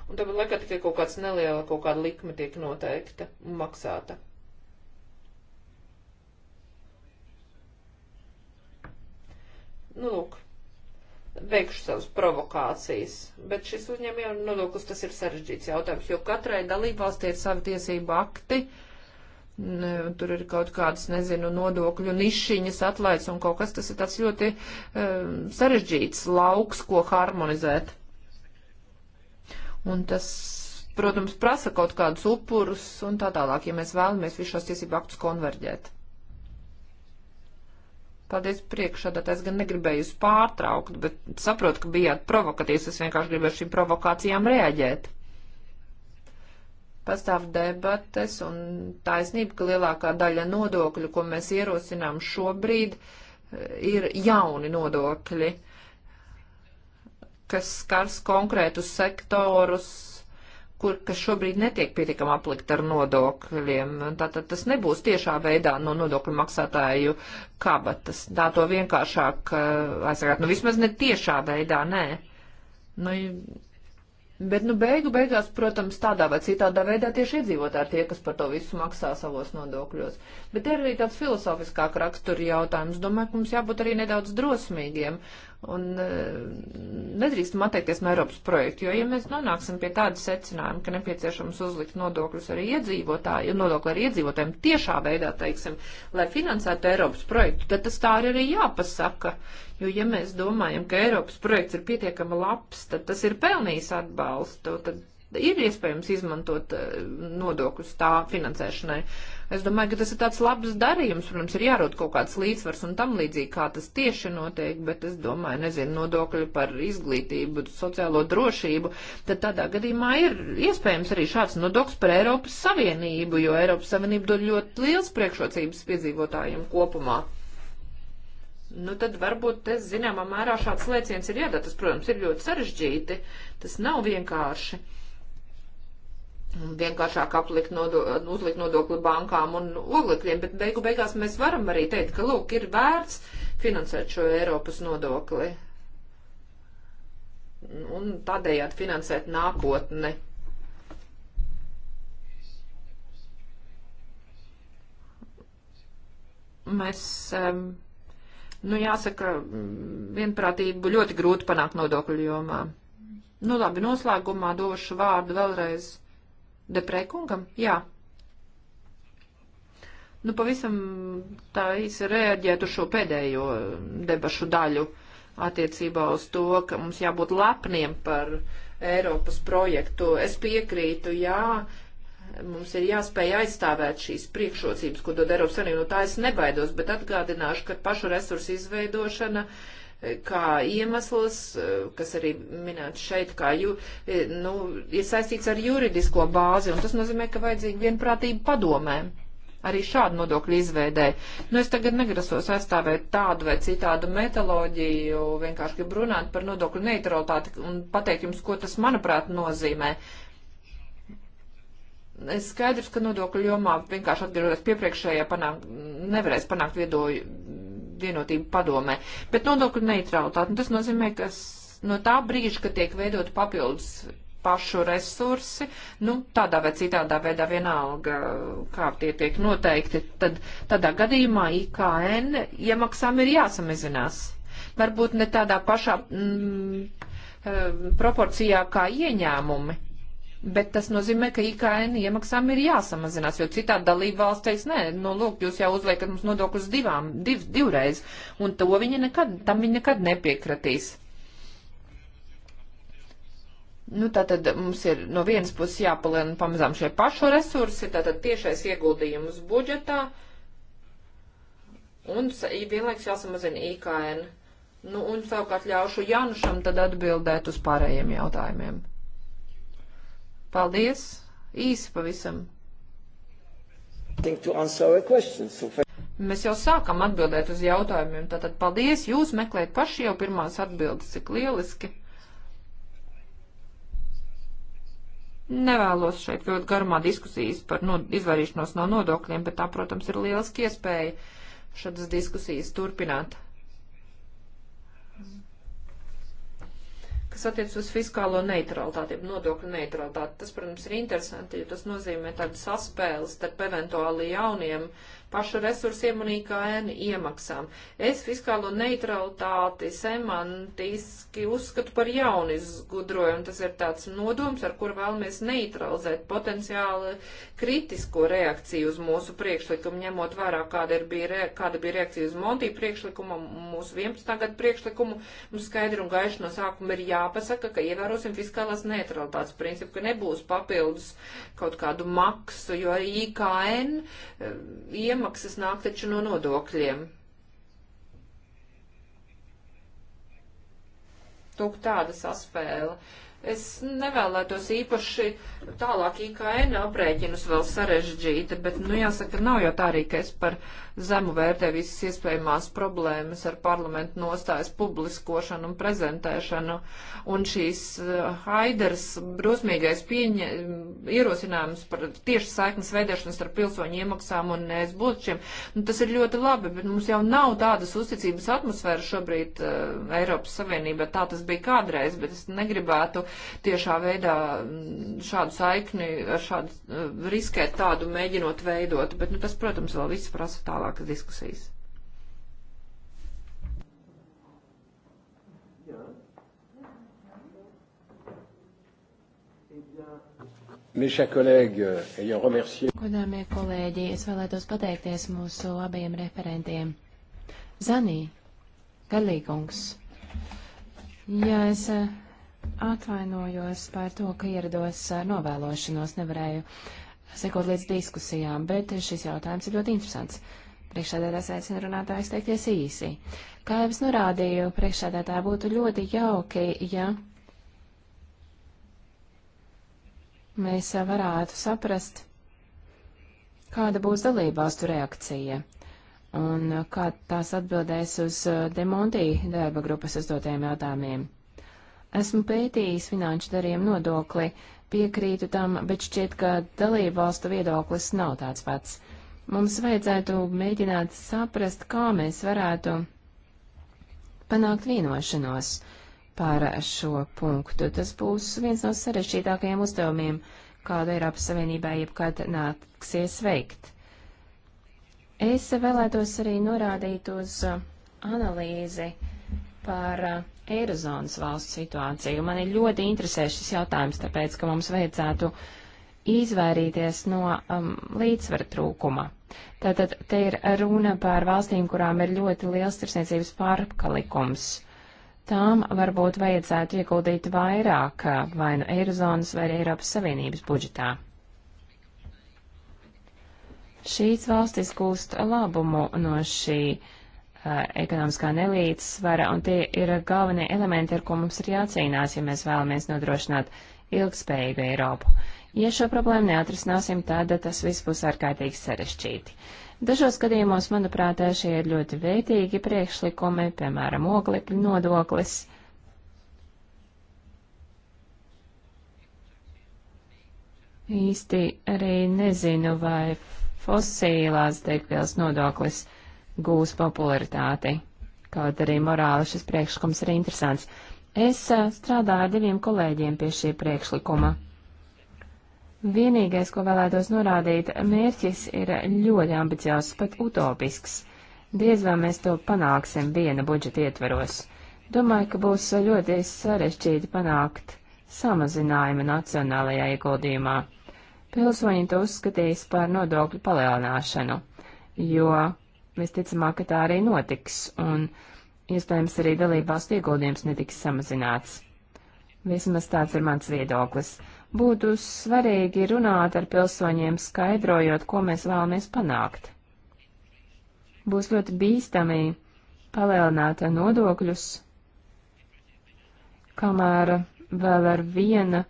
un tāpēc laikā tikai kaut kāds neliela kaut kāda likme tiek noteikta un maksāta. Nu, lūk beigšu savas provokācijas, bet šis uzņēmējiem nodoklis tas ir sarežģīts jautājums, jo katrai dalībvalstī ir savi tiesību akti, ne, tur ir kaut kādas, nezinu, nodokļu nišiņas atlaids un kaut kas, tas ir tāds ļoti um, sarežģīts lauks, ko harmonizēt. Un tas, protams, prasa kaut kādus upurus un tā tālāk, ja mēs vēlamies visos tiesību aktus konverģēt. Paldies priekšādātājs, gan negribēju jūs pārtraukt, bet saprotu, ka bijāt provokatīvs, es vienkārši gribēju šīm provokācijām reaģēt. Pastāv debates un taisnība, ka lielākā daļa nodokļu, ko mēs ierosinām šobrīd, ir jauni nodokļi, kas skars konkrētus sektorus, kur, kas šobrīd netiek pietiekami aplikt ar nodokļiem. Tātad tas nebūs tiešā veidā no nodokļu maksātāju kabatas. Tā to vienkāršāk eh, aizsargāt. Nu, vismaz ne tiešā veidā, nē. Nu, bet, nu, beigu beigās, protams, tādā vai citādā veidā tieši iedzīvotāji tie, kas par to visu maksā savos nodokļos. Bet ir arī tāds filozofiskāk rakstura jautājums. Domāju, ka mums jābūt arī nedaudz drosmīgiem Un e, nedrīkstam atteikties no Eiropas projekta, jo, ja mēs nonāksim pie tāda secinājuma, ka nepieciešams uzlikt nodokļus arī iedzīvotājiem, nodokļu arī iedzīvotājiem tiešā veidā, teiksim, lai finansētu Eiropas projektu, tad tas tā arī ir jāpasaka. Jo, ja mēs domājam, ka Eiropas projekts ir pietiekami labs, tad tas ir pelnījis atbalstu, tad ir iespējams izmantot e, nodokļus tā finansēšanai. Es domāju, ka tas ir tāds labs darījums, protams, ir jārūt kaut kāds līdzsvars un tam līdzīgi, kā tas tieši notiek, bet es domāju, nezinu, nodokļi par izglītību, sociālo drošību, tad tādā gadījumā ir iespējams arī šāds nodoklis par Eiropas Savienību, jo Eiropas Savienība dod ļoti liels priekšrocības piedzīvotājiem kopumā. Nu, tad varbūt, es, zināmā mērā, šāds lēciens ir jādara. Tas, protams, ir ļoti sarežģīti. Tas nav vienkārši vienkāršāk aplikt nodo, uzlikt nodokli bankām un oglekļiem, bet beigu beigās mēs varam arī teikt, ka lūk, ir vērts finansēt šo Eiropas nodokli un tādējādi finansēt nākotni. Mēs, nu jāsaka, vienprātību ļoti grūti panākt nodokļu jomā. Nu labi, noslēgumā došu vārdu vēlreiz Deprekungam? Jā. Nu, pavisam tā īsi reaģēt uz šo pēdējo debašu daļu attiecībā uz to, ka mums jābūt lepniem par Eiropas projektu. Es piekrītu, jā, mums ir jāspēj aizstāvēt šīs priekšrocības, ko dod Eiropas Savienība. No tā es nebaidos, bet atgādināšu, ka pašu resursu izveidošana uh, kā iemesls, eh, kas arī minēts šeit, kā ju, eh, nu, ir saistīts ar juridisko bāzi, un tas nozīmē, ka vajadzīga vienprātība padomē. Arī šādu nodokļu izveidē. Nu, es tagad negrasos aizstāvēt tādu vai citādu metaloģiju, vienkārši gribu runāt par nodokļu neutralitāti un pateikt jums, ko tas, manuprāt, nozīmē skaidrs, ka nodokļu jomā vienkārši atgriežoties piepriekšējā panākt, nevarēs panākt viedoju, vienotību padomē. Bet nodokļu neutralitāte, nu, tas nozīmē, ka no tā brīža, kad tiek veidot papildus pašu resursi, nu, tādā vai citādā veidā vienalga, kā tie tiek noteikti, tad tādā gadījumā IKN iemaksām ir jāsamazinās. Varbūt ne tādā pašā mm, eh, proporcijā kā ieņēmumi, bet tas nozīmē, ka IKN iemaksām ir jāsamazinās, jo citādi dalība valsts teiks, nē, nu, lūk, jūs jau uzliekat mums nodokļus divām, div, divreiz, un to viņi nekad, tam viņi nekad nepiekratīs. Nu, tātad mums ir no vienas puses jāpalielina pamazām šie pašu resursi, tātad tiešais ieguldījums budžetā, un vienlaiks jāsamazina IKN. Nu, un savukārt ļaušu Janušam tad atbildēt uz pārējiem jautājumiem. Paldies! Īsi pavisam. Mēs jau sākam atbildēt uz jautājumiem, tātad paldies, jūs meklējat paši jau pirmās atbildes, cik lieliski. Nevēlos šeit ļoti garumā diskusijas par no, izvairīšanos no nodokļiem, bet tā, protams, ir lieliski iespēja šādas diskusijas turpināt kas attiec uz fiskālo neutralitāti, nodokļu neutralitāti. Tas, protams, ir interesanti, jo tas nozīmē tādu saspēles starp eventuāli jauniem uh, pašu resursiem un IKN iemaksām. Es fiskālo neutralitāti semantiski uzskatu par jaunu izgudrojumu. Tas ir tāds nodoms, ar kur vēlamies neutralizēt potenciāli kritisko reakciju uz mūsu priekšlikumu, ņemot vērā, kāda, ir bija, kāda bija reakcija uz Monti priekšlikumu, mūsu 11. gadu priekšlikumu. Mums skaidri un gaiši no sākuma ir jāpasaka, ka ievērosim fiskālās neutralitātes principu, ka nebūs papildus kaut kādu maksu, jo IKN iem eh, iemaksas nāk taču no nodokļiem. Tūk tāda saspēle. Uh, Es nevēlētos īpaši tālāk IKN aprēķinus vēl sarežģīt, bet, nu, jāsaka, nav jau tā arī, ka es par zemu vērtēju visas iespējamās problēmas ar parlamentu nostājas publiskošanu un prezentēšanu. Un šīs eh, Haiders brosmīgais pieņa, ierosinājums par tieši saiknes veidošanu starp pilsoņu iemaksām un es būtšiem, nu, tas ir ļoti labi, bet mums jau nav tādas uzticības atmosfēras šobrīd uh, Eiropas Savienībā. Tā tas bija kādreiz, bet es negribētu tiešā veidā mm, šādu saikni, ar šādu mm, riskēt tādu mēģinot veidot, bet, nu, tas, protams, vēl viss prasa tālākas diskusijas. Godāmie kolēģi, es vēlētos pateikties mūsu abiem referentiem. Zanī, galīgums. Ja es eh, Atvainojos par to, ka ierados novēlošanos, nevarēju sekot līdz diskusijām, bet šis jautājums ir ļoti interesants. Priekšsēdētājs aicina runātāju izteikties īsi. Kā jau es norādīju, priekšsēdētāji būtu ļoti jauki, ja mēs varētu saprast, kāda būs dalībvalstu reakcija un kā tās atbildēs uz Demontī darba grupas uzdotajiem jautājumiem. Esmu pētījis finanšu darījumu nodokli, piekrītu tam, bet šķiet, ka dalību valstu viedoklis nav tāds pats. Mums vajadzētu mēģināt saprast, kā mēs varētu panākt vienošanos par šo punktu. Tas būs viens no sarešķītākajiem uzdevumiem, kādu Eiropas Savienībai jebkad nāksies veikt. Es vēlētos arī norādīt uz analīzi par Eirozonas valstu situāciju. Man ir ļoti interesē šis jautājums, tāpēc, ka mums vajadzētu izvairīties no um, līdzsvera trūkuma. Tātad te ir runa par valstīm, kurām ir ļoti liels tirsniecības pārpalikums. Tām varbūt vajadzētu ieguldīt vairāk vai nu Eirozonas vai Eiropas Savienības budžetā. Šīs valstis gūst labumu no šī uh, ekonomiskā nelīdzsvara, un tie ir galvenie elementi, ar ko mums ir jācīnās, ja mēs vēlamies nodrošināt ilgspējīgu Eiropu. Ja šo problēmu neatrisināsim, tad tas viss būs ārkārtīgi sarežģīti. Dažos gadījumos, manuprāt, šie ir ļoti vērtīgi priekšlikumi, piemēram, oglekļu nodoklis. Īsti arī nezinu, vai fosīlās degvielas nodoklis gūs popularitāti. Kaut arī morāli šis priekšlikums ir interesants. Es eh, strādāju ar diviem kolēģiem pie šī priekšlikuma. Vienīgais, ko vēlētos norādīt, mērķis ir ļoti ambiciozs, pat utopisks. Diez vai mēs to panāksim viena budžeta ietveros. Domāju, ka būs ļoti sarežģīti panākt samazinājumu nacionālajā ieguldījumā. Pilsoņi to uzskatīs par nodokļu palielināšanu, jo Visticamāk, ka tā arī notiks, un iespējams arī dalībvalstu ieguldījums netiks samazināts. Vismaz tāds ir mans viedoklis. Būtu svarīgi runāt ar pilsoņiem, skaidrojot, ko mēs vēlamies panākt. Būs ļoti bīstami palielināt nodokļus, kamēr vēl ar viena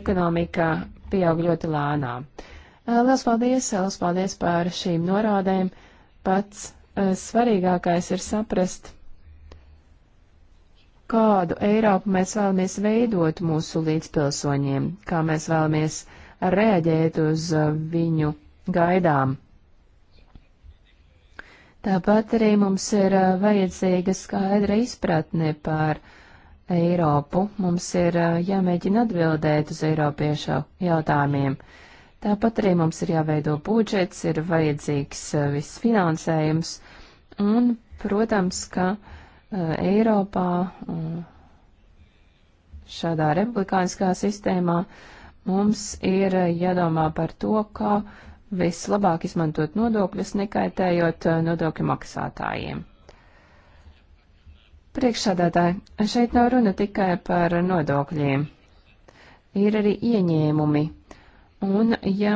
ekonomika pieaug ļoti lēnām. Liels paldies, liels paldies par šīm norādēm pats eh, svarīgākais ir saprast, kādu Eiropu mēs vēlamies veidot mūsu līdzpilsoņiem, kā mēs vēlamies reaģēt uz eh, viņu gaidām. Tāpat arī mums ir eh, vajadzīga skaidra izpratne par Eiropu. Mums ir jāmēģina atbildēt uz Eiropiešu jautājumiem. Tāpat arī mums ir jāveido budžets, ir vajadzīgs eh, viss finansējums, un, protams, ka eh, Eiropā eh, šādā republikāniskā sistēmā mums ir jādomā par to, kā vislabāk izmantot nodokļus, nekaitējot nodokļu maksātājiem. Priekšsādātāji, šeit nav runa tikai par nodokļiem. Ir arī ieņēmumi, Un ja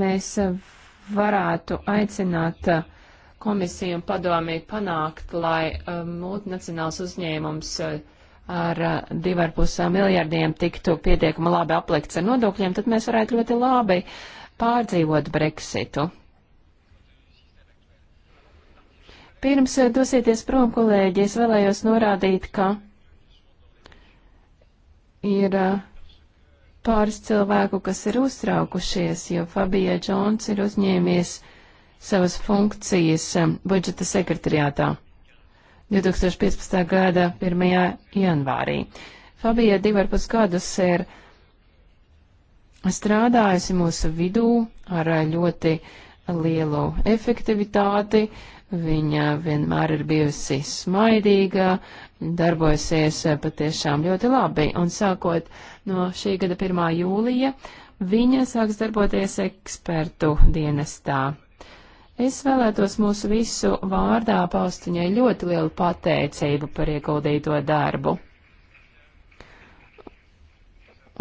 mēs varētu aicināt uh, komisiju un padomī panākt, lai uh, multinacionāls uzņēmums uh, ar 2,5 miljardiem tiktu pietiekami labi aplikts ar nodokļiem, tad mēs varētu ļoti labi pārdzīvot Brexitu. Pirms dosieties prom, kolēģi, es vēlējos norādīt, ka ir uh, pāris cilvēku, kas ir uztraukušies, jo Fabija Džons ir uzņēmies savas funkcijas um, budžeta sekretariātā 2015. gada 1. janvārī. Fabija divarpus gadus ir strādājusi mūsu vidū ar ļoti lielu efektivitāti. Viņa vienmēr ir bijusi smaidīga, darbojasies uh, patiešām ļoti labi. Un sākot no šī gada 1. jūlija viņa sāks darboties ekspertu dienestā. Es vēlētos mūsu visu vārdā paust viņai ļoti lielu pateicību par ieguldīto darbu.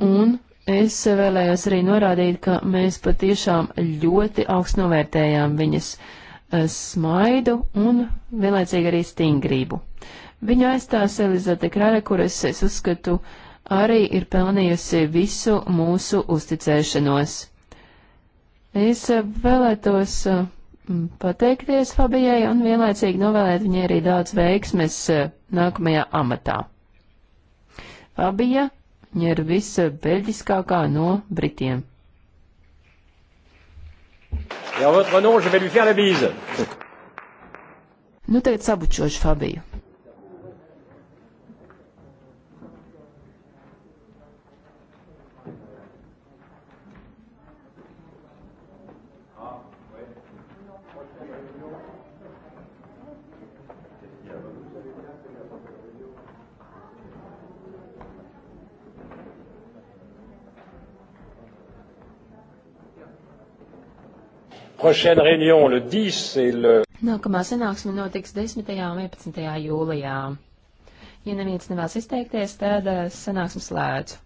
Un es vēlējos arī norādīt, ka mēs patiešām ļoti augstu novērtējām viņas eh, smaidu un vienlaicīgi arī stingrību. Viņu aizstās Elizate Krare, kuras es uzskatu uh, arī ir pelnījusi visu mūsu uzticēšanos. Es vēlētos mm, pateikties Fabijai un vienlaicīgi novēlēt viņai arī daudz veiksmes eh, nākamajā amatā. Fabija, viņa ir visa beļģiskākā no Britiem. Et en votre nom, je vais lui faire la bise. Nu tagad sabučošu Fabiju. prochaine réunion, le 10 et le... Nākamā sanāksme notiks 10. un 11. jūlijā. Ja neviens nevēlas izteikties, tad eh, sanāksmes slēdzu.